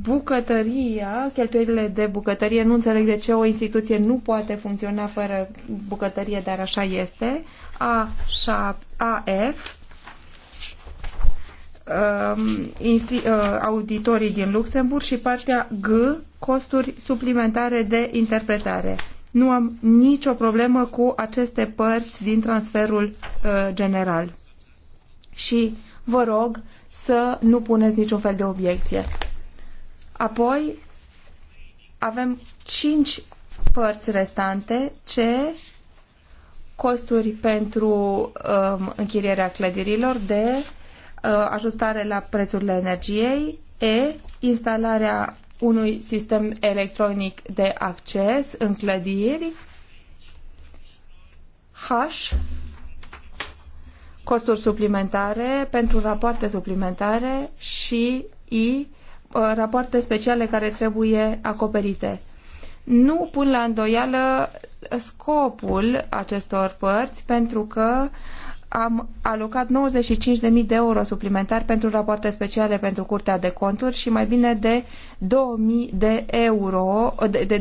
bucătăria, cheltuielile de bucătărie, nu înțeleg de ce o instituție nu poate funcționa fără bucătărie, dar așa este. A, 7, AF, Um, uh, auditorii din Luxemburg și partea G, costuri suplimentare de interpretare. Nu am nicio problemă cu aceste părți din transferul uh, general. Și vă rog să nu puneți niciun fel de obiecție. Apoi avem cinci părți restante, ce costuri pentru um, închirierea clădirilor de Uh, ajustare la prețurile energiei, E, instalarea unui sistem electronic de acces în clădiri, H, costuri suplimentare pentru rapoarte suplimentare și I, uh, rapoarte speciale care trebuie acoperite. Nu pun la îndoială scopul acestor părți pentru că am alocat 95.000 de euro suplimentari pentru rapoarte speciale pentru Curtea de Conturi și mai bine de 2.000 de euro, de, de 200.000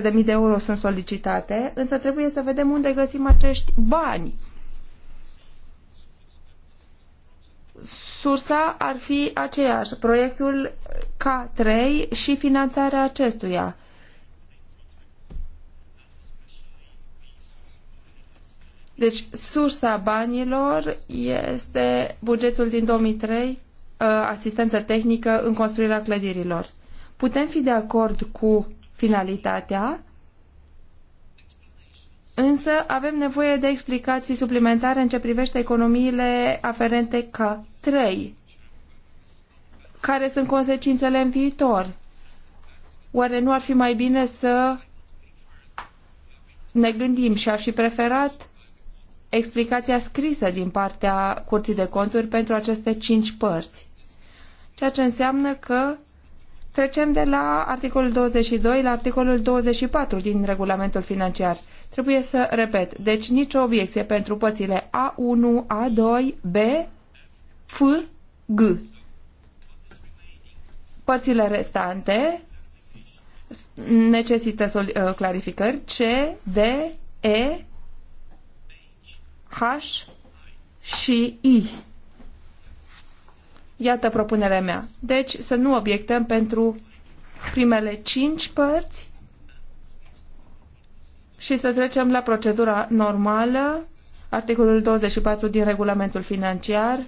de euro sunt solicitate, însă trebuie să vedem unde găsim acești bani. Sursa ar fi aceeași, proiectul K3 și finanțarea acestuia Deci, sursa banilor este bugetul din 2003, uh, asistență tehnică în construirea clădirilor. Putem fi de acord cu finalitatea, însă avem nevoie de explicații suplimentare în ce privește economiile aferente ca 3. Care sunt consecințele în viitor? Oare nu ar fi mai bine să ne gândim și aș fi preferat explicația scrisă din partea Curții de Conturi pentru aceste cinci părți. Ceea ce înseamnă că trecem de la articolul 22 la articolul 24 din regulamentul financiar. Trebuie să repet, deci nicio obiecție pentru părțile A1, A2, B, F, G. Părțile restante necesită uh, clarificări C, D, E, H și I. Iată propunerea mea. Deci să nu obiectăm pentru primele cinci părți și să trecem la procedura normală, articolul 24 din regulamentul financiar,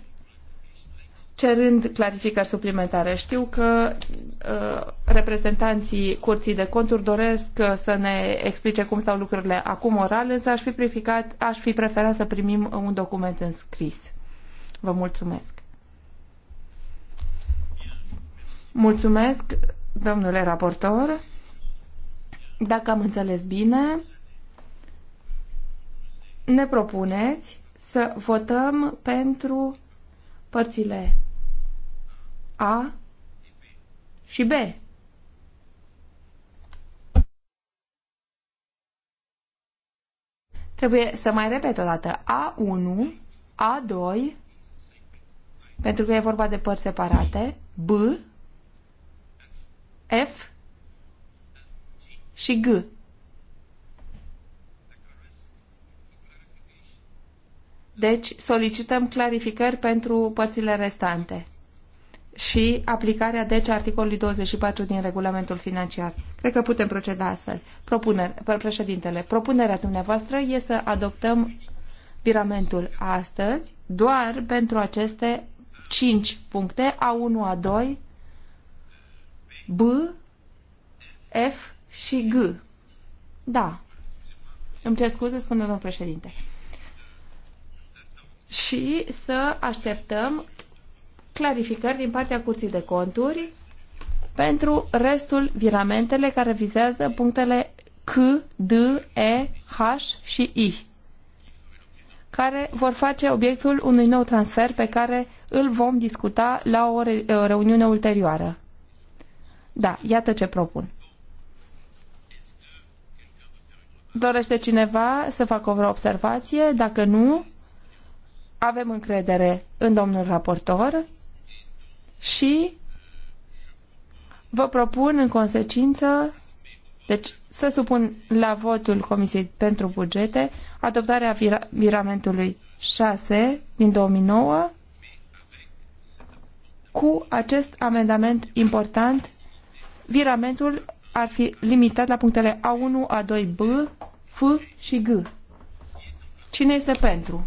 cerând clarificări suplimentare. Știu că uh, reprezentanții Curții de Conturi doresc uh, să ne explice cum stau lucrurile acum oral, însă aș fi, preficat, aș fi preferat să primim un document în scris. Vă mulțumesc. Mulțumesc, domnule raportor. Dacă am înțeles bine, ne propuneți să votăm pentru părțile a și B. Trebuie să mai repet o dată. A1, A2, pentru că e vorba de părți separate, B, F și G. Deci solicităm clarificări pentru părțile restante și aplicarea, deci, articolului 24 din regulamentul financiar. Cred că putem proceda astfel. Propuner, președintele, propunerea dumneavoastră este să adoptăm viramentul astăzi doar pentru aceste 5 puncte, A1, A2, B, F și G. Da. Îmi cer scuze, spune domnul președinte. Și să așteptăm clarificări din partea Curții de Conturi pentru restul viramentele care vizează punctele C, D, E, H și I, care vor face obiectul unui nou transfer pe care îl vom discuta la o, re o reuniune ulterioară. Da, iată ce propun. Dorește cineva să facă o vreo observație? Dacă nu, avem încredere în domnul raportor și vă propun în consecință deci să supun la votul Comisiei pentru Bugete adoptarea viramentului 6 din 2009 cu acest amendament important viramentul ar fi limitat la punctele A1, A2, B, F și G. Cine este pentru?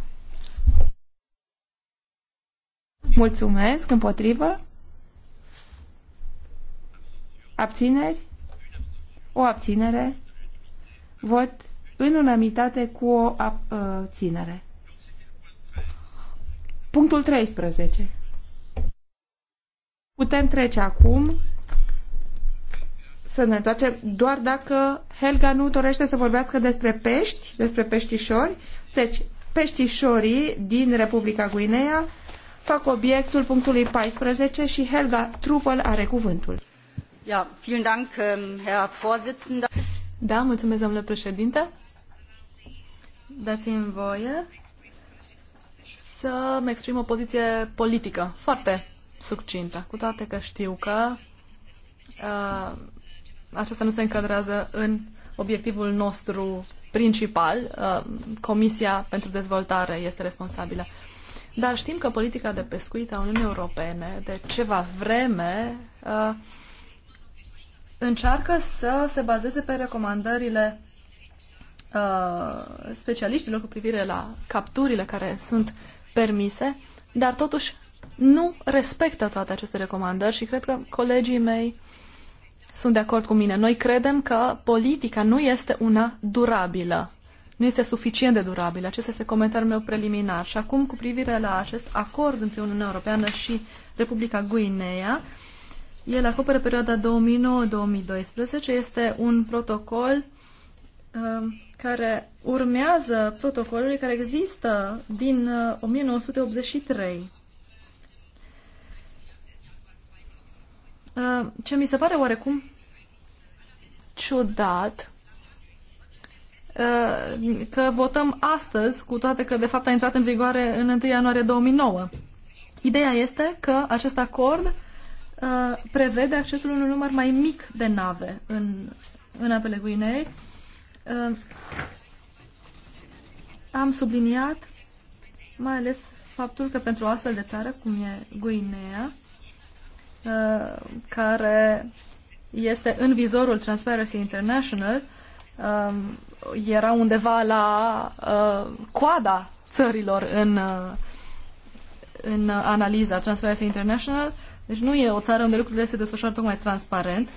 Mulțumesc. Împotrivă? Abțineri? O abținere? Vot în unanimitate cu o abținere. Ă, Punctul 13. Putem trece acum să ne întoarcem doar dacă Helga nu dorește să vorbească despre pești, despre peștișori. Deci, peștișorii din Republica Guinea fac obiectul punctului 14 și Helga Trupel are cuvântul. Ja, vielen Dank, ähm, Herr Vorsitzender. Da, mulțumesc, domnule președinte. Dați-mi voie să-mi exprim o poziție politică foarte succintă, cu toate că știu că uh, aceasta nu se încadrează în obiectivul nostru principal. Uh, Comisia pentru Dezvoltare este responsabilă. Uh, dar știm că politica de pescuit a Uniunii Europene de ceva vreme uh, încearcă să se bazeze pe recomandările uh, specialiștilor cu privire la capturile care sunt permise, dar totuși nu respectă toate aceste recomandări și cred că colegii mei sunt de acord cu mine. Noi credem că politica nu este una durabilă nu este suficient de durabil. Acesta este comentariul meu preliminar. Și acum, cu privire la acest acord între Uniunea Europeană și Republica Guinea, el acoperă perioada 2009-2012. Este un protocol um, care urmează protocolului care există din 1983. Uh, uh, ce mi se pare oarecum ciudat Uh, că votăm astăzi, cu toate că de fapt a intrat în vigoare în 1 ianuarie 2009. Ideea este că acest acord uh, prevede accesul unui număr mai mic de nave în, în apele Guinei. Uh, am subliniat mai ales faptul că pentru o astfel de țară, cum e Guinea, care este în vizorul Transparency International, Um, era undeva la uh, coada țărilor în, uh, în analiza Transparency International. Deci nu e o țară unde lucrurile se desfășoară tocmai transparent.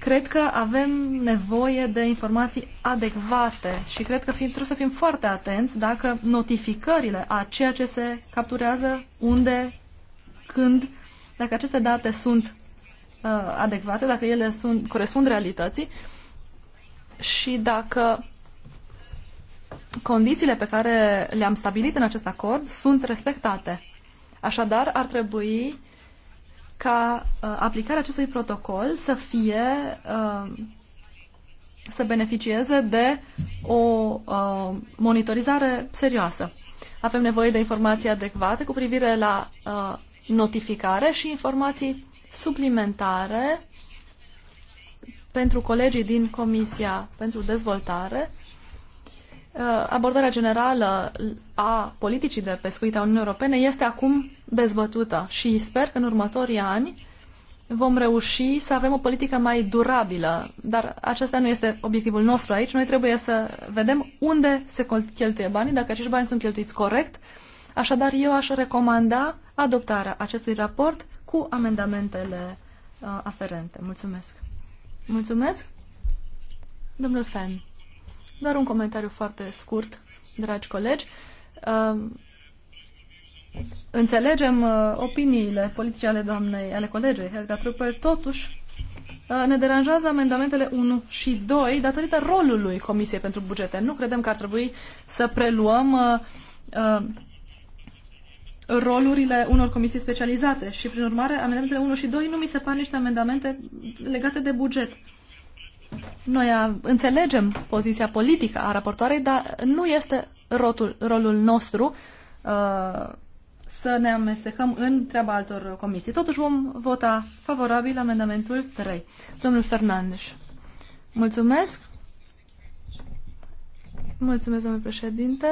Cred că avem nevoie de informații adecvate și cred că fim, trebuie să fim foarte atenți dacă notificările a ceea ce se capturează, unde, când, dacă aceste date sunt uh, adecvate, dacă ele sunt, corespund realității, uh, și dacă condițiile pe care le-am stabilit în acest acord sunt respectate. Așadar, ar trebui ca uh, aplicarea acestui protocol să fie uh, să beneficieze de o uh, monitorizare serioasă. Avem nevoie de informații adecvate cu privire la uh, notificare și informații suplimentare pentru colegii din Comisia pentru Dezvoltare, uh, abordarea generală a politicii de pescuit a Uniunii Europene este acum dezbătută și sper că în următorii ani vom reuși să avem o politică mai durabilă, dar acesta nu este obiectivul nostru aici. Noi trebuie să vedem unde se cheltuie banii, dacă acești bani sunt cheltuiți corect. Așadar, eu aș recomanda adoptarea acestui raport cu amendamentele uh, aferente. Mulțumesc! Mulțumesc. Domnul Fan, doar un comentariu foarte scurt, dragi colegi. Uh, înțelegem uh, opiniile politice ale doamnei, ale colegei Helga Trupper, totuși uh, ne deranjează amendamentele 1 și 2 datorită rolului Comisiei pentru Bugete. Nu credem că ar trebui să preluăm uh, uh rolurile unor comisii specializate și, prin urmare, amendamentele 1 și 2 nu mi se par niște amendamente legate de buget. Noi înțelegem poziția politică a raportoarei, dar nu este rotul, rolul nostru uh, să ne amestecăm în treaba altor comisii. Totuși vom vota favorabil amendamentul 3. Domnul Fernandes. Mulțumesc. Mulțumesc, domnule președinte.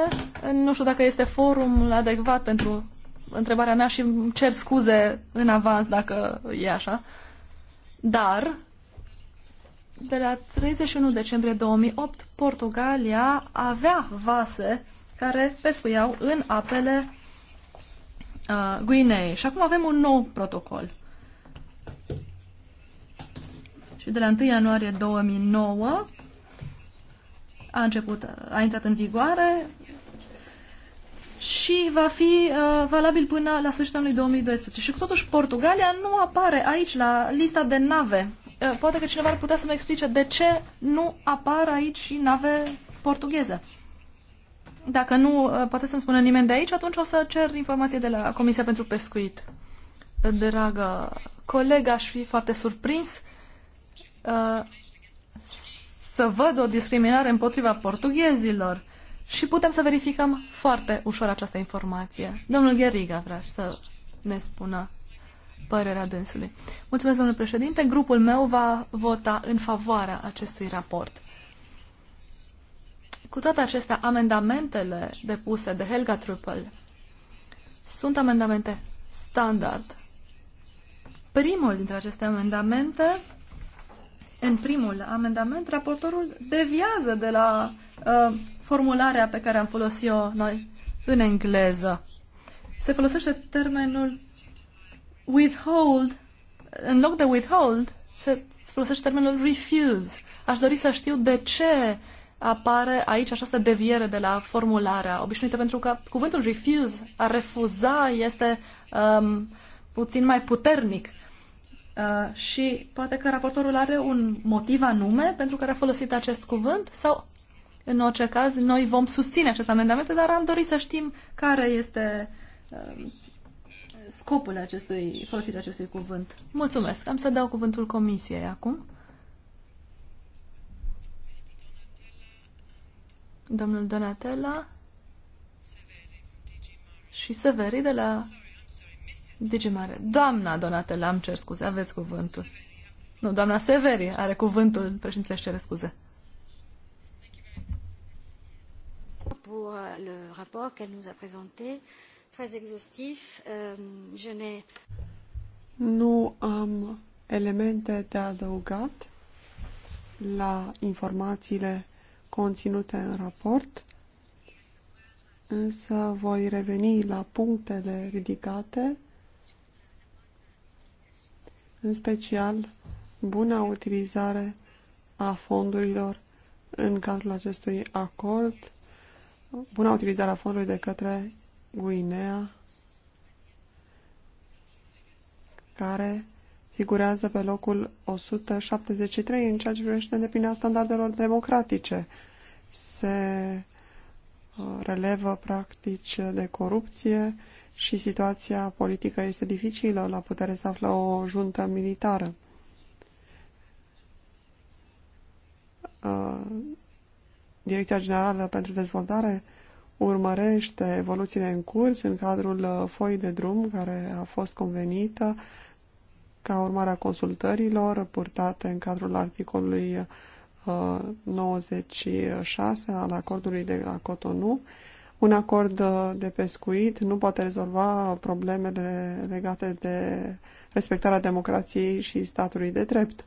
Nu știu dacă este forumul adecvat pentru întrebarea mea și îmi cer scuze în avans dacă e așa. Dar, de la 31 decembrie 2008, Portugalia avea vase care pescuiau în apele uh, Guinei. Și acum avem un nou protocol. Și de la 1 ianuarie 2009 a început, a intrat în vigoare și va fi uh, valabil până la sfârșitul anului 2012. Și totuși Portugalia nu apare aici la lista de nave. Uh, poate că cineva ar putea să-mi explice de ce nu apar aici și nave portugheze. Dacă nu uh, poate să-mi spună nimeni de aici, atunci o să cer informații de la Comisia pentru Pescuit. Uh, dragă colegă, aș fi foarte surprins uh, să văd o discriminare împotriva portughezilor și putem să verificăm foarte ușor această informație. Domnul Gheriga vrea să ne spună părerea dânsului. Mulțumesc, domnule președinte. Grupul meu va vota în favoarea acestui raport. Cu toate acestea, amendamentele depuse de Helga Truppel sunt amendamente standard. Primul dintre aceste amendamente, în primul amendament, raportorul deviază de la uh, formularea pe care am folosit-o noi în engleză. Se folosește termenul withhold, în loc de withhold, se folosește termenul refuse. Aș dori să știu de ce apare aici această deviere de la formularea obișnuită, pentru că cuvântul refuse, a refuza, este um, puțin mai puternic Uh, și poate că raportorul are un motiv anume pentru care a folosit acest cuvânt sau în orice caz, noi vom susține aceste amendamente, dar am dorit să știm care este um, scopul acestui, folosirea acestui cuvânt. Mulțumesc. Am să dau cuvântul comisiei acum. Domnul Donatella și Severi de la Digimare. Doamna Donatella, am cer scuze, aveți cuvântul. Nu, doamna Severi are cuvântul, președintele își cere scuze. pour euh, le rapport qu'elle nous a présenté, très exhaustif. Euh, je n'ai nu am elemente de adăugat la informațiile conținute în raport, însă voi reveni la punctele ridicate, în special buna utilizare a fondurilor în cadrul acestui acord, Bună utilizare fondului de către Guinea, care figurează pe locul 173 în ceea ce privește îndeplinirea standardelor democratice. Se uh, relevă practici de corupție și situația politică este dificilă. La putere se află o juntă militară. Uh, Direcția Generală pentru Dezvoltare urmărește evoluțiile în curs în cadrul uh, foii de drum care a fost convenită ca urmare a consultărilor purtate în cadrul articolului 96 uh, al acordului de la Cotonou. Un acord uh, de pescuit nu poate rezolva problemele legate de respectarea democrației și statului de drept.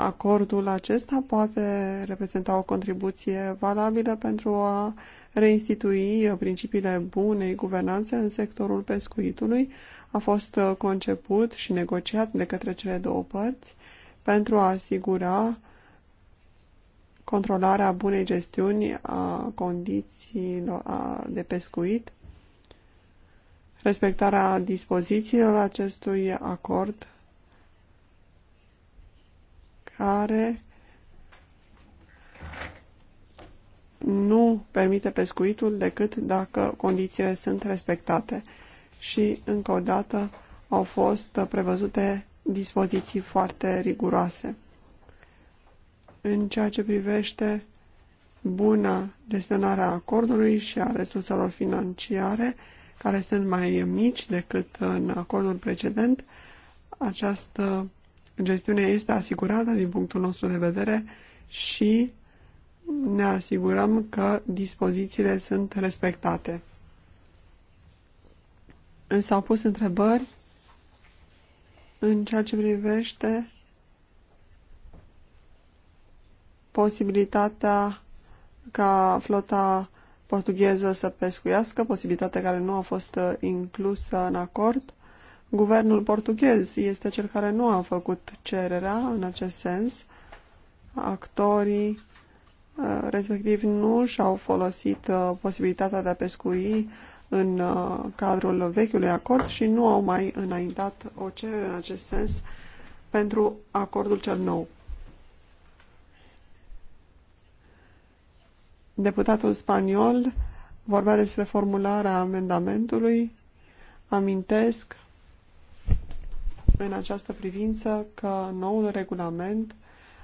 Acordul acesta poate reprezenta o contribuție valabilă pentru a reinstitui principiile bunei guvernanțe în sectorul pescuitului. A fost conceput și negociat de către cele două părți pentru a asigura controlarea bunei gestiuni a condițiilor de pescuit, respectarea dispozițiilor acestui acord care nu permite pescuitul decât dacă condițiile sunt respectate. Și, încă o dată, au fost prevăzute dispoziții foarte riguroase. În ceea ce privește buna gestionarea acordului și a resurselor financiare, care sunt mai mici decât în acordul precedent, această gestiunea este asigurată din punctul nostru de vedere și ne asigurăm că dispozițiile sunt respectate. Însă au pus întrebări în ceea ce privește posibilitatea ca flota portugheză să pescuiască, posibilitatea care nu a fost inclusă în acord. Guvernul portughez este cel care nu a făcut cererea în acest sens. Actorii uh, respectiv nu și-au folosit uh, posibilitatea de a pescui în uh, cadrul vechiului acord și nu au mai înaintat o cerere în acest sens pentru acordul cel nou. Deputatul spaniol vorbea despre formularea amendamentului. Amintesc în această privință că noul regulament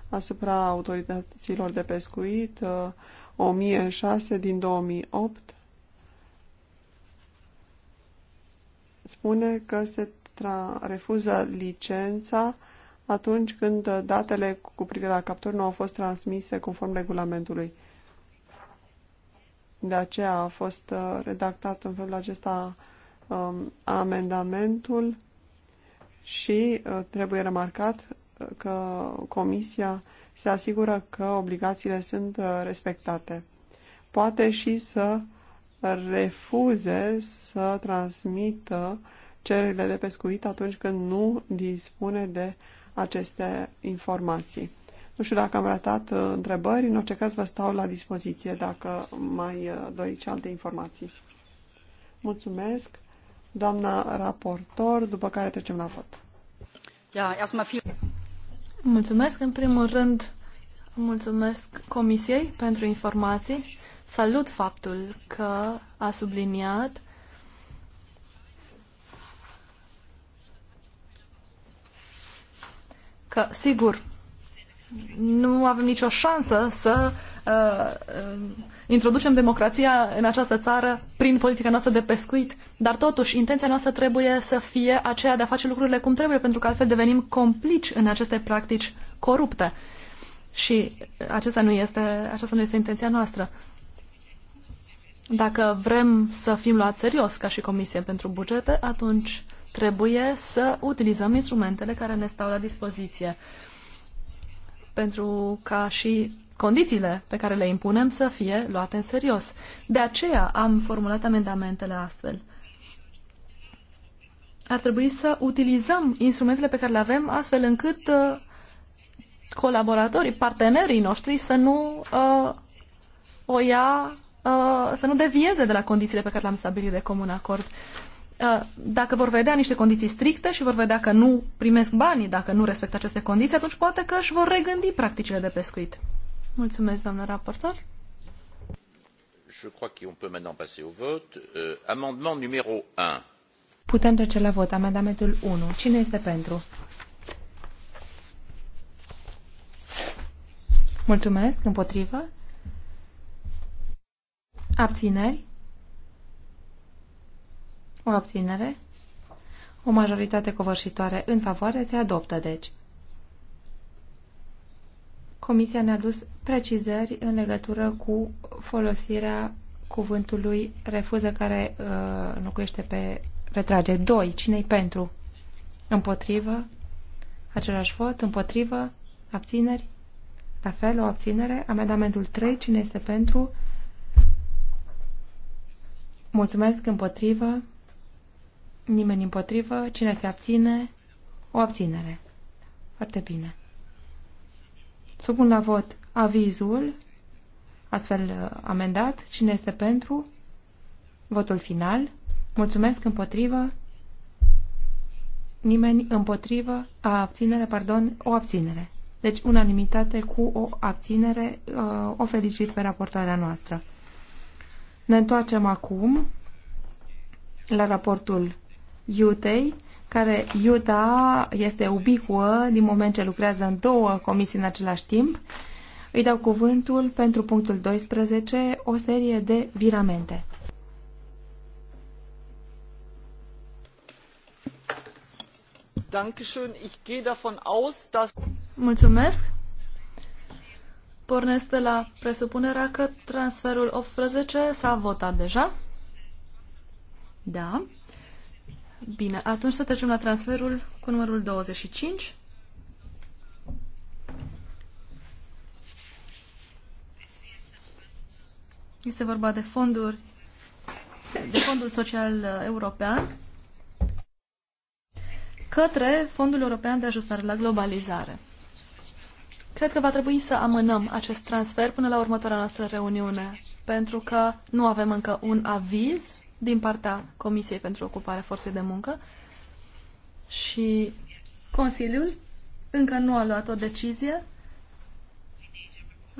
asupra autorităților de pescuit 1006 uh, din 2008 spune că se refuză licența atunci când datele cu privire la capturi nu au fost transmise conform regulamentului. De aceea a fost uh, redactat în felul acesta um, amendamentul și uh, trebuie remarcat uh, că Comisia se asigură că obligațiile sunt uh, respectate. Poate și să refuze să transmită cererile de pescuit atunci când nu dispune de aceste informații. Nu știu dacă am ratat întrebări, în orice caz vă stau la dispoziție dacă mai doriți alte informații. Mulțumesc! doamna raportor, după care trecem la vot. Mulțumesc. În primul rând, mulțumesc Comisiei pentru informații. Salut faptul că a subliniat că, sigur, nu avem nicio șansă să uh, introducem democrația în această țară prin politica noastră de pescuit, dar totuși intenția noastră trebuie să fie aceea de a face lucrurile cum trebuie, pentru că altfel devenim complici în aceste practici corupte. Și aceasta nu este, aceasta nu este intenția noastră. Dacă vrem să fim luați serios ca și Comisie pentru bugete, atunci trebuie să utilizăm instrumentele care ne stau la dispoziție pentru ca și condițiile pe care le impunem să fie luate în serios. De aceea am formulat amendamentele astfel. Ar trebui să utilizăm instrumentele pe care le avem astfel încât uh, colaboratorii, partenerii noștri să nu uh, o ia, uh, să nu devieze de la condițiile pe care le-am stabilit de comun acord. Uh, dacă vor vedea niște condiții stricte și vor vedea că nu primesc banii dacă nu respectă aceste condiții, atunci poate că își vor regândi practicile de pescuit. Mulțumesc, doamnă raportor. Je crois qu'on peut maintenant passer au vote. Euh, amendement numéro 1. Putem trece la vot. Amendamentul 1. Cine este pentru? Mulțumesc. Împotrivă? Abțineri? O abținere? O majoritate covârșitoare în favoare se adoptă, deci. Comisia ne-a dus precizări în legătură cu folosirea cuvântului refuză care uh, înlocuiește pe retrage. doi Cine-i pentru? Împotrivă? Același vot? Împotrivă? Abțineri? La fel, o abținere. Amendamentul 3. Cine este pentru? Mulțumesc. Împotrivă? Nimeni împotrivă. Cine se abține? O abținere. Foarte bine. Supun la vot avizul, astfel uh, amendat. Cine este pentru? Votul final. Mulțumesc împotrivă. Nimeni împotrivă. A abținere, pardon, o abținere. Deci unanimitate cu o abținere. Uh, o felicit pe raportoarea noastră. Ne întoarcem acum la raportul Iutei care Iuta este ubicuă din moment ce lucrează în două comisii în același timp. Îi dau cuvântul pentru punctul 12, o serie de viramente. Mulțumesc. Pornesc de la presupunerea că transferul 18 s-a votat deja. Da. Bine, atunci să trecem la transferul cu numărul 25. Este vorba de fonduri, de Fondul Social European către Fondul European de Ajustare la Globalizare. Cred că va trebui să amânăm acest transfer până la următoarea noastră reuniune, pentru că nu avem încă un aviz din partea Comisiei pentru Ocuparea Forței de Muncă și Consiliul încă nu a luat o decizie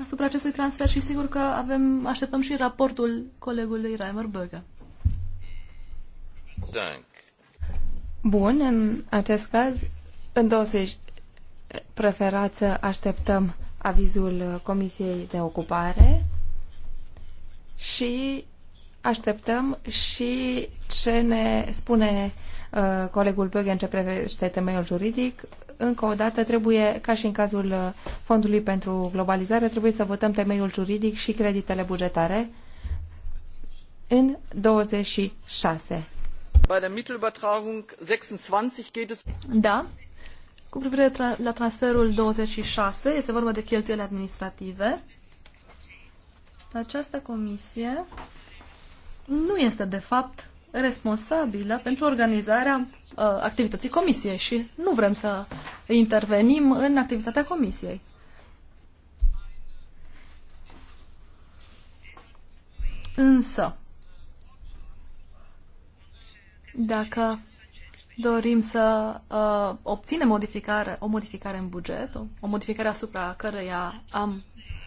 asupra acestui transfer și sigur că avem, așteptăm și raportul colegului Reimer Böge. Bun, în acest caz, în dosaj preferați să așteptăm avizul Comisiei de Ocupare și așteptăm și ce ne spune uh, colegul Böge în ce privește temeiul juridic. Încă o dată trebuie, ca și în cazul uh, Fondului pentru Globalizare, trebuie să votăm temeiul juridic și creditele bugetare în 26. Bei der Mittelübertragung 26 geht es. Da. Cu privire tra la transferul 26, este vorba de cheltuieli administrative. Această comisie nu este de fapt responsabilă pentru organizarea uh, activității comisiei și nu vrem să intervenim în activitatea comisiei. Însă, dacă dorim să uh, obținem modificare, o modificare în buget, o, o modificare asupra căreia am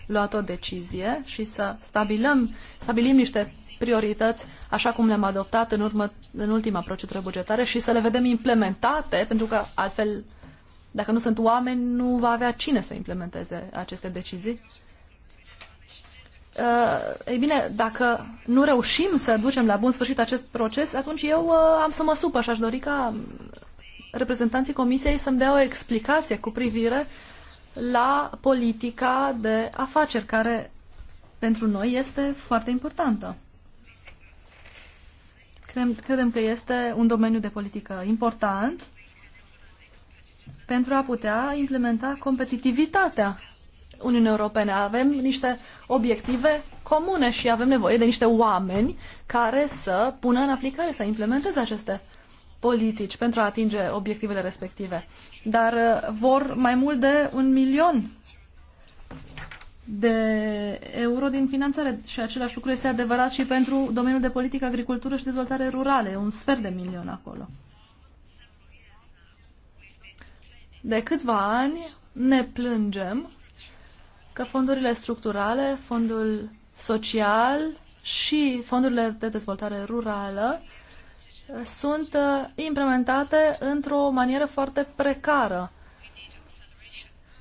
luat o decizie și să stabilăm, stabilim niște priorități așa cum le-am adoptat în, urmă, în ultima procedură bugetară și să le vedem implementate, pentru că altfel, dacă nu sunt oameni, nu va avea cine să implementeze aceste decizii. Uh, ei bine, dacă nu reușim să ducem la bun sfârșit acest proces, atunci eu uh, am să mă supă și aș dori ca reprezentanții Comisiei să-mi dea o explicație cu privire la politica de afaceri, care pentru noi este foarte importantă. Credem că este un domeniu de politică important pentru a putea implementa competitivitatea Uniunii Europene. Avem niște obiective comune și avem nevoie de niște oameni care să pună în aplicare, să implementeze aceste politici pentru a atinge obiectivele respective. Dar uh, vor mai mult de un milion de euro din finanțare și același lucru este adevărat și pentru domeniul de politică, agricultură și dezvoltare rurale, un sfert de milion acolo. De câțiva ani ne plângem că fondurile structurale, fondul social și fondurile de dezvoltare rurală sunt uh, implementate într-o manieră foarte precară.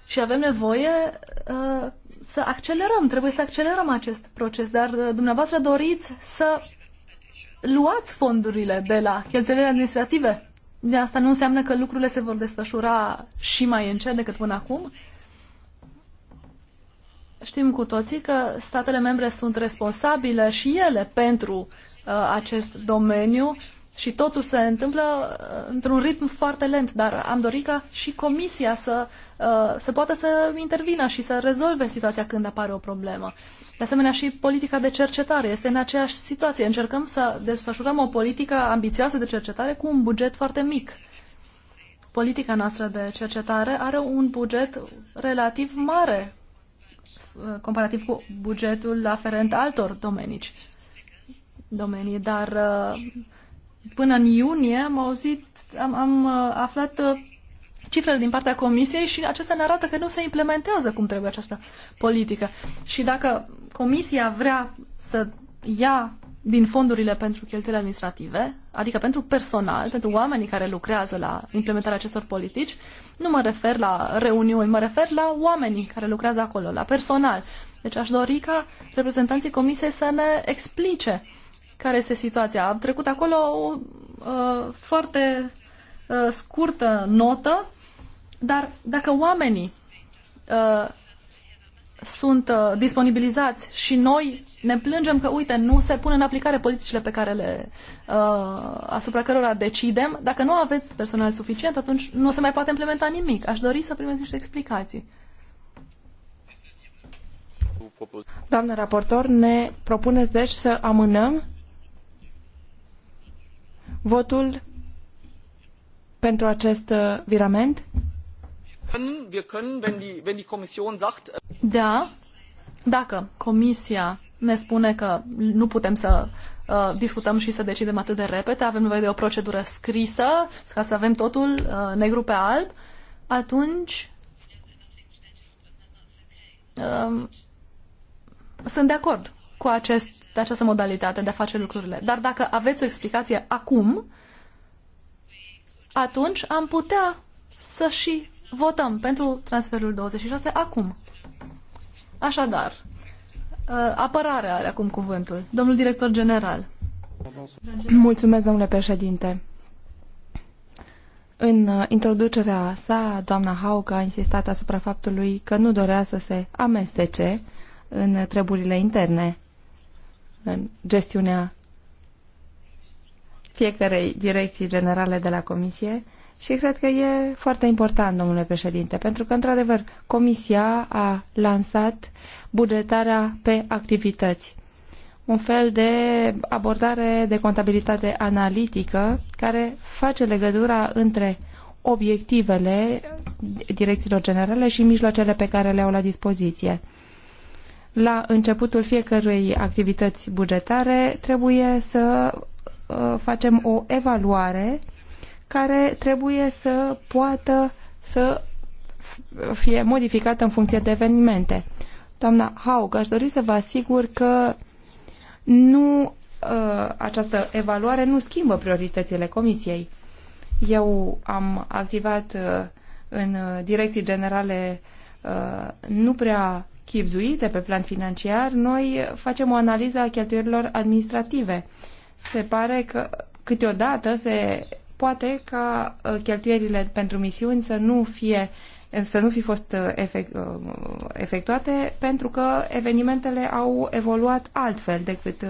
Și avem nevoie uh, să accelerăm, trebuie să accelerăm acest proces, dar uh, dumneavoastră doriți să luați fondurile de la cheltuielile administrative. De asta nu înseamnă că lucrurile se vor desfășura și mai încet decât până acum? Știm cu toții că statele membre sunt responsabile și ele pentru uh, acest domeniu și totul se întâmplă uh, într-un ritm foarte lent, dar am dorit ca și comisia să, uh, să poată să intervină și să rezolve situația când apare o problemă. De asemenea, și politica de cercetare este în aceeași situație. Încercăm să desfășurăm o politică ambițioasă de cercetare cu un buget foarte mic. Politica noastră de cercetare are un buget relativ mare uh, comparativ cu bugetul aferent altor domenii. domenii, dar uh, până în iunie am auzit, am, am uh, aflat uh, cifrele din partea Comisiei și acestea ne arată că nu se implementează cum trebuie această politică. Și dacă Comisia vrea să ia din fondurile pentru cheltuielile administrative, adică pentru personal, pentru oamenii care lucrează la implementarea acestor politici, nu mă refer la reuniuni, mă refer la oamenii care lucrează acolo, la personal. Deci aș dori ca reprezentanții Comisiei să ne explice care este situația. Am trecut acolo o uh, foarte uh, scurtă notă, dar dacă oamenii uh, sunt uh, disponibilizați și noi ne plângem că, uite, nu se pun în aplicare politicile pe care le, uh, asupra cărora decidem, dacă nu aveți personal suficient, atunci nu se mai poate implementa nimic. Aș dori să primesc niște explicații. Doamnă raportor, ne propuneți deci să amânăm votul pentru acest uh, virament? Äh, da, dacă Comisia ne spune că nu putem să uh, discutăm și să decidem atât de repede, avem nevoie de o procedură scrisă ca să avem totul uh, negru pe alb, atunci uh, sunt de acord cu acest, această modalitate de a face lucrurile. Dar dacă aveți o explicație acum, atunci am putea să și votăm pentru transferul 26 acum. Așadar, uh, apărarea are acum cuvântul. Domnul director general. Mulțumesc, domnule președinte. În uh, introducerea sa, doamna Haug a insistat asupra faptului că nu dorea să se amestece în treburile interne în gestiunea fiecarei direcții generale de la Comisie și cred că e foarte important, domnule președinte, pentru că, într-adevăr, Comisia a lansat bugetarea pe activități. Un fel de abordare de contabilitate analitică care face legătura între obiectivele direcțiilor generale și mijloacele pe care le au la dispoziție la începutul fiecărei activități bugetare trebuie să uh, facem o evaluare care trebuie să poată să fie modificată în funcție de evenimente. Doamna Haug, aș dori să vă asigur că nu uh, această evaluare nu schimbă prioritățile Comisiei. Eu am activat uh, în direcții generale nu prea chipzuite pe plan financiar, noi facem o analiză a cheltuielilor administrative. Se pare că câteodată se poate ca uh, cheltuielile pentru misiuni să nu fie uh, să nu fi fost uh, efectuate pentru că evenimentele au evoluat altfel decât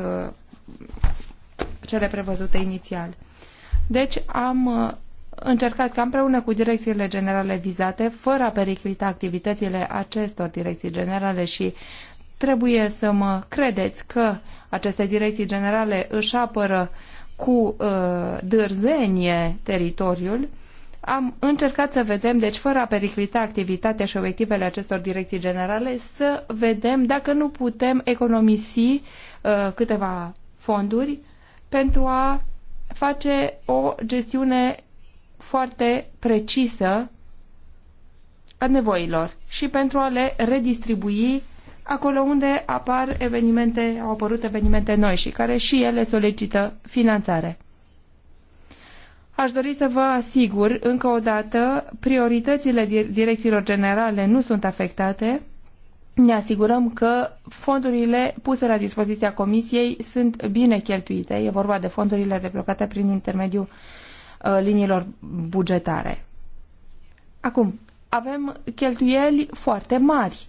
cele prevăzute inițial. Deci am încercat ca împreună cu direcțiile generale vizate, fără a periclita activitățile acestor direcții generale și trebuie să mă credeți că aceste direcții generale își apără cu uh, dârzenie teritoriul, am încercat să vedem, deci fără a periclita activitatea și obiectivele acestor direcții generale, să vedem dacă nu putem economisi uh, câteva fonduri pentru a face o gestiune foarte precisă a nevoilor și pentru a le redistribui acolo unde apar evenimente, au apărut evenimente noi și care și ele solicită finanțare. Aș dori să vă asigur încă o dată, prioritățile direcțiilor generale nu sunt afectate. Ne asigurăm că fondurile puse la dispoziția Comisiei sunt bine cheltuite. E vorba de fondurile deblocate prin intermediul uh, Uh, liniilor bugetare. Acum, avem cheltuieli foarte mari.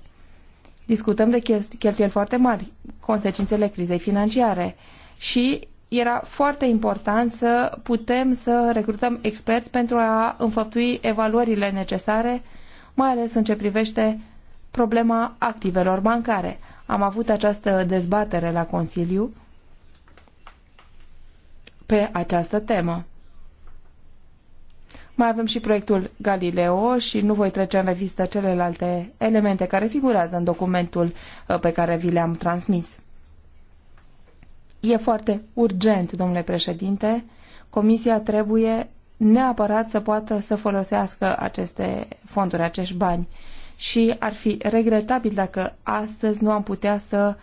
Discutăm de cheltuieli foarte mari, consecințele crizei financiare și era foarte important să putem să recrutăm experți pentru a înfăptui evaluările necesare, mai ales în ce privește problema activelor bancare. Am avut această dezbatere la Consiliu pe această temă. Mai avem și proiectul Galileo și nu voi trece în revistă celelalte elemente care figurează în documentul uh, pe care vi le-am transmis. E foarte urgent, domnule președinte, Comisia trebuie neapărat să poată să folosească aceste fonduri, acești bani. Și ar fi regretabil dacă astăzi nu am putea să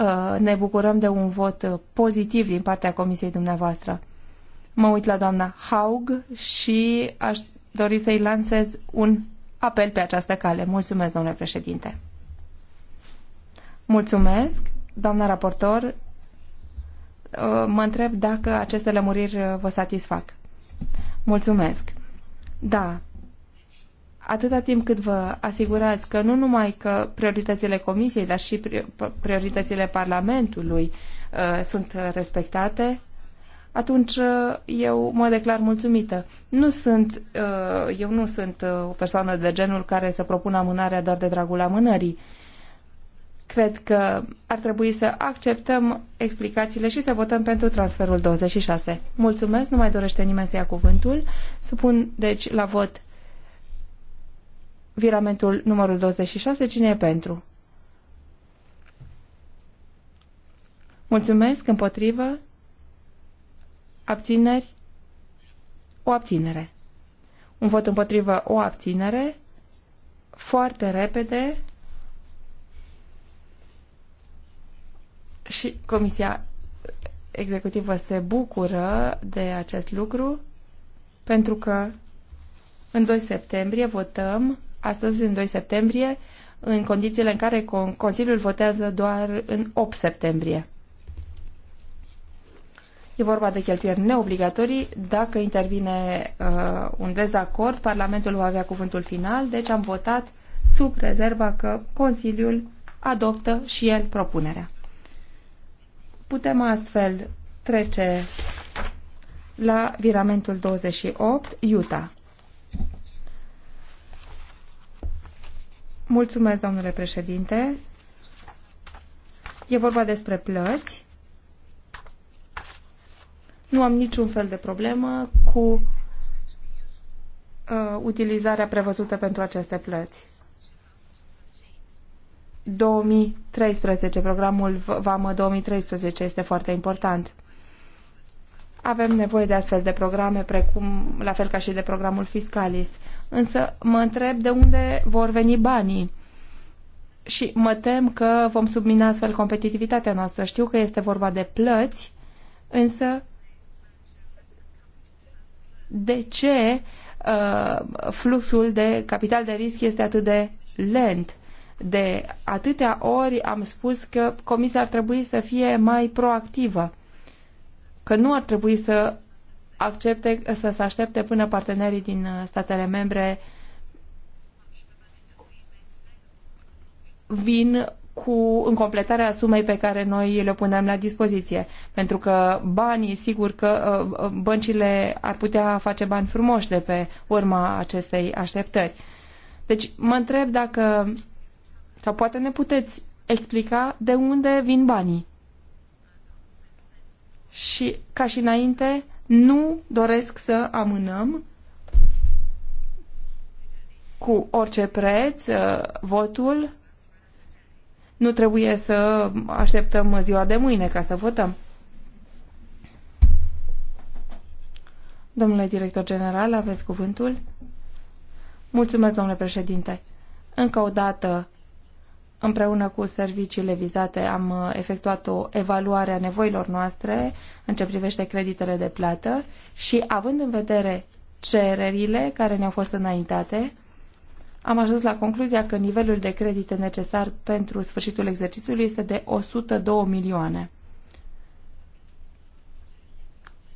uh, ne bucurăm de un vot pozitiv din partea Comisiei dumneavoastră. Mă uit la doamna Haug și aș dori să-i lansez un apel pe această cale. Mulțumesc, domnule președinte. Mulțumesc, doamna raportor. Uh, mă întreb dacă aceste lămuriri uh, vă satisfac. Mulțumesc. Da, atâta timp cât vă asigurați că nu numai că prioritățile Comisiei, dar și prioritățile Parlamentului uh, sunt respectate, atunci uh, eu mă declar mulțumită. Nu sunt, uh, eu nu sunt uh, o persoană de genul care să propună amânarea doar de dragul amânării. Cred că ar trebui să acceptăm explicațiile și să votăm pentru transferul 26. Mulțumesc, nu mai dorește nimeni să ia cuvântul. Supun, deci, la vot viramentul numărul 26. Cine e pentru? Mulțumesc, împotrivă. Abțineri? O abținere. Un vot împotrivă, o abținere. Foarte repede. Și Comisia Executivă se bucură de acest lucru pentru că în 2 septembrie votăm, astăzi în 2 septembrie, în condițiile în care Consiliul votează doar în 8 septembrie. E vorba de cheltuieri neobligatorii. Dacă intervine uh, un dezacord, Parlamentul va avea cuvântul final, deci am votat sub rezerva că Consiliul adoptă și el propunerea. Putem astfel trece la viramentul 28, Iuta. Mulțumesc, domnule președinte. E vorba despre plăți. Nu am niciun fel de problemă cu uh, utilizarea prevăzută pentru aceste plăți. 2013, programul VAMA 2013 este foarte important. Avem nevoie de astfel de programe, precum, la fel ca și de programul Fiscalis. Însă mă întreb de unde vor veni banii și mă tem că vom submina astfel competitivitatea noastră. Știu că este vorba de plăți, însă de ce uh, fluxul de capital de risc este atât de lent. De atâtea ori am spus că comisia ar trebui să fie mai proactivă, că nu ar trebui să accepte, să se aștepte până partenerii din uh, statele membre vin cu, în completarea sumei pe care noi le punem la dispoziție. Pentru că banii, sigur că uh, uh, băncile ar putea face bani frumoși de pe urma acestei așteptări. Deci mă întreb dacă, sau poate ne puteți explica de unde vin banii. Și, ca și înainte, nu doresc să amânăm cu orice preț uh, votul nu trebuie să așteptăm ziua de mâine ca să votăm. Domnule director general, aveți cuvântul? Mulțumesc, domnule președinte. Încă o dată, împreună cu serviciile vizate, am efectuat o evaluare a nevoilor noastre în ce privește creditele de plată și, având în vedere cererile care ne-au fost înaintate, am ajuns la concluzia că nivelul de credite necesar pentru sfârșitul exercițiului este de 102 milioane.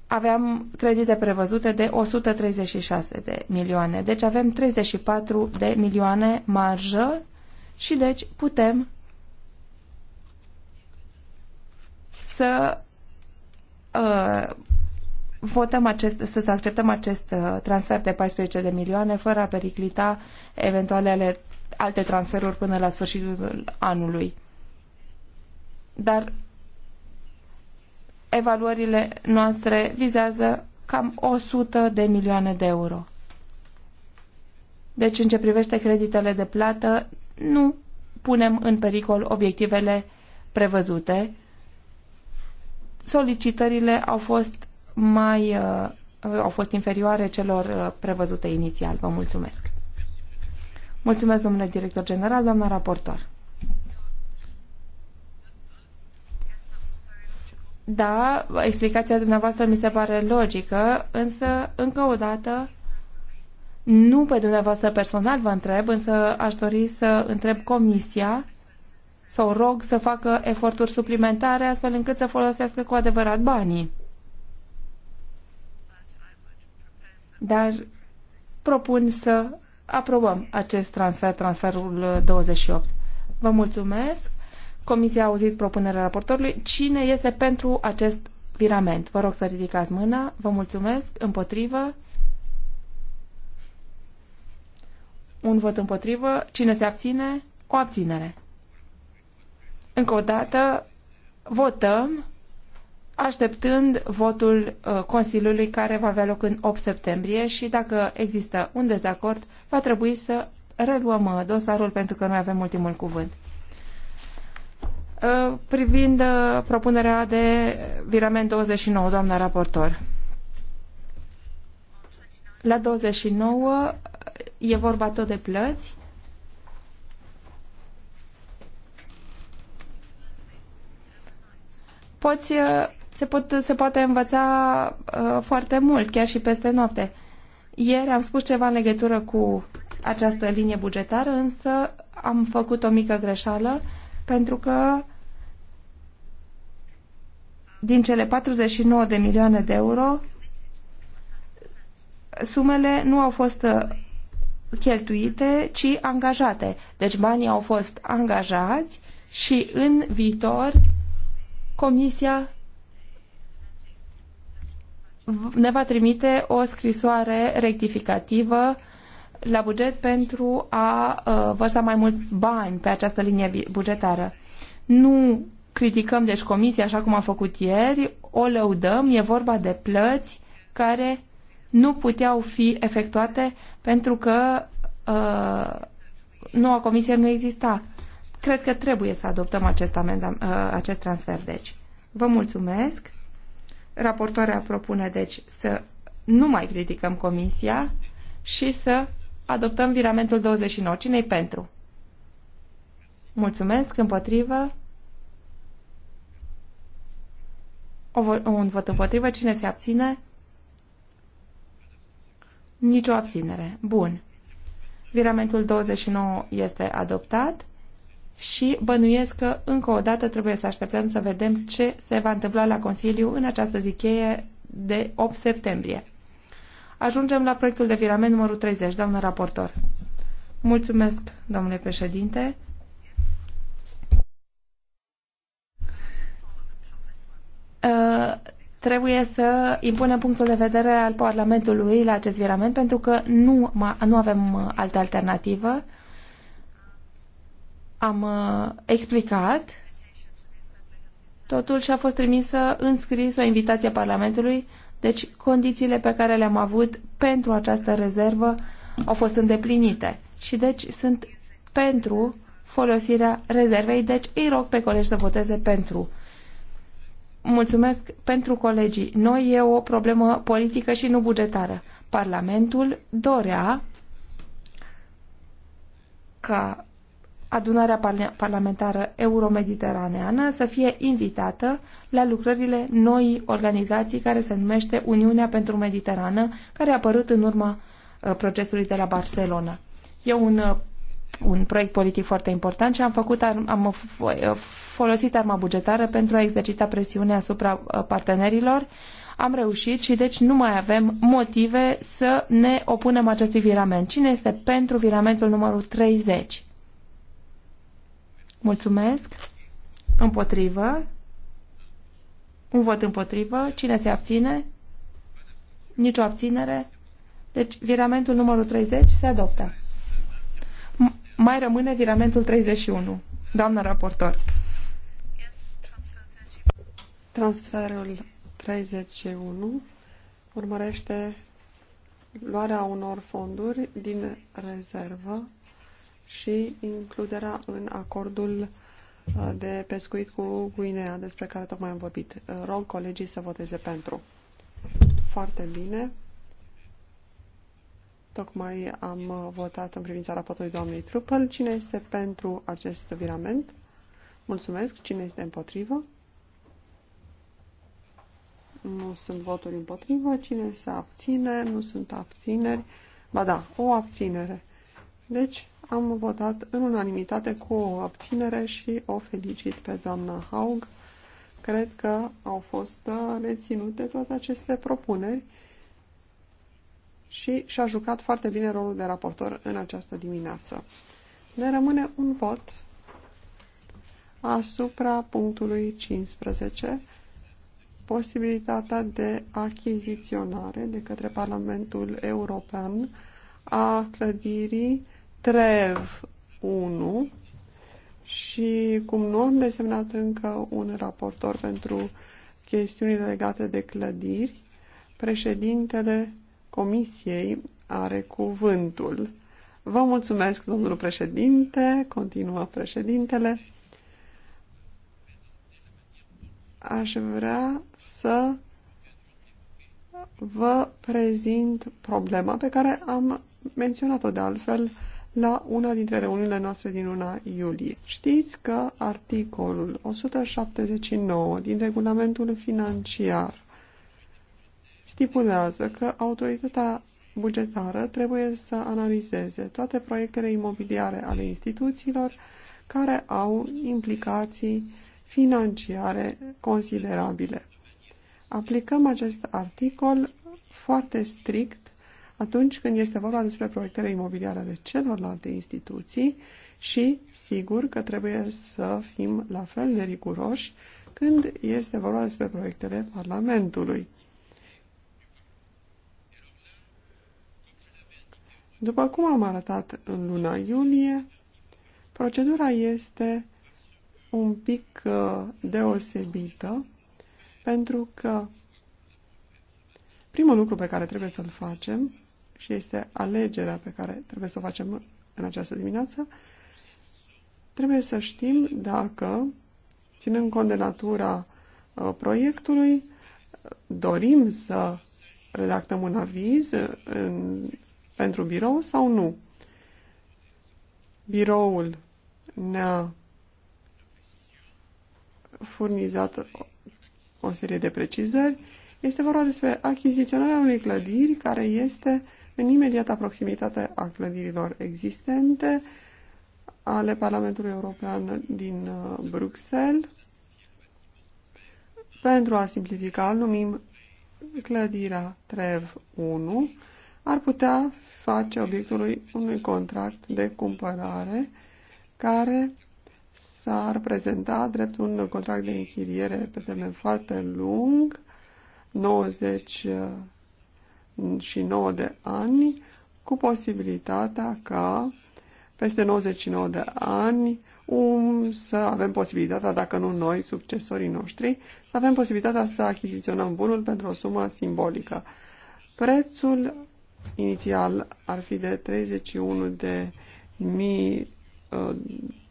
Aveam credite prevăzute de 136 de milioane, deci avem 34 de milioane marjă și deci putem să uh, votăm acest, să, să acceptăm acest uh, transfer de 14 de milioane fără a periclita eventualele alte transferuri până la sfârșitul anului. Dar evaluările noastre vizează cam 100 de milioane de euro. Deci, în ce privește creditele de plată, nu punem în pericol obiectivele prevăzute. Solicitările au fost mai uh, au fost inferioare celor uh, prevăzute inițial. Vă mulțumesc. Mulțumesc, domnule director general, doamna raportor. Da, explicația dumneavoastră mi se pare logică, însă, încă o dată, nu pe dumneavoastră personal vă întreb, însă aș dori să întreb comisia sau rog să facă eforturi suplimentare astfel încât să folosească cu adevărat banii. dar propun să aprobăm acest transfer, transferul 28. Vă mulțumesc. Comisia a auzit propunerea raportorului. Cine este pentru acest virament? Vă rog să ridicați mâna. Vă mulțumesc. Împotrivă. Un vot împotrivă. Cine se abține? O abținere. Încă o dată, votăm așteptând votul uh, Consiliului care va avea loc în 8 septembrie și dacă există un dezacord, va trebui să reluăm uh, dosarul pentru că noi avem ultimul cuvânt. Uh, privind propunerea de virament 29, doamna raportor. La 29 e vorba tot de plăți. Poți se, pot, se poate învăța uh, foarte mult, chiar și peste noapte. Ieri am spus ceva în legătură cu această linie bugetară, însă am făcut o mică greșeală pentru că din cele 49 de milioane de euro, sumele nu au fost uh, cheltuite, ci angajate. Deci banii au fost angajați și în viitor Comisia ne va trimite o scrisoare rectificativă la buget pentru a uh, vărsa mai mulți bani pe această linie bugetară. Nu criticăm deci comisia așa cum am făcut ieri, o lăudăm, e vorba de plăți care nu puteau fi efectuate pentru că uh, noua comisie nu exista. Cred că trebuie să adoptăm acest, amendam, uh, acest transfer, deci. Vă mulțumesc. Raportoarea propune, deci, să nu mai criticăm Comisia și să adoptăm viramentul 29. Cine-i pentru? Mulțumesc. Împotrivă? O, un vot împotrivă. Cine se abține? Nicio abținere. Bun. Viramentul 29 este adoptat și bănuiesc că încă o dată trebuie să așteptăm să vedem ce se va întâmpla la Consiliu în această zi cheie de 8 septembrie. Ajungem la proiectul de virament numărul 30, doamnă raportor. Mulțumesc, domnule președinte. Uh, trebuie să impunem punctul de vedere al Parlamentului la acest virament pentru că nu, nu avem uh, altă alternativă am uh, explicat totul și a fost trimisă în scris o invitație a Parlamentului, deci condițiile pe care le-am avut pentru această rezervă au fost îndeplinite și deci sunt pentru folosirea rezervei, deci îi rog pe colegi să voteze pentru. Mulțumesc pentru colegii. Noi e o problemă politică și nu bugetară. Parlamentul dorea ca adunarea parlamentară euromediteraneană să fie invitată la lucrările noii organizații care se numește Uniunea pentru Mediterană, care a apărut în urma uh, procesului de la Barcelona. E un, uh, un proiect politic foarte important și am, făcut, am folosit arma bugetară pentru a exercita presiune asupra uh, partenerilor. Am reușit și deci nu mai avem motive să ne opunem acestui virament. Cine este pentru viramentul numărul 30? Mulțumesc. Împotrivă. Un vot împotrivă. Cine se abține? Nicio abținere. Deci, viramentul numărul 30 se adoptă. M mai rămâne viramentul 31. Doamna raportor. Transferul 31 urmărește luarea unor fonduri din rezervă și includerea în acordul uh, de pescuit cu Guinea, despre care tocmai am vorbit. Uh, rog colegii să voteze pentru. Foarte bine. Tocmai am uh, votat în privința raportului doamnei Trupel. Cine este pentru acest virament? Mulțumesc. Cine este împotrivă? Nu sunt voturi împotrivă. Cine se abține? Nu sunt abțineri. Ba da, o abținere. Deci, am votat în unanimitate cu o abținere și o felicit pe doamna Haug. Cred că au fost uh, reținute toate aceste propuneri și și-a jucat foarte bine rolul de raportor în această dimineață. Ne rămâne un vot asupra punctului 15, posibilitatea de achiziționare de către Parlamentul European a clădirii TREV 1 și cum nu am desemnat încă un raportor pentru chestiunile legate de clădiri, președintele comisiei are cuvântul. Vă mulțumesc, domnul președinte, continuă președintele. Aș vrea să vă prezint problema pe care am menționat-o de altfel la una dintre reuniunile noastre din luna iulie. Știți că articolul 179 din regulamentul financiar stipulează că autoritatea bugetară trebuie să analizeze toate proiectele imobiliare ale instituțiilor care au implicații financiare considerabile. Aplicăm acest articol foarte strict atunci când este vorba despre proiectele imobiliare ale celorlalte instituții și, sigur, că trebuie să fim la fel de riguroși când este vorba despre proiectele Parlamentului. După cum am arătat în luna iulie, procedura este un pic uh, deosebită pentru că primul lucru pe care trebuie să-l facem și este alegerea pe care trebuie să o facem în această dimineață, trebuie să știm dacă, ținând cont de natura uh, proiectului, dorim să redactăm un aviz uh, în, pentru birou sau nu. Biroul ne-a furnizat o serie de precizări. Este vorba despre achiziționarea unei clădiri care este uh, în imediata proximitate a clădirilor existente ale Parlamentului European din uh, Bruxelles. Pentru a simplifica, numim clădirea TREV 1 ar putea face obiectului unui contract de cumpărare care s-ar prezenta drept un contract de închiriere pe termen foarte lung, 90 de ani, cu posibilitatea ca peste 99 de ani um, să avem posibilitatea, dacă nu noi, succesorii noștri, să avem posibilitatea să achiziționăm bunul pentru o sumă simbolică. Prețul inițial ar fi de 31 de mii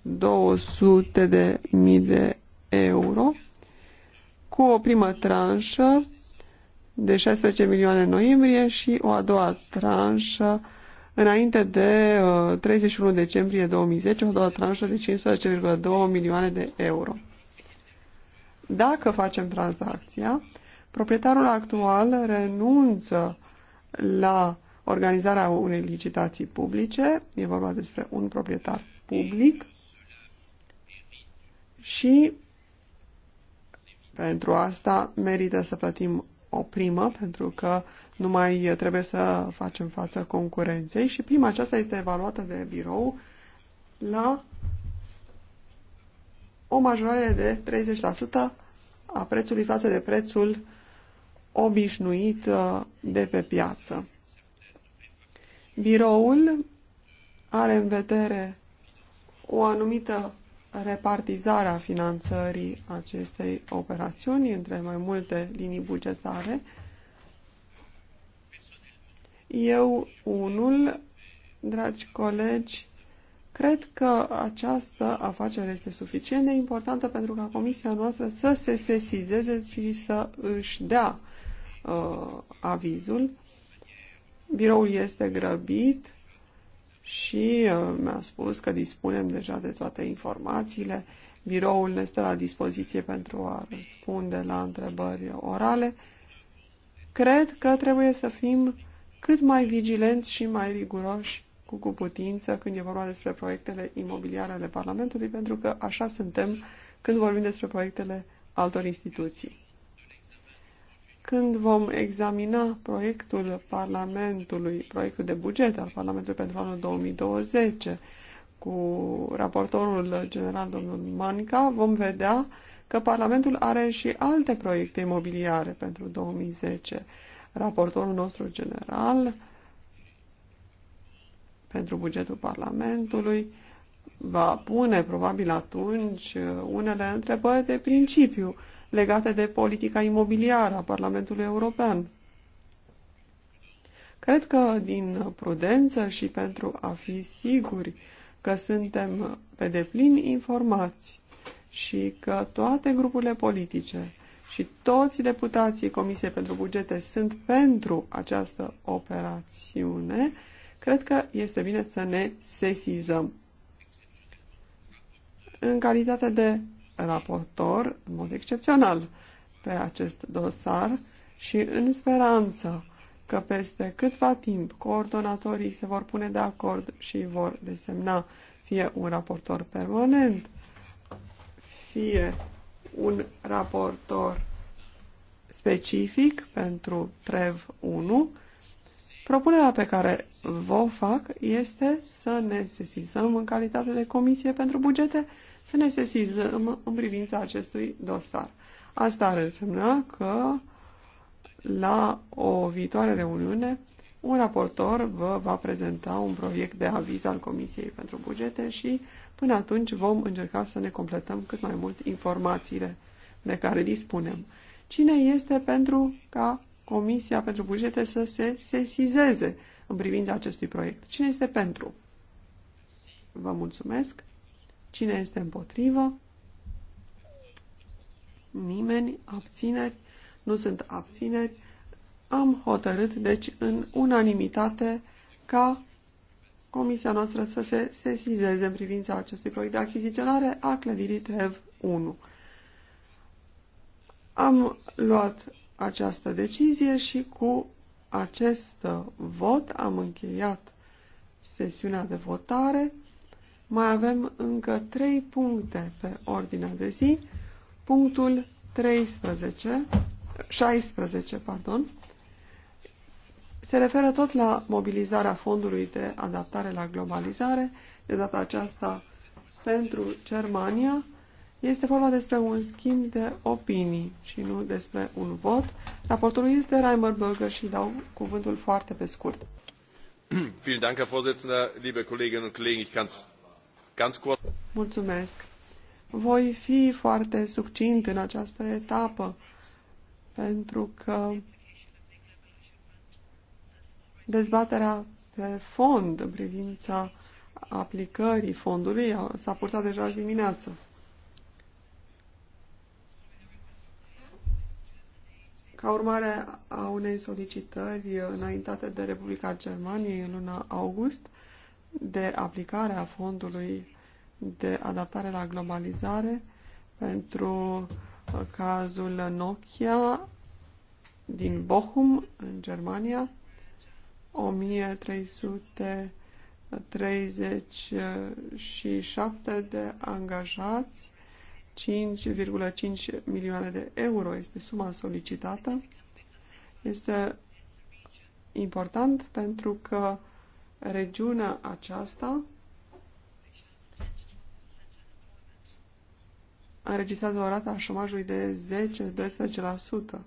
200 uh, de mii de euro cu o primă tranșă de 16 milioane în noiembrie și o a doua tranșă înainte de 31 uh, decembrie 2010, o a doua tranșă de 15,2 milioane de euro. Dacă facem tranzacția, proprietarul actual renunță la organizarea unei licitații publice, e vorba despre un proprietar public și pentru asta merită să plătim o primă, pentru că nu mai trebuie să facem față concurenței și prima aceasta este evaluată de birou la o majorare de 30% a prețului față de prețul obișnuit uh, de pe piață. Biroul are în vedere o anumită repartizarea finanțării acestei operațiuni între mai multe linii bugetare. Eu, unul, dragi colegi, cred că această afacere este suficient de importantă pentru ca comisia noastră să se sesizeze și să își dea uh, avizul. Biroul este grăbit, și uh, mi-a spus că dispunem deja de toate informațiile. Biroul ne stă la dispoziție pentru a răspunde la întrebări orale. Cred că trebuie să fim cât mai vigilenți și mai riguroși cu, cu putință când e vorba despre proiectele imobiliare ale Parlamentului, pentru că așa suntem când vorbim despre proiectele altor instituții. Când vom examina proiectul Parlamentului, proiectul de buget al Parlamentului pentru anul 2020 cu raportorul general domnul Manca, vom vedea că Parlamentul are și alte proiecte imobiliare pentru 2010. Raportorul nostru general pentru bugetul Parlamentului va pune probabil atunci unele întrebări de principiu legate de politica imobiliară a Parlamentului European. Cred că din prudență și pentru a fi siguri că suntem pe deplin informați și că toate grupurile politice și toți deputații Comisiei pentru Bugete sunt pentru această operațiune, cred că este bine să ne sesizăm. În calitate de raportor în mod excepțional pe acest dosar și în speranța că peste câtva timp coordonatorii se vor pune de acord și vor desemna fie un raportor permanent, fie un raportor specific pentru TREV 1, propunerea pe care vă fac este să ne sesizăm în calitate de comisie pentru bugete să ne sesizăm în privința acestui dosar. Asta ar însemna că la o viitoare reuniune un raportor vă va prezenta un proiect de aviz al Comisiei pentru Bugete și până atunci vom încerca să ne completăm cât mai mult informațiile de care dispunem. Cine este pentru ca Comisia pentru Bugete să se sesizeze în privința acestui proiect? Cine este pentru? Vă mulțumesc. Cine este împotrivă? Nimeni. Abțineri? Nu sunt abțineri. Am hotărât, deci, în unanimitate ca comisia noastră să se sesizeze în privința acestui proiect de achiziționare a clădirii TREV 1. Am luat această decizie și cu acest vot am încheiat sesiunea de votare. Mai avem încă trei puncte pe ordinea de zi. Punctul 13, 16, pardon, se referă tot la mobilizarea fondului de adaptare la globalizare, de data aceasta pentru Germania. Este vorba despre un schimb de opinii și nu despre un vot. Raportul este Reimer Böger și dau cuvântul foarte pe scurt. Vielen Dank, Herr Vorsitzender, liebe Kolleginnen und Kollegen. Ich kann es Mulțumesc. Voi fi foarte succint în această etapă, pentru că dezbaterea pe fond în privința aplicării fondului s-a purtat deja dimineață. Ca urmare a unei solicitări înaintate de Republica Germaniei în luna august, de aplicare a fondului de adaptare la globalizare pentru uh, cazul Nokia din Bochum, în Germania, 1337 de angajați, 5,5 milioane de euro este suma solicitată. Este important pentru că regiunea aceasta înregistrează o rată a șomajului de 10-12%.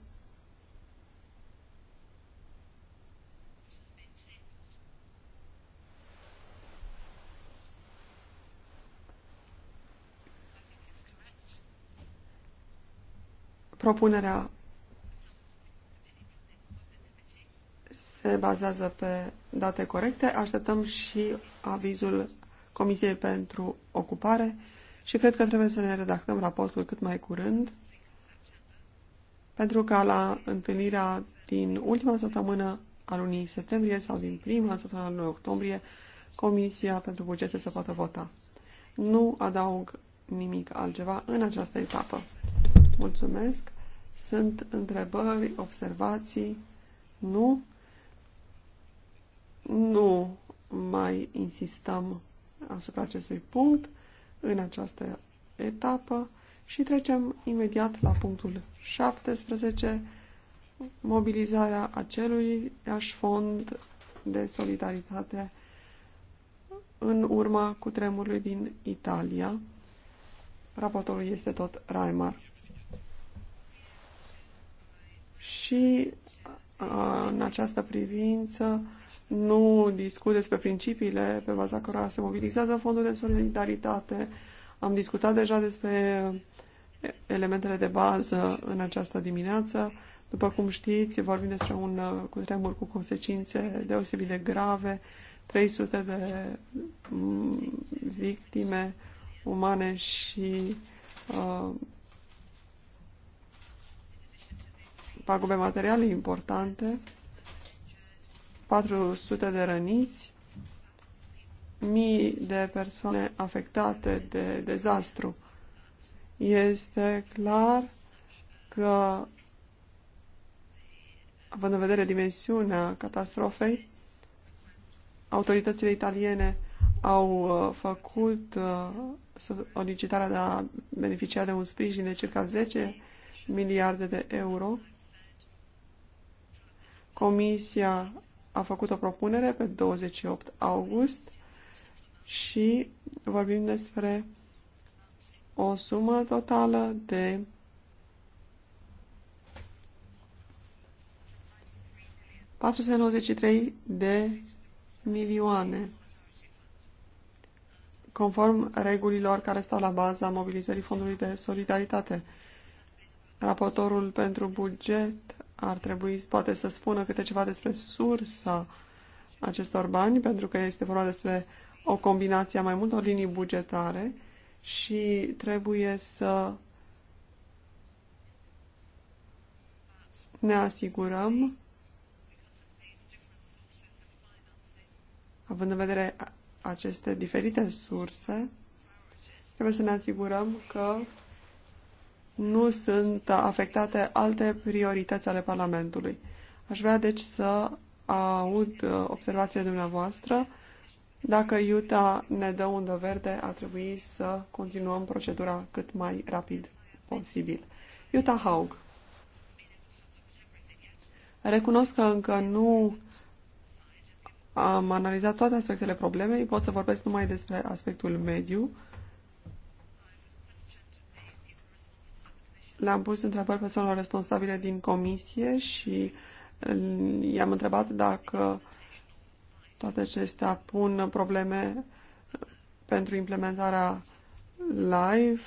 Propunerea se bazează pe date corecte. Așteptăm și avizul Comisiei pentru Ocupare și cred că trebuie să ne redactăm raportul cât mai curând, pentru ca la întâlnirea din ultima săptămână a lunii septembrie sau din prima săptămână a lunii octombrie, Comisia pentru Bugete să poată vota. Nu adaug nimic altceva în această etapă. Mulțumesc. Sunt întrebări, observații? Nu? Nu mai insistăm asupra acestui punct în această etapă și trecem imediat la punctul 17, mobilizarea acelui fond de solidaritate în urma cutremurului din Italia. Raportorul este tot Raimar. Și în această privință nu discut despre principiile pe baza cărora se mobilizează fondul de solidaritate. Am discutat deja despre elementele de bază în această dimineață. După cum știți, vorbim despre un uh, cutremur cu consecințe deosebit de grave, 300 de mm, victime umane și uh, pagube materiale importante. 400 de răniți, mii de persoane afectate de dezastru. Este clar că, având în vedere dimensiunea catastrofei, autoritățile italiene au uh, făcut uh, solicitarea de a beneficia de un sprijin de circa 10 miliarde de euro. Comisia a făcut o propunere pe 28 august și vorbim despre o sumă totală de 493 de milioane conform regulilor care stau la baza mobilizării Fondului de Solidaritate. Raportorul pentru buget ar trebui poate să spună câte ceva despre sursa acestor bani, pentru că este vorba despre o combinație a mai multor linii bugetare și trebuie să ne asigurăm, având în vedere aceste diferite surse, trebuie să ne asigurăm că nu sunt afectate alte priorități ale Parlamentului. Aș vrea deci să aud uh, observațiile dumneavoastră. Dacă Iuta ne dă undă verde, ar trebui să continuăm procedura cât mai rapid posibil. Iuta Haug. Recunosc că încă nu am analizat toate aspectele problemei, pot să vorbesc numai despre aspectul mediu. Le-am pus întrebări persoanelor responsabile din comisie și i-am întrebat dacă toate acestea pun probleme pentru implementarea live.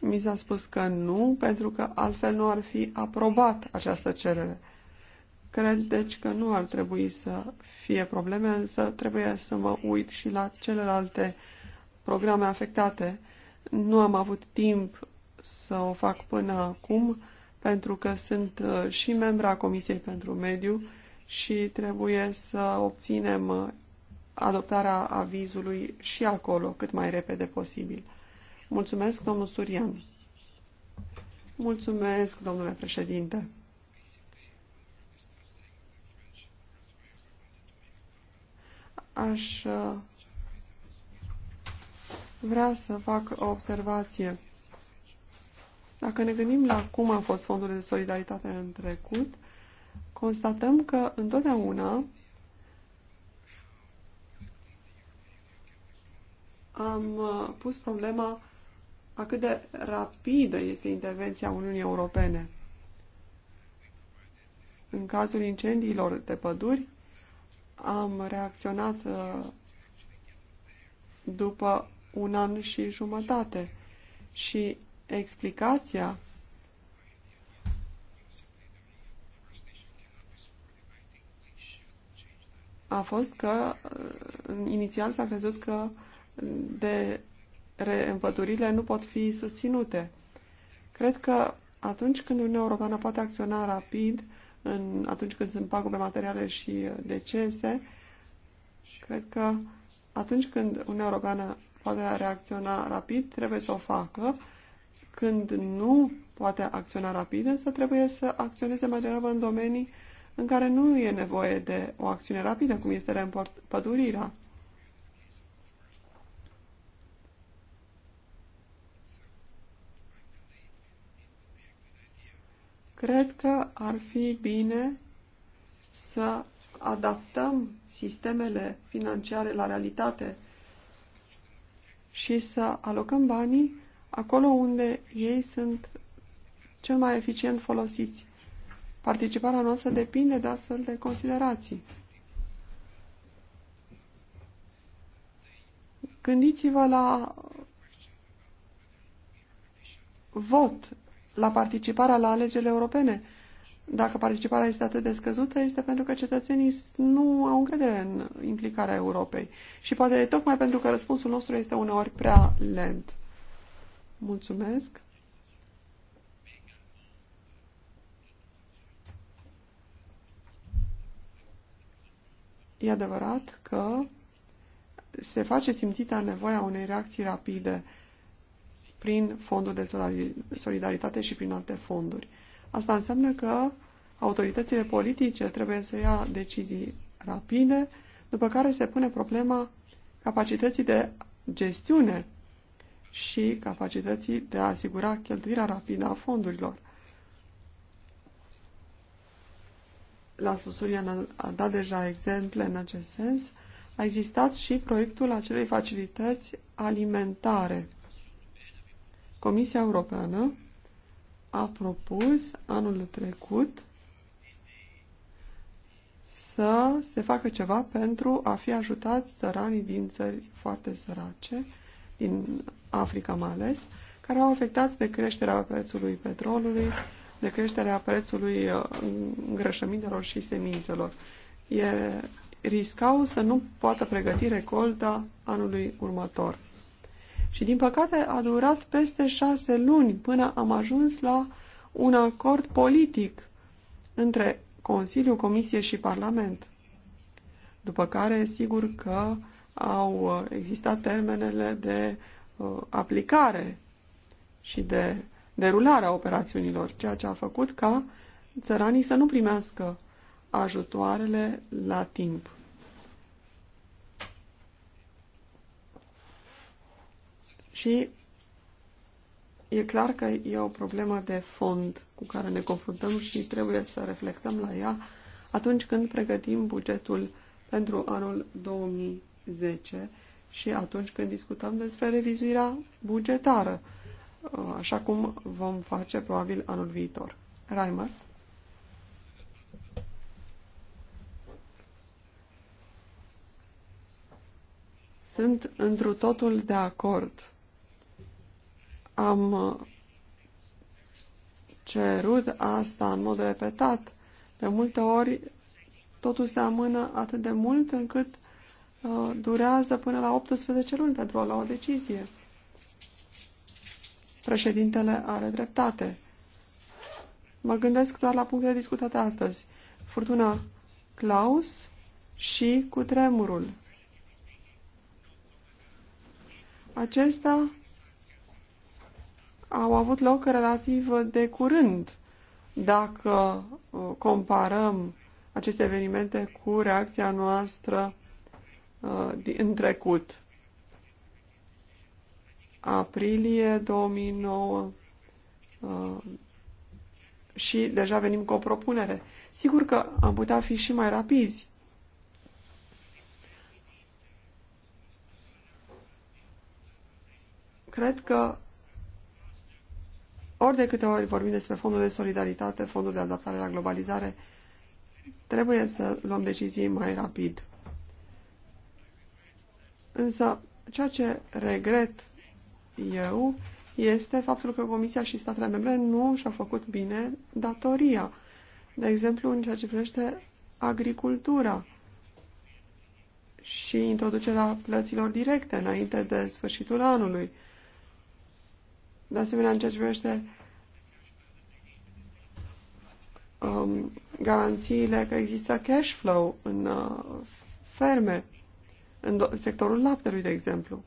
Mi s-a spus că nu, pentru că altfel nu ar fi aprobat această cerere. Cred, deci, că nu ar trebui să fie probleme, însă trebuie să mă uit și la celelalte programe afectate. Nu am avut timp să o fac până acum, pentru că sunt uh, și membra Comisiei pentru Mediu și trebuie să obținem uh, adoptarea avizului și acolo, cât mai repede posibil. Mulțumesc, domnul Surian. Mulțumesc, domnule președinte. Aș uh, vrea să fac o observație. Dacă ne gândim la cum a fost fondurile de solidaritate în trecut, constatăm că întotdeauna am uh, pus problema a cât de rapidă este intervenția Uniunii Europene. În cazul incendiilor de păduri, am reacționat uh, după un an și jumătate și explicația a fost că uh, inițial s-a crezut că de reîmpăturile nu pot fi susținute. Cred că atunci când Uniunea Europeană poate acționa rapid, în, atunci când sunt pagube materiale și uh, decese, cred că atunci când Uniunea Europeană poate reacționa rapid, trebuie să o facă când nu poate acționa rapid, însă trebuie să acționeze mai degrabă în domenii în care nu e nevoie de o acțiune rapidă, cum este reîmpădurirea. Cred că ar fi bine să adaptăm sistemele financiare la realitate și să alocăm banii acolo unde ei sunt cel mai eficient folosiți. Participarea noastră depinde de astfel de considerații. Gândiți-vă la vot, la participarea la alegerile europene. Dacă participarea este atât de scăzută, este pentru că cetățenii nu au încredere în implicarea Europei. Și poate tocmai pentru că răspunsul nostru este uneori prea lent. Mulțumesc. E adevărat că se face simțită nevoia unei reacții rapide prin fondul de solidaritate și prin alte fonduri. Asta înseamnă că autoritățile politice trebuie să ia decizii rapide, după care se pune problema capacității de gestiune și capacității de a asigura cheltuirea rapidă a fondurilor. La Susurian a dat deja exemple în acest sens. A existat și proiectul acelei facilități alimentare. Comisia Europeană a propus anul trecut să se facă ceva pentru a fi ajutați țăranii din țări foarte sărace, din Africa mai ales, care au afectat de creșterea prețului petrolului, de creșterea prețului uh, îngrășămintelor și semințelor. E, riscau să nu poată pregăti recolta anului următor. Și din păcate a durat peste șase luni până am ajuns la un acord politic între Consiliu, Comisie și Parlament. După care, sigur că au uh, existat termenele de Uh, aplicare și de derulare a operațiunilor, ceea ce a făcut ca țăranii să nu primească ajutoarele la timp. Și e clar că e o problemă de fond cu care ne confruntăm și trebuie să reflectăm la ea atunci când pregătim bugetul pentru anul 2010 și atunci când discutăm despre revizuirea bugetară, uh, așa cum vom face probabil anul viitor. Reimer? Sunt întru totul de acord. Am uh, cerut asta în mod repetat. De multe ori totul se amână atât de mult încât Uh, durează până la 18 luni pentru a lua o decizie. Președintele are dreptate. Mă gândesc doar la punctele discutate astăzi. Furtuna Claus și cu tremurul. Acestea au avut loc relativ de curând, dacă uh, comparăm aceste evenimente cu reacția noastră Uh, în trecut. Aprilie 2009 uh, și deja venim cu o propunere. Sigur că am putea fi și mai rapizi. Cred că ori de câte ori vorbim despre fondul de solidaritate, fondul de adaptare la globalizare, trebuie să luăm decizii mai rapid. Însă, ceea ce regret eu este faptul că Comisia și statele membre nu și-au făcut bine datoria. De exemplu, în ceea ce privește agricultura și introducerea plăților directe înainte de sfârșitul anului. De asemenea, în ceea ce privește um, garanțiile că există cash flow în uh, ferme, în sectorul laptelui, de exemplu.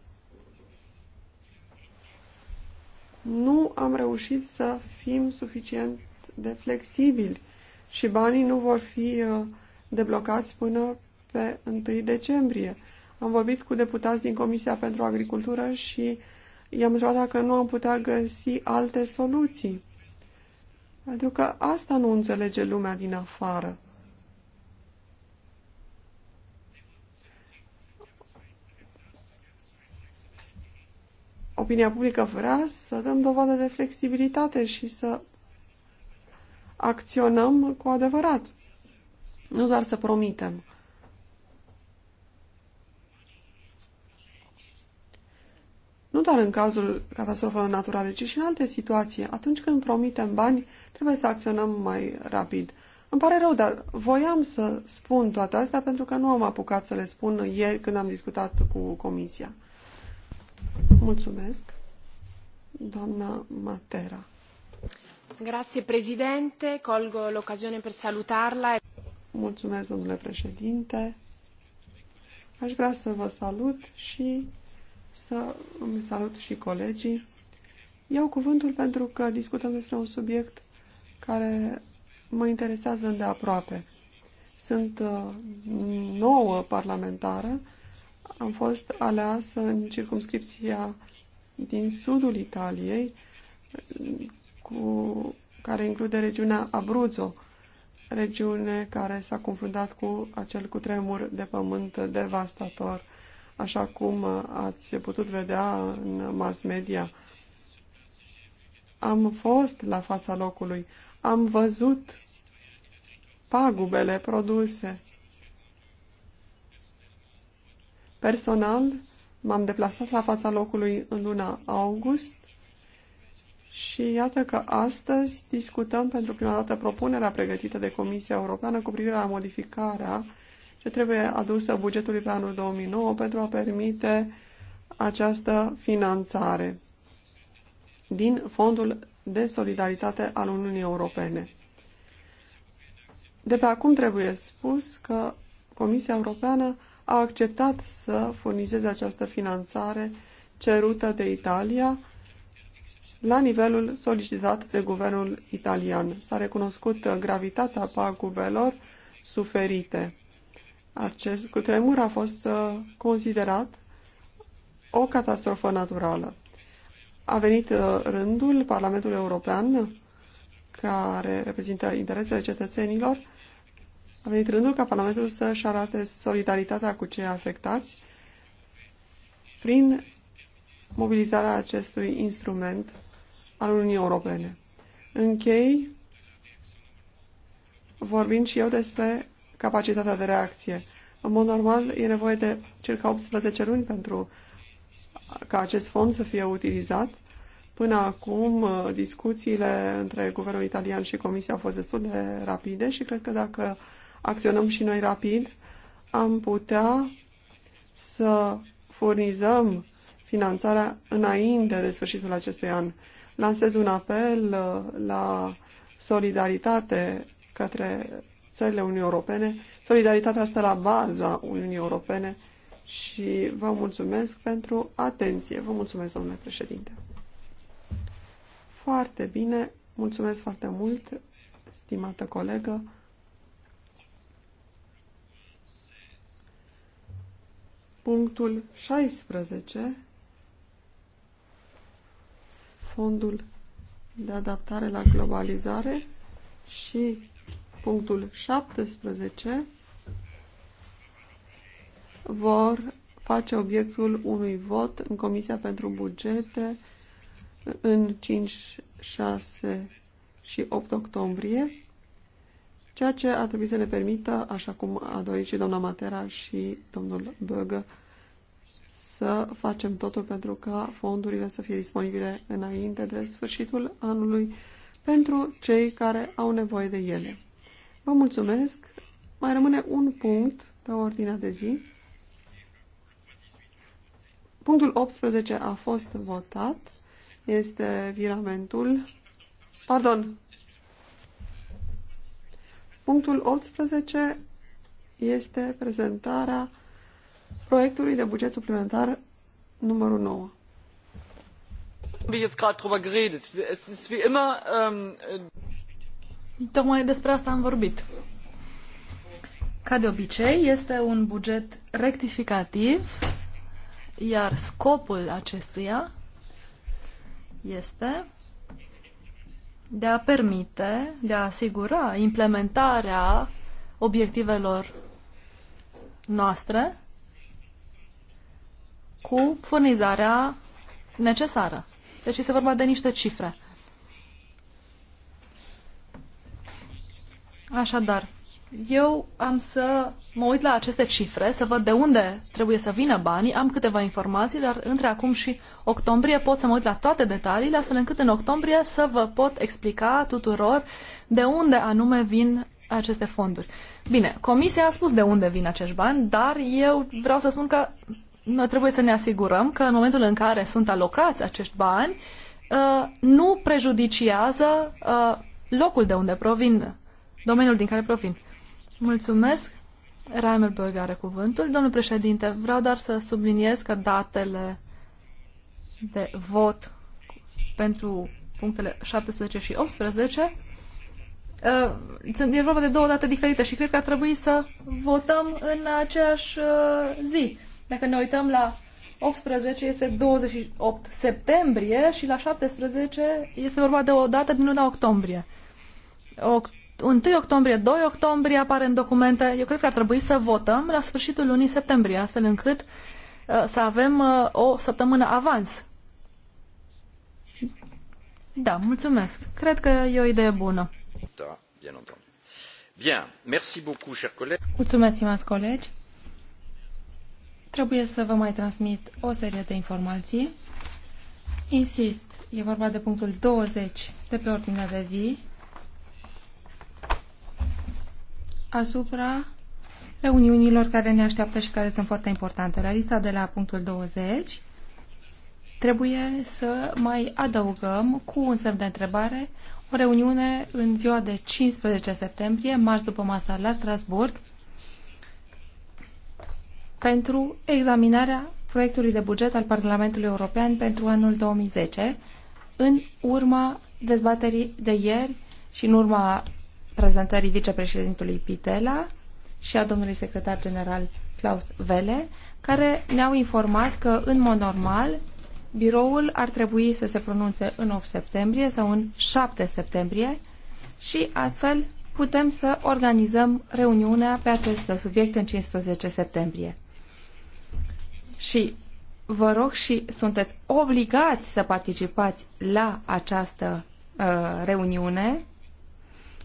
Nu am reușit să fim suficient de flexibili și banii nu vor fi uh, deblocați până pe 1 decembrie. Am vorbit cu deputați din Comisia pentru Agricultură și i-am întrebat dacă nu am putea găsi alte soluții. Pentru că asta nu înțelege lumea din afară. opinia publică vrea să dăm dovadă de flexibilitate și să acționăm cu adevărat. Nu doar să promitem. Nu doar în cazul catastrofelor naturale, ci și în alte situații. Atunci când promitem bani, trebuie să acționăm mai rapid. Îmi pare rău, dar voiam să spun toate astea pentru că nu am apucat să le spun ieri când am discutat cu comisia. Mulțumesc. Doamna Matera. Grazie Presidente, colgo l'occasione per salutarla. Mulțumesc, domnule președinte. Aș vrea să vă salut și să îmi salut și colegii. Iau cuvântul pentru că discutăm despre un subiect care mă interesează îndeaproape. Sunt uh, nouă parlamentară am fost aleasă în circumscripția din sudul Italiei, cu, care include regiunea Abruzzo, regiune care s-a confundat cu acel cutremur de pământ devastator, așa cum ați putut vedea în mass media. Am fost la fața locului, am văzut pagubele produse Personal, m-am deplasat la fața locului în luna august și iată că astăzi discutăm pentru prima dată propunerea pregătită de Comisia Europeană cu privire la modificarea ce trebuie adusă bugetului pe anul 2009 pentru a permite această finanțare din Fondul de Solidaritate al Uniunii Europene. De pe acum trebuie spus că Comisia Europeană a acceptat să furnizeze această finanțare cerută de Italia la nivelul solicitat de guvernul italian. S-a recunoscut gravitatea pagubelor suferite. Acest cutremur a fost uh, considerat o catastrofă naturală. A venit uh, rândul Parlamentului European, care reprezintă interesele cetățenilor, a venit rândul ca Parlamentul să-și arate solidaritatea cu cei afectați prin mobilizarea acestui instrument al Uniunii Europene. Închei vorbind și eu despre capacitatea de reacție. În mod normal, e nevoie de circa 18 luni pentru ca acest fond să fie utilizat. Până acum, discuțiile între guvernul italian și Comisia au fost destul de rapide și cred că dacă acționăm și noi rapid, am putea să furnizăm finanțarea înainte de sfârșitul acestui an. Lansez un apel uh, la solidaritate către țările Uniunii Europene. Solidaritatea asta la baza Uniunii Europene și vă mulțumesc pentru atenție. Vă mulțumesc, domnule președinte. Foarte bine, mulțumesc foarte mult, stimată colegă. Punctul 16. Fondul de adaptare la globalizare și punctul 17 vor face obiectul unui vot în Comisia pentru Bugete în 5, 6 și 8 octombrie ceea ce ar trebui să ne permită, așa cum a dorit și doamna Matera și domnul Băgă, să facem totul pentru ca fondurile să fie disponibile înainte de sfârșitul anului pentru cei care au nevoie de ele. Vă mulțumesc. Mai rămâne un punct pe ordinea de zi. Punctul 18 a fost votat. Este viramentul. Pardon, Punctul 18 este prezentarea proiectului de buget suplimentar numărul 9. Wir jetzt gerade drüber geredet. Es ist wie immer. Ähm, äh, Tocmai despre asta am vorbit. Ca de obicei, este un buget rectificativ, iar scopul acestuia este de a permite, de a asigura implementarea obiectivelor noastre cu furnizarea necesară. Deci este vorba de niște cifre. Așadar, eu am să mă uit la aceste cifre, să văd de unde trebuie să vină banii. Am câteva informații, dar între acum și octombrie pot să mă uit la toate detaliile, astfel încât în octombrie să vă pot explica tuturor de unde anume vin aceste fonduri. Bine, comisia a spus de unde vin acești bani, dar eu vreau să spun că noi trebuie să ne asigurăm că în momentul în care sunt alocați acești bani, uh, nu prejudiciază uh, locul de unde provin, domeniul din care provin. Mulțumesc. Reimerberg are cuvântul. Domnul președinte, vreau doar să subliniez că datele de vot pentru punctele 17 și 18 uh, sunt, e vorba de două date diferite și cred că ar trebui să votăm în aceeași uh, zi. Dacă ne uităm la 18 este 28 septembrie și la 17 este vorba de o dată din luna octombrie. Oct 1 octombrie, 2 octombrie apare în documente. Eu cred că ar trebui să votăm la sfârșitul lunii septembrie, astfel încât uh, să avem uh, o săptămână avans. Da, mulțumesc. Cred că e o idee bună. Da, bien entendu. Bien, merci beaucoup, chers collègues. Mulțumesc, stimați colegi. Trebuie să vă mai transmit o serie de informații. Insist, e vorba de punctul 20 de pe ordinea de zi, asupra reuniunilor care ne așteaptă și care sunt foarte importante. La lista de la punctul 20 trebuie să mai adăugăm cu un semn de întrebare o reuniune în ziua de 15 septembrie, marți după masa la Strasburg, pentru examinarea proiectului de buget al Parlamentului European pentru anul 2010, în urma dezbaterii de ieri și în urma prezentării vicepreședintului Pitela și a domnului secretar general Klaus Vele, care ne-au informat că, în mod normal, biroul ar trebui să se pronunțe în 8 septembrie sau în 7 septembrie și, astfel, putem să organizăm reuniunea pe acest subiect în 15 septembrie. Și vă rog și sunteți obligați să participați la această uh, reuniune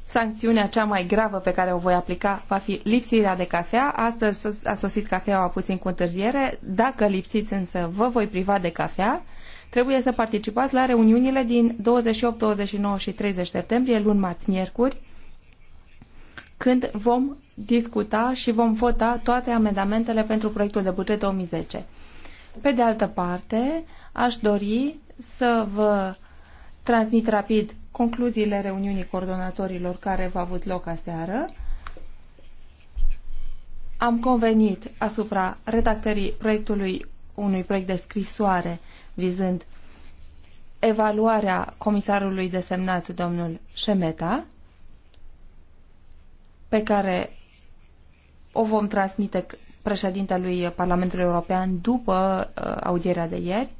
sancțiunea cea mai gravă pe care o voi aplica va fi lipsirea de cafea. Astăzi a sosit cafeaua puțin cu întârziere. Dacă lipsiți însă, vă voi priva de cafea. Trebuie să participați la reuniunile din 28, 29 și 30 septembrie, luni, marți, miercuri, când vom discuta și vom vota toate amendamentele pentru proiectul de buget 2010. Pe de altă parte, aș dori să vă transmit rapid concluziile reuniunii coordonatorilor care v-a avut loc aseară. Am convenit asupra redactării proiectului unui proiect de scrisoare vizând evaluarea comisarului desemnat domnul Șemeta, pe care o vom transmite președintelui Parlamentului European după uh, audierea de ieri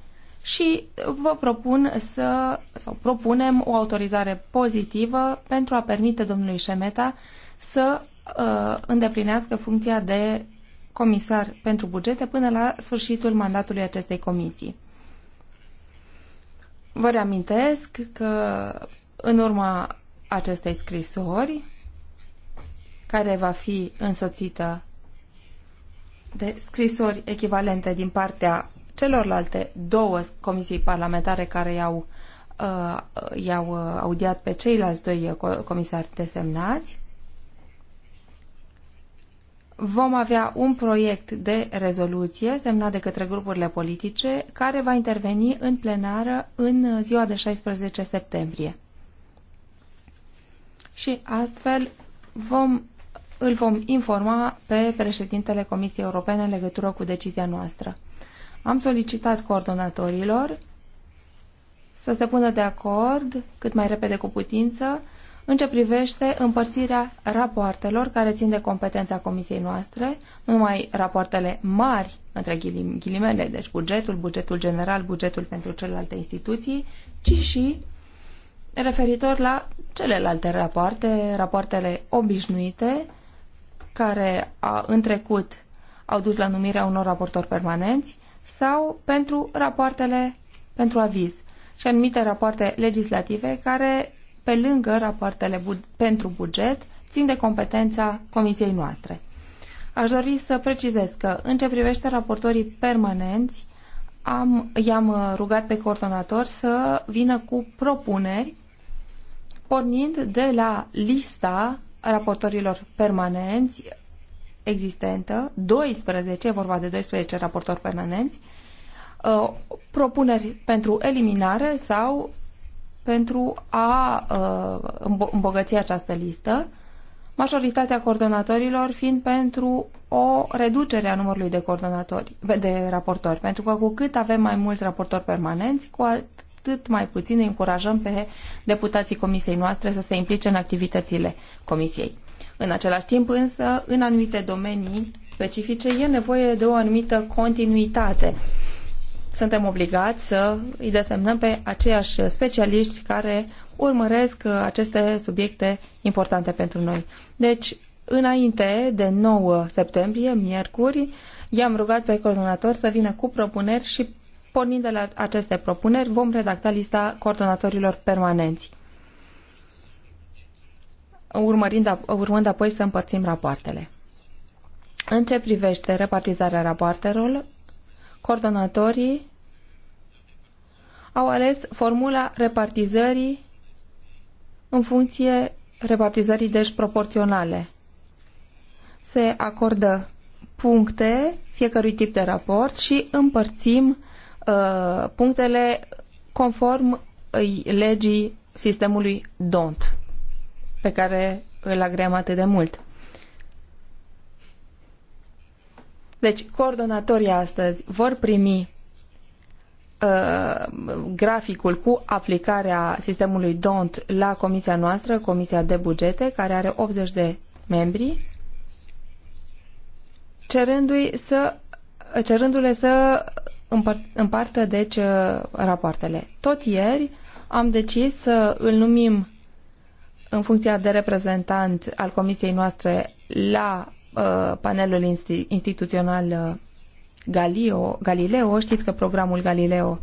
și vă propun să, sau propunem o autorizare pozitivă pentru a permite domnului Șemeta să uh, îndeplinească funcția de comisar pentru bugete până la sfârșitul mandatului acestei comisii. Vă reamintesc că în urma acestei scrisori, care va fi însoțită de scrisori echivalente din partea celorlalte două comisii parlamentare care i-au uh, i-au uh, audiat pe ceilalți doi uh, comisari desemnați. Vom avea un proiect de rezoluție semnat de către grupurile politice care va interveni în plenară în ziua de 16 septembrie. Și astfel vom, îl vom informa pe președintele Comisiei Europene în legătură cu decizia noastră. Am solicitat coordonatorilor să se pună de acord cât mai repede cu putință în ce privește împărțirea rapoartelor care țin de competența comisiei noastre, nu numai rapoartele mari, între ghilimele, deci bugetul, bugetul general, bugetul pentru celelalte instituții, ci și referitor la celelalte rapoarte, rapoartele obișnuite, care a, în trecut au dus la numirea unor raportori permanenți, sau pentru rapoartele pentru aviz și anumite rapoarte legislative care, pe lângă rapoartele bu- pentru buget, țin de competența comisiei noastre. Aș dori să precizez că, în ce privește raportorii permanenți, am, i-am uh, rugat pe coordonator să vină cu propuneri pornind de la lista raportorilor permanenți existentă, 12, vorba de 12 raportori permanenți, uh, propuneri pentru eliminare sau pentru a uh, îmbogăți această listă, majoritatea coordonatorilor fiind pentru o reducere a numărului de coordonatori, de raportori, pentru că cu cât avem mai mulți raportori permanenți, cu atât mai puțin îi încurajăm pe deputații comisiei noastre să se implice în activitățile comisiei. În același timp, însă, în anumite domenii specifice e nevoie de o anumită continuitate. Suntem obligați să îi desemnăm pe aceiași specialiști care urmăresc uh, aceste subiecte importante pentru noi. Deci, înainte de 9 septembrie, miercuri, i-am rugat pe coordonator să vină cu propuneri și pornind de la aceste propuneri vom redacta lista coordonatorilor permanenți urmărind, urmând apoi să împărțim rapoartele. În ce privește repartizarea rapoartelor, coordonatorii au ales formula repartizării în funcție repartizării, deci proporționale. Se acordă puncte fiecărui tip de raport și împărțim uh, punctele conform legii sistemului DONT pe care îl agream atât de mult. Deci, coordonatorii astăzi vor primi uh, graficul cu aplicarea sistemului DONT la comisia noastră, Comisia de Bugete, care are 80 de membri, cerându-i să, cerându-le să împartă, deci, uh, rapoartele. Tot ieri am decis să îl numim în funcția de reprezentant al comisiei noastre la uh, panelul insti- instituțional uh, Galileo, Galileo, știți că programul Galileo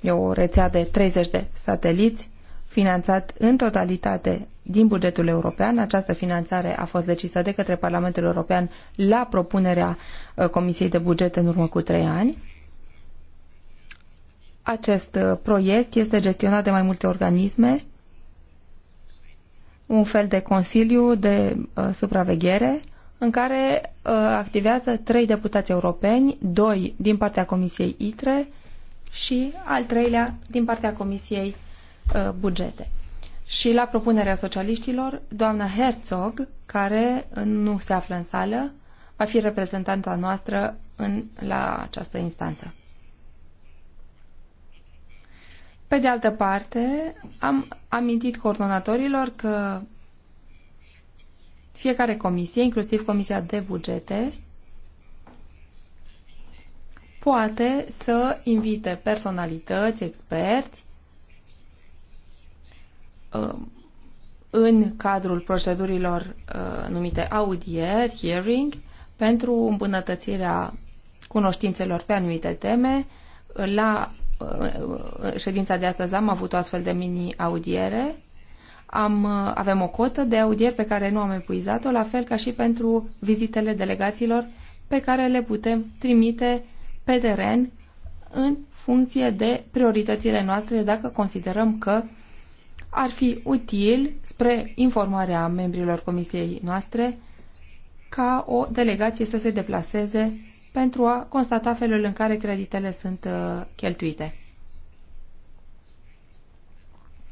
e o rețea de 30 de sateliți finanțat în totalitate din bugetul european. Această finanțare a fost decisă de către Parlamentul European la propunerea uh, Comisiei de Buget în urmă cu trei ani. Acest uh, proiect este gestionat de mai multe organisme un fel de consiliu de uh, supraveghere în care uh, activează trei deputați europeni, doi din partea Comisiei ITRE și al treilea din partea Comisiei uh, Bugete. Și la propunerea socialiștilor, doamna Herzog, care nu se află în sală, va fi reprezentanta noastră în, la această instanță. Pe de altă parte, am amintit coordonatorilor că fiecare comisie, inclusiv Comisia de Bugete, poate să invite personalități, experți, um, în cadrul procedurilor uh, numite audieri, hearing, pentru îmbunătățirea cunoștințelor pe anumite teme la Uh, ședința de astăzi am avut o astfel de mini-audiere. Am, uh, avem o cotă de audieri pe care nu am epuizat-o, la fel ca și pentru vizitele delegațiilor pe care le putem trimite pe teren în funcție de prioritățile noastre, dacă considerăm că ar fi util spre informarea membrilor comisiei noastre ca o delegație să se deplaseze pentru a constata felul în care creditele sunt uh, cheltuite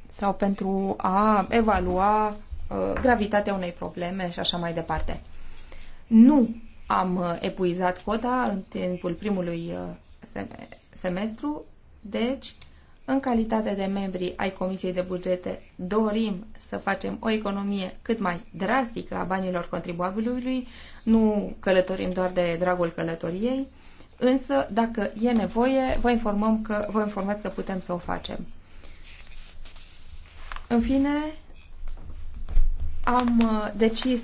sau pentru a evalua uh, gravitatea unei probleme și așa mai departe. Nu am uh, epuizat cota în timpul primului semestru, deci în calitate de membri ai Comisiei de Bugete, dorim să facem o economie cât mai drastică a banilor contribuabilului, nu călătorim doar de dragul călătoriei, însă, dacă e nevoie, vă, informăm că, vă informați că putem să o facem. În fine, am uh, decis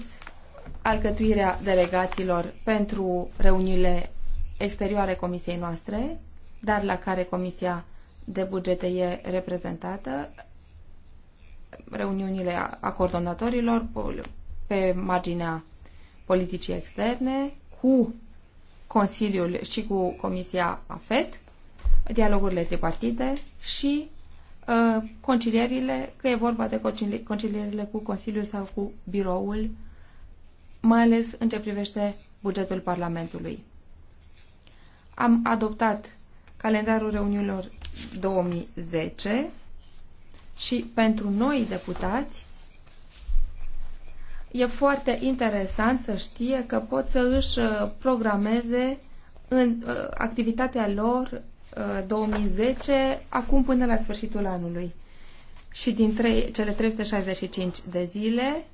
alcătuirea delegațiilor pentru reuniile exterioare comisiei noastre, dar la care comisia de bugete e reprezentată, reuniunile a coordonatorilor pe marginea politicii externe cu Consiliul și cu Comisia AFET, dialogurile tripartite și uh, concilierile, că e vorba de concili concilierile cu Consiliul sau cu biroul, mai ales în ce privește bugetul Parlamentului. Am adoptat calendarul reuniunilor 2010 și pentru noi deputați e foarte interesant să știe că pot să își uh, programeze în uh, activitatea lor 2010 uh, acum până la sfârșitul anului. Și din trei, cele 365 de zile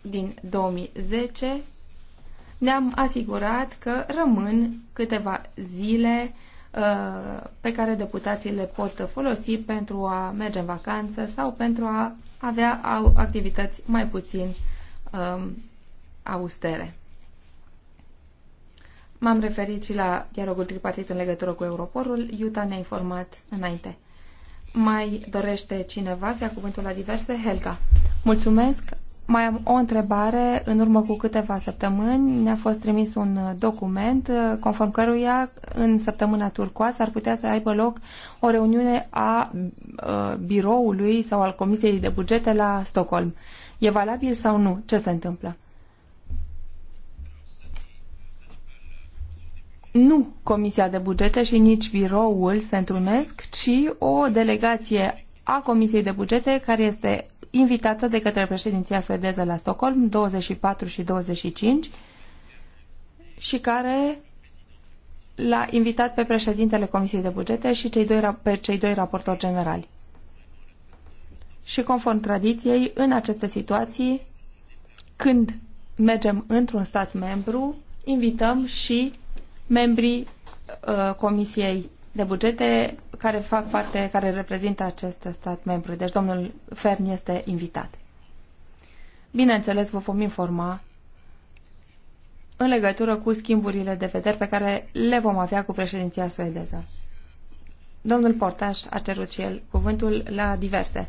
din 2010 ne-am asigurat că rămân câteva zile uh, pe care deputații le pot folosi pentru a merge în vacanță sau pentru a avea activități mai puțin um, austere. M-am referit și la dialogul tripartit în legătură cu Europorul. Iuta ne-a informat înainte. Mai dorește cineva să ia cuvântul la diverse? Helga. Mulțumesc mai am o întrebare. În urmă cu câteva săptămâni ne-a fost trimis un uh, document uh, conform căruia în săptămâna turcoasă ar putea să aibă loc o reuniune a uh, biroului sau al Comisiei de Bugete la Stockholm. E valabil sau nu? Ce se întâmplă? Nu Comisia de Bugete și nici biroul se întrunesc, ci o delegație a Comisiei de Bugete, care este invitată de către președinția suedeză la Stockholm 24 și 25 și care l-a invitat pe președintele Comisiei de Bugete și cei doi, pe cei doi raportori generali. Și conform tradiției, în aceste situații, când mergem într-un stat membru, invităm și membrii uh, Comisiei de Bugete care fac parte, care reprezintă acest stat membru. Deci domnul Fern este invitat. Bineînțeles, vă vom informa în legătură cu schimburile de vederi pe care le vom avea cu președinția suedeză. Domnul Portaș a cerut și el cuvântul la diverse.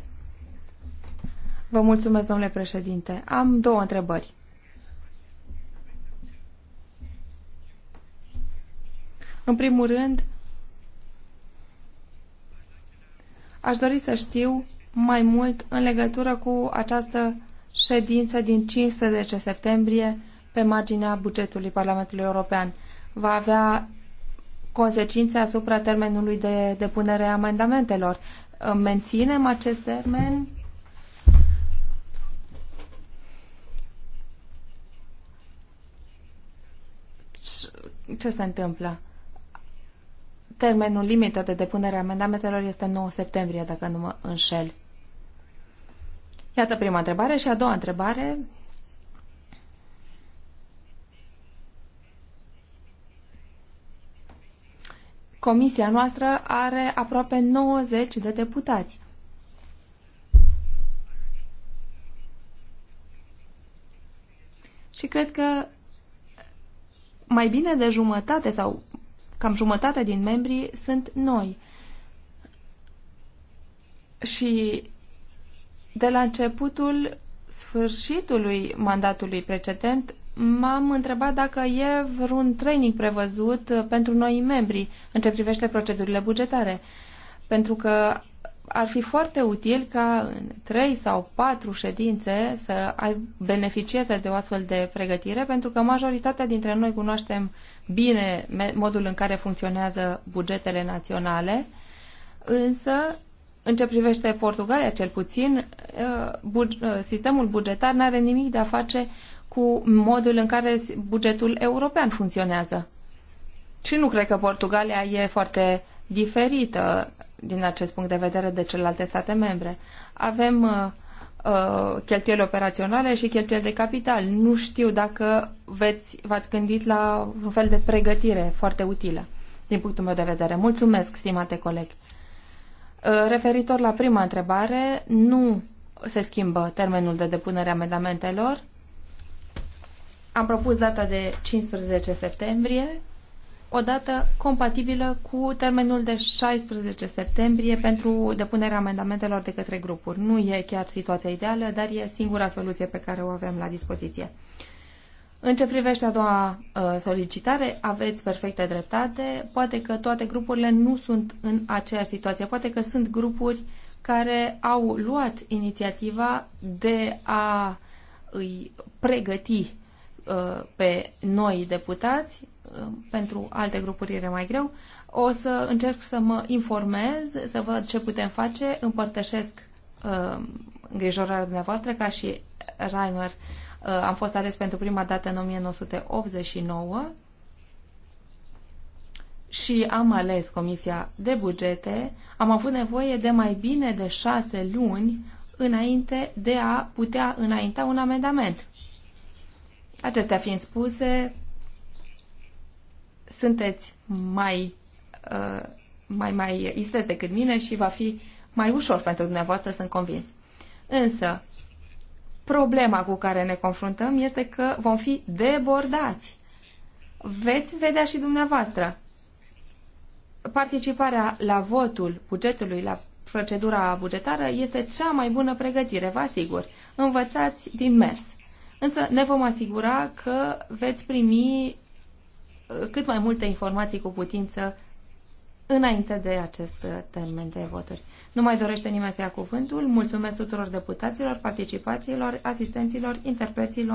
Vă mulțumesc, domnule președinte. Am două întrebări. În primul rând, Aș dori să știu mai mult în legătură cu această ședință din 15 septembrie pe marginea bugetului Parlamentului European. Va avea consecințe asupra termenului de depunere a amendamentelor. Menținem acest termen? Ce se întâmplă? Termenul limită de depunere a amendamentelor este 9 septembrie, dacă nu mă înșel. Iată prima întrebare și a doua întrebare. Comisia noastră are aproape 90 de deputați. Și cred că mai bine de jumătate sau cam jumătate din membrii sunt noi. Și de la începutul sfârșitului mandatului precedent, m-am întrebat dacă e vreun training prevăzut uh, pentru noi membri în ce privește procedurile bugetare. Pentru că ar fi foarte util ca în trei sau patru ședințe să ai beneficieze de o astfel de pregătire, pentru că majoritatea dintre noi cunoaștem bine modul în care funcționează bugetele naționale, însă, în ce privește Portugalia cel puțin, uh, uh, sistemul bugetar nu are nimic de a face cu modul în care bugetul european funcționează. Și nu cred că Portugalia e foarte diferită din acest punct de vedere de celelalte state membre. Avem uh, uh, cheltuieli operaționale și cheltuieli de capital. Nu știu dacă veți, v-ați gândit la un fel de pregătire foarte utilă, din punctul meu de vedere. Mulțumesc, stimate coleg. Uh, referitor la prima întrebare, nu se schimbă termenul de depunere a amendamentelor. Am propus data de 15 septembrie o dată compatibilă cu termenul de 16 septembrie pentru depunerea amendamentelor de către grupuri. Nu e chiar situația ideală, dar e singura soluție pe care o avem la dispoziție. În ce privește a doua uh, solicitare, aveți perfectă dreptate. Poate că toate grupurile nu sunt în aceeași situație. Poate că sunt grupuri care au luat inițiativa de a îi pregăti uh, pe noi deputați, pentru alte grupuri era mai greu. O să încerc să mă informez, să văd ce putem face, împărtășesc uh, îngrijorarea dumneavoastră ca și Reimer. Uh, am fost ales pentru prima dată în 1989 și am ales Comisia de Bugete. Am avut nevoie de mai bine de șase luni înainte de a putea înainta un amendament. Acestea fiind spuse, sunteți mai, uh, mai, mai isteți decât mine și va fi mai ușor pentru dumneavoastră, sunt convins. Însă, problema cu care ne confruntăm este că vom fi debordați. Veți vedea și dumneavoastră. Participarea la votul bugetului, la procedura bugetară, este cea mai bună pregătire, vă asigur. Învățați din mers. Însă ne vom asigura că veți primi cât mai multe informații cu putință înainte de acest uh, termen de voturi. Nu mai dorește nimeni să ia cuvântul. Mulțumesc tuturor deputaților, participațiilor, asistenților, interpreților.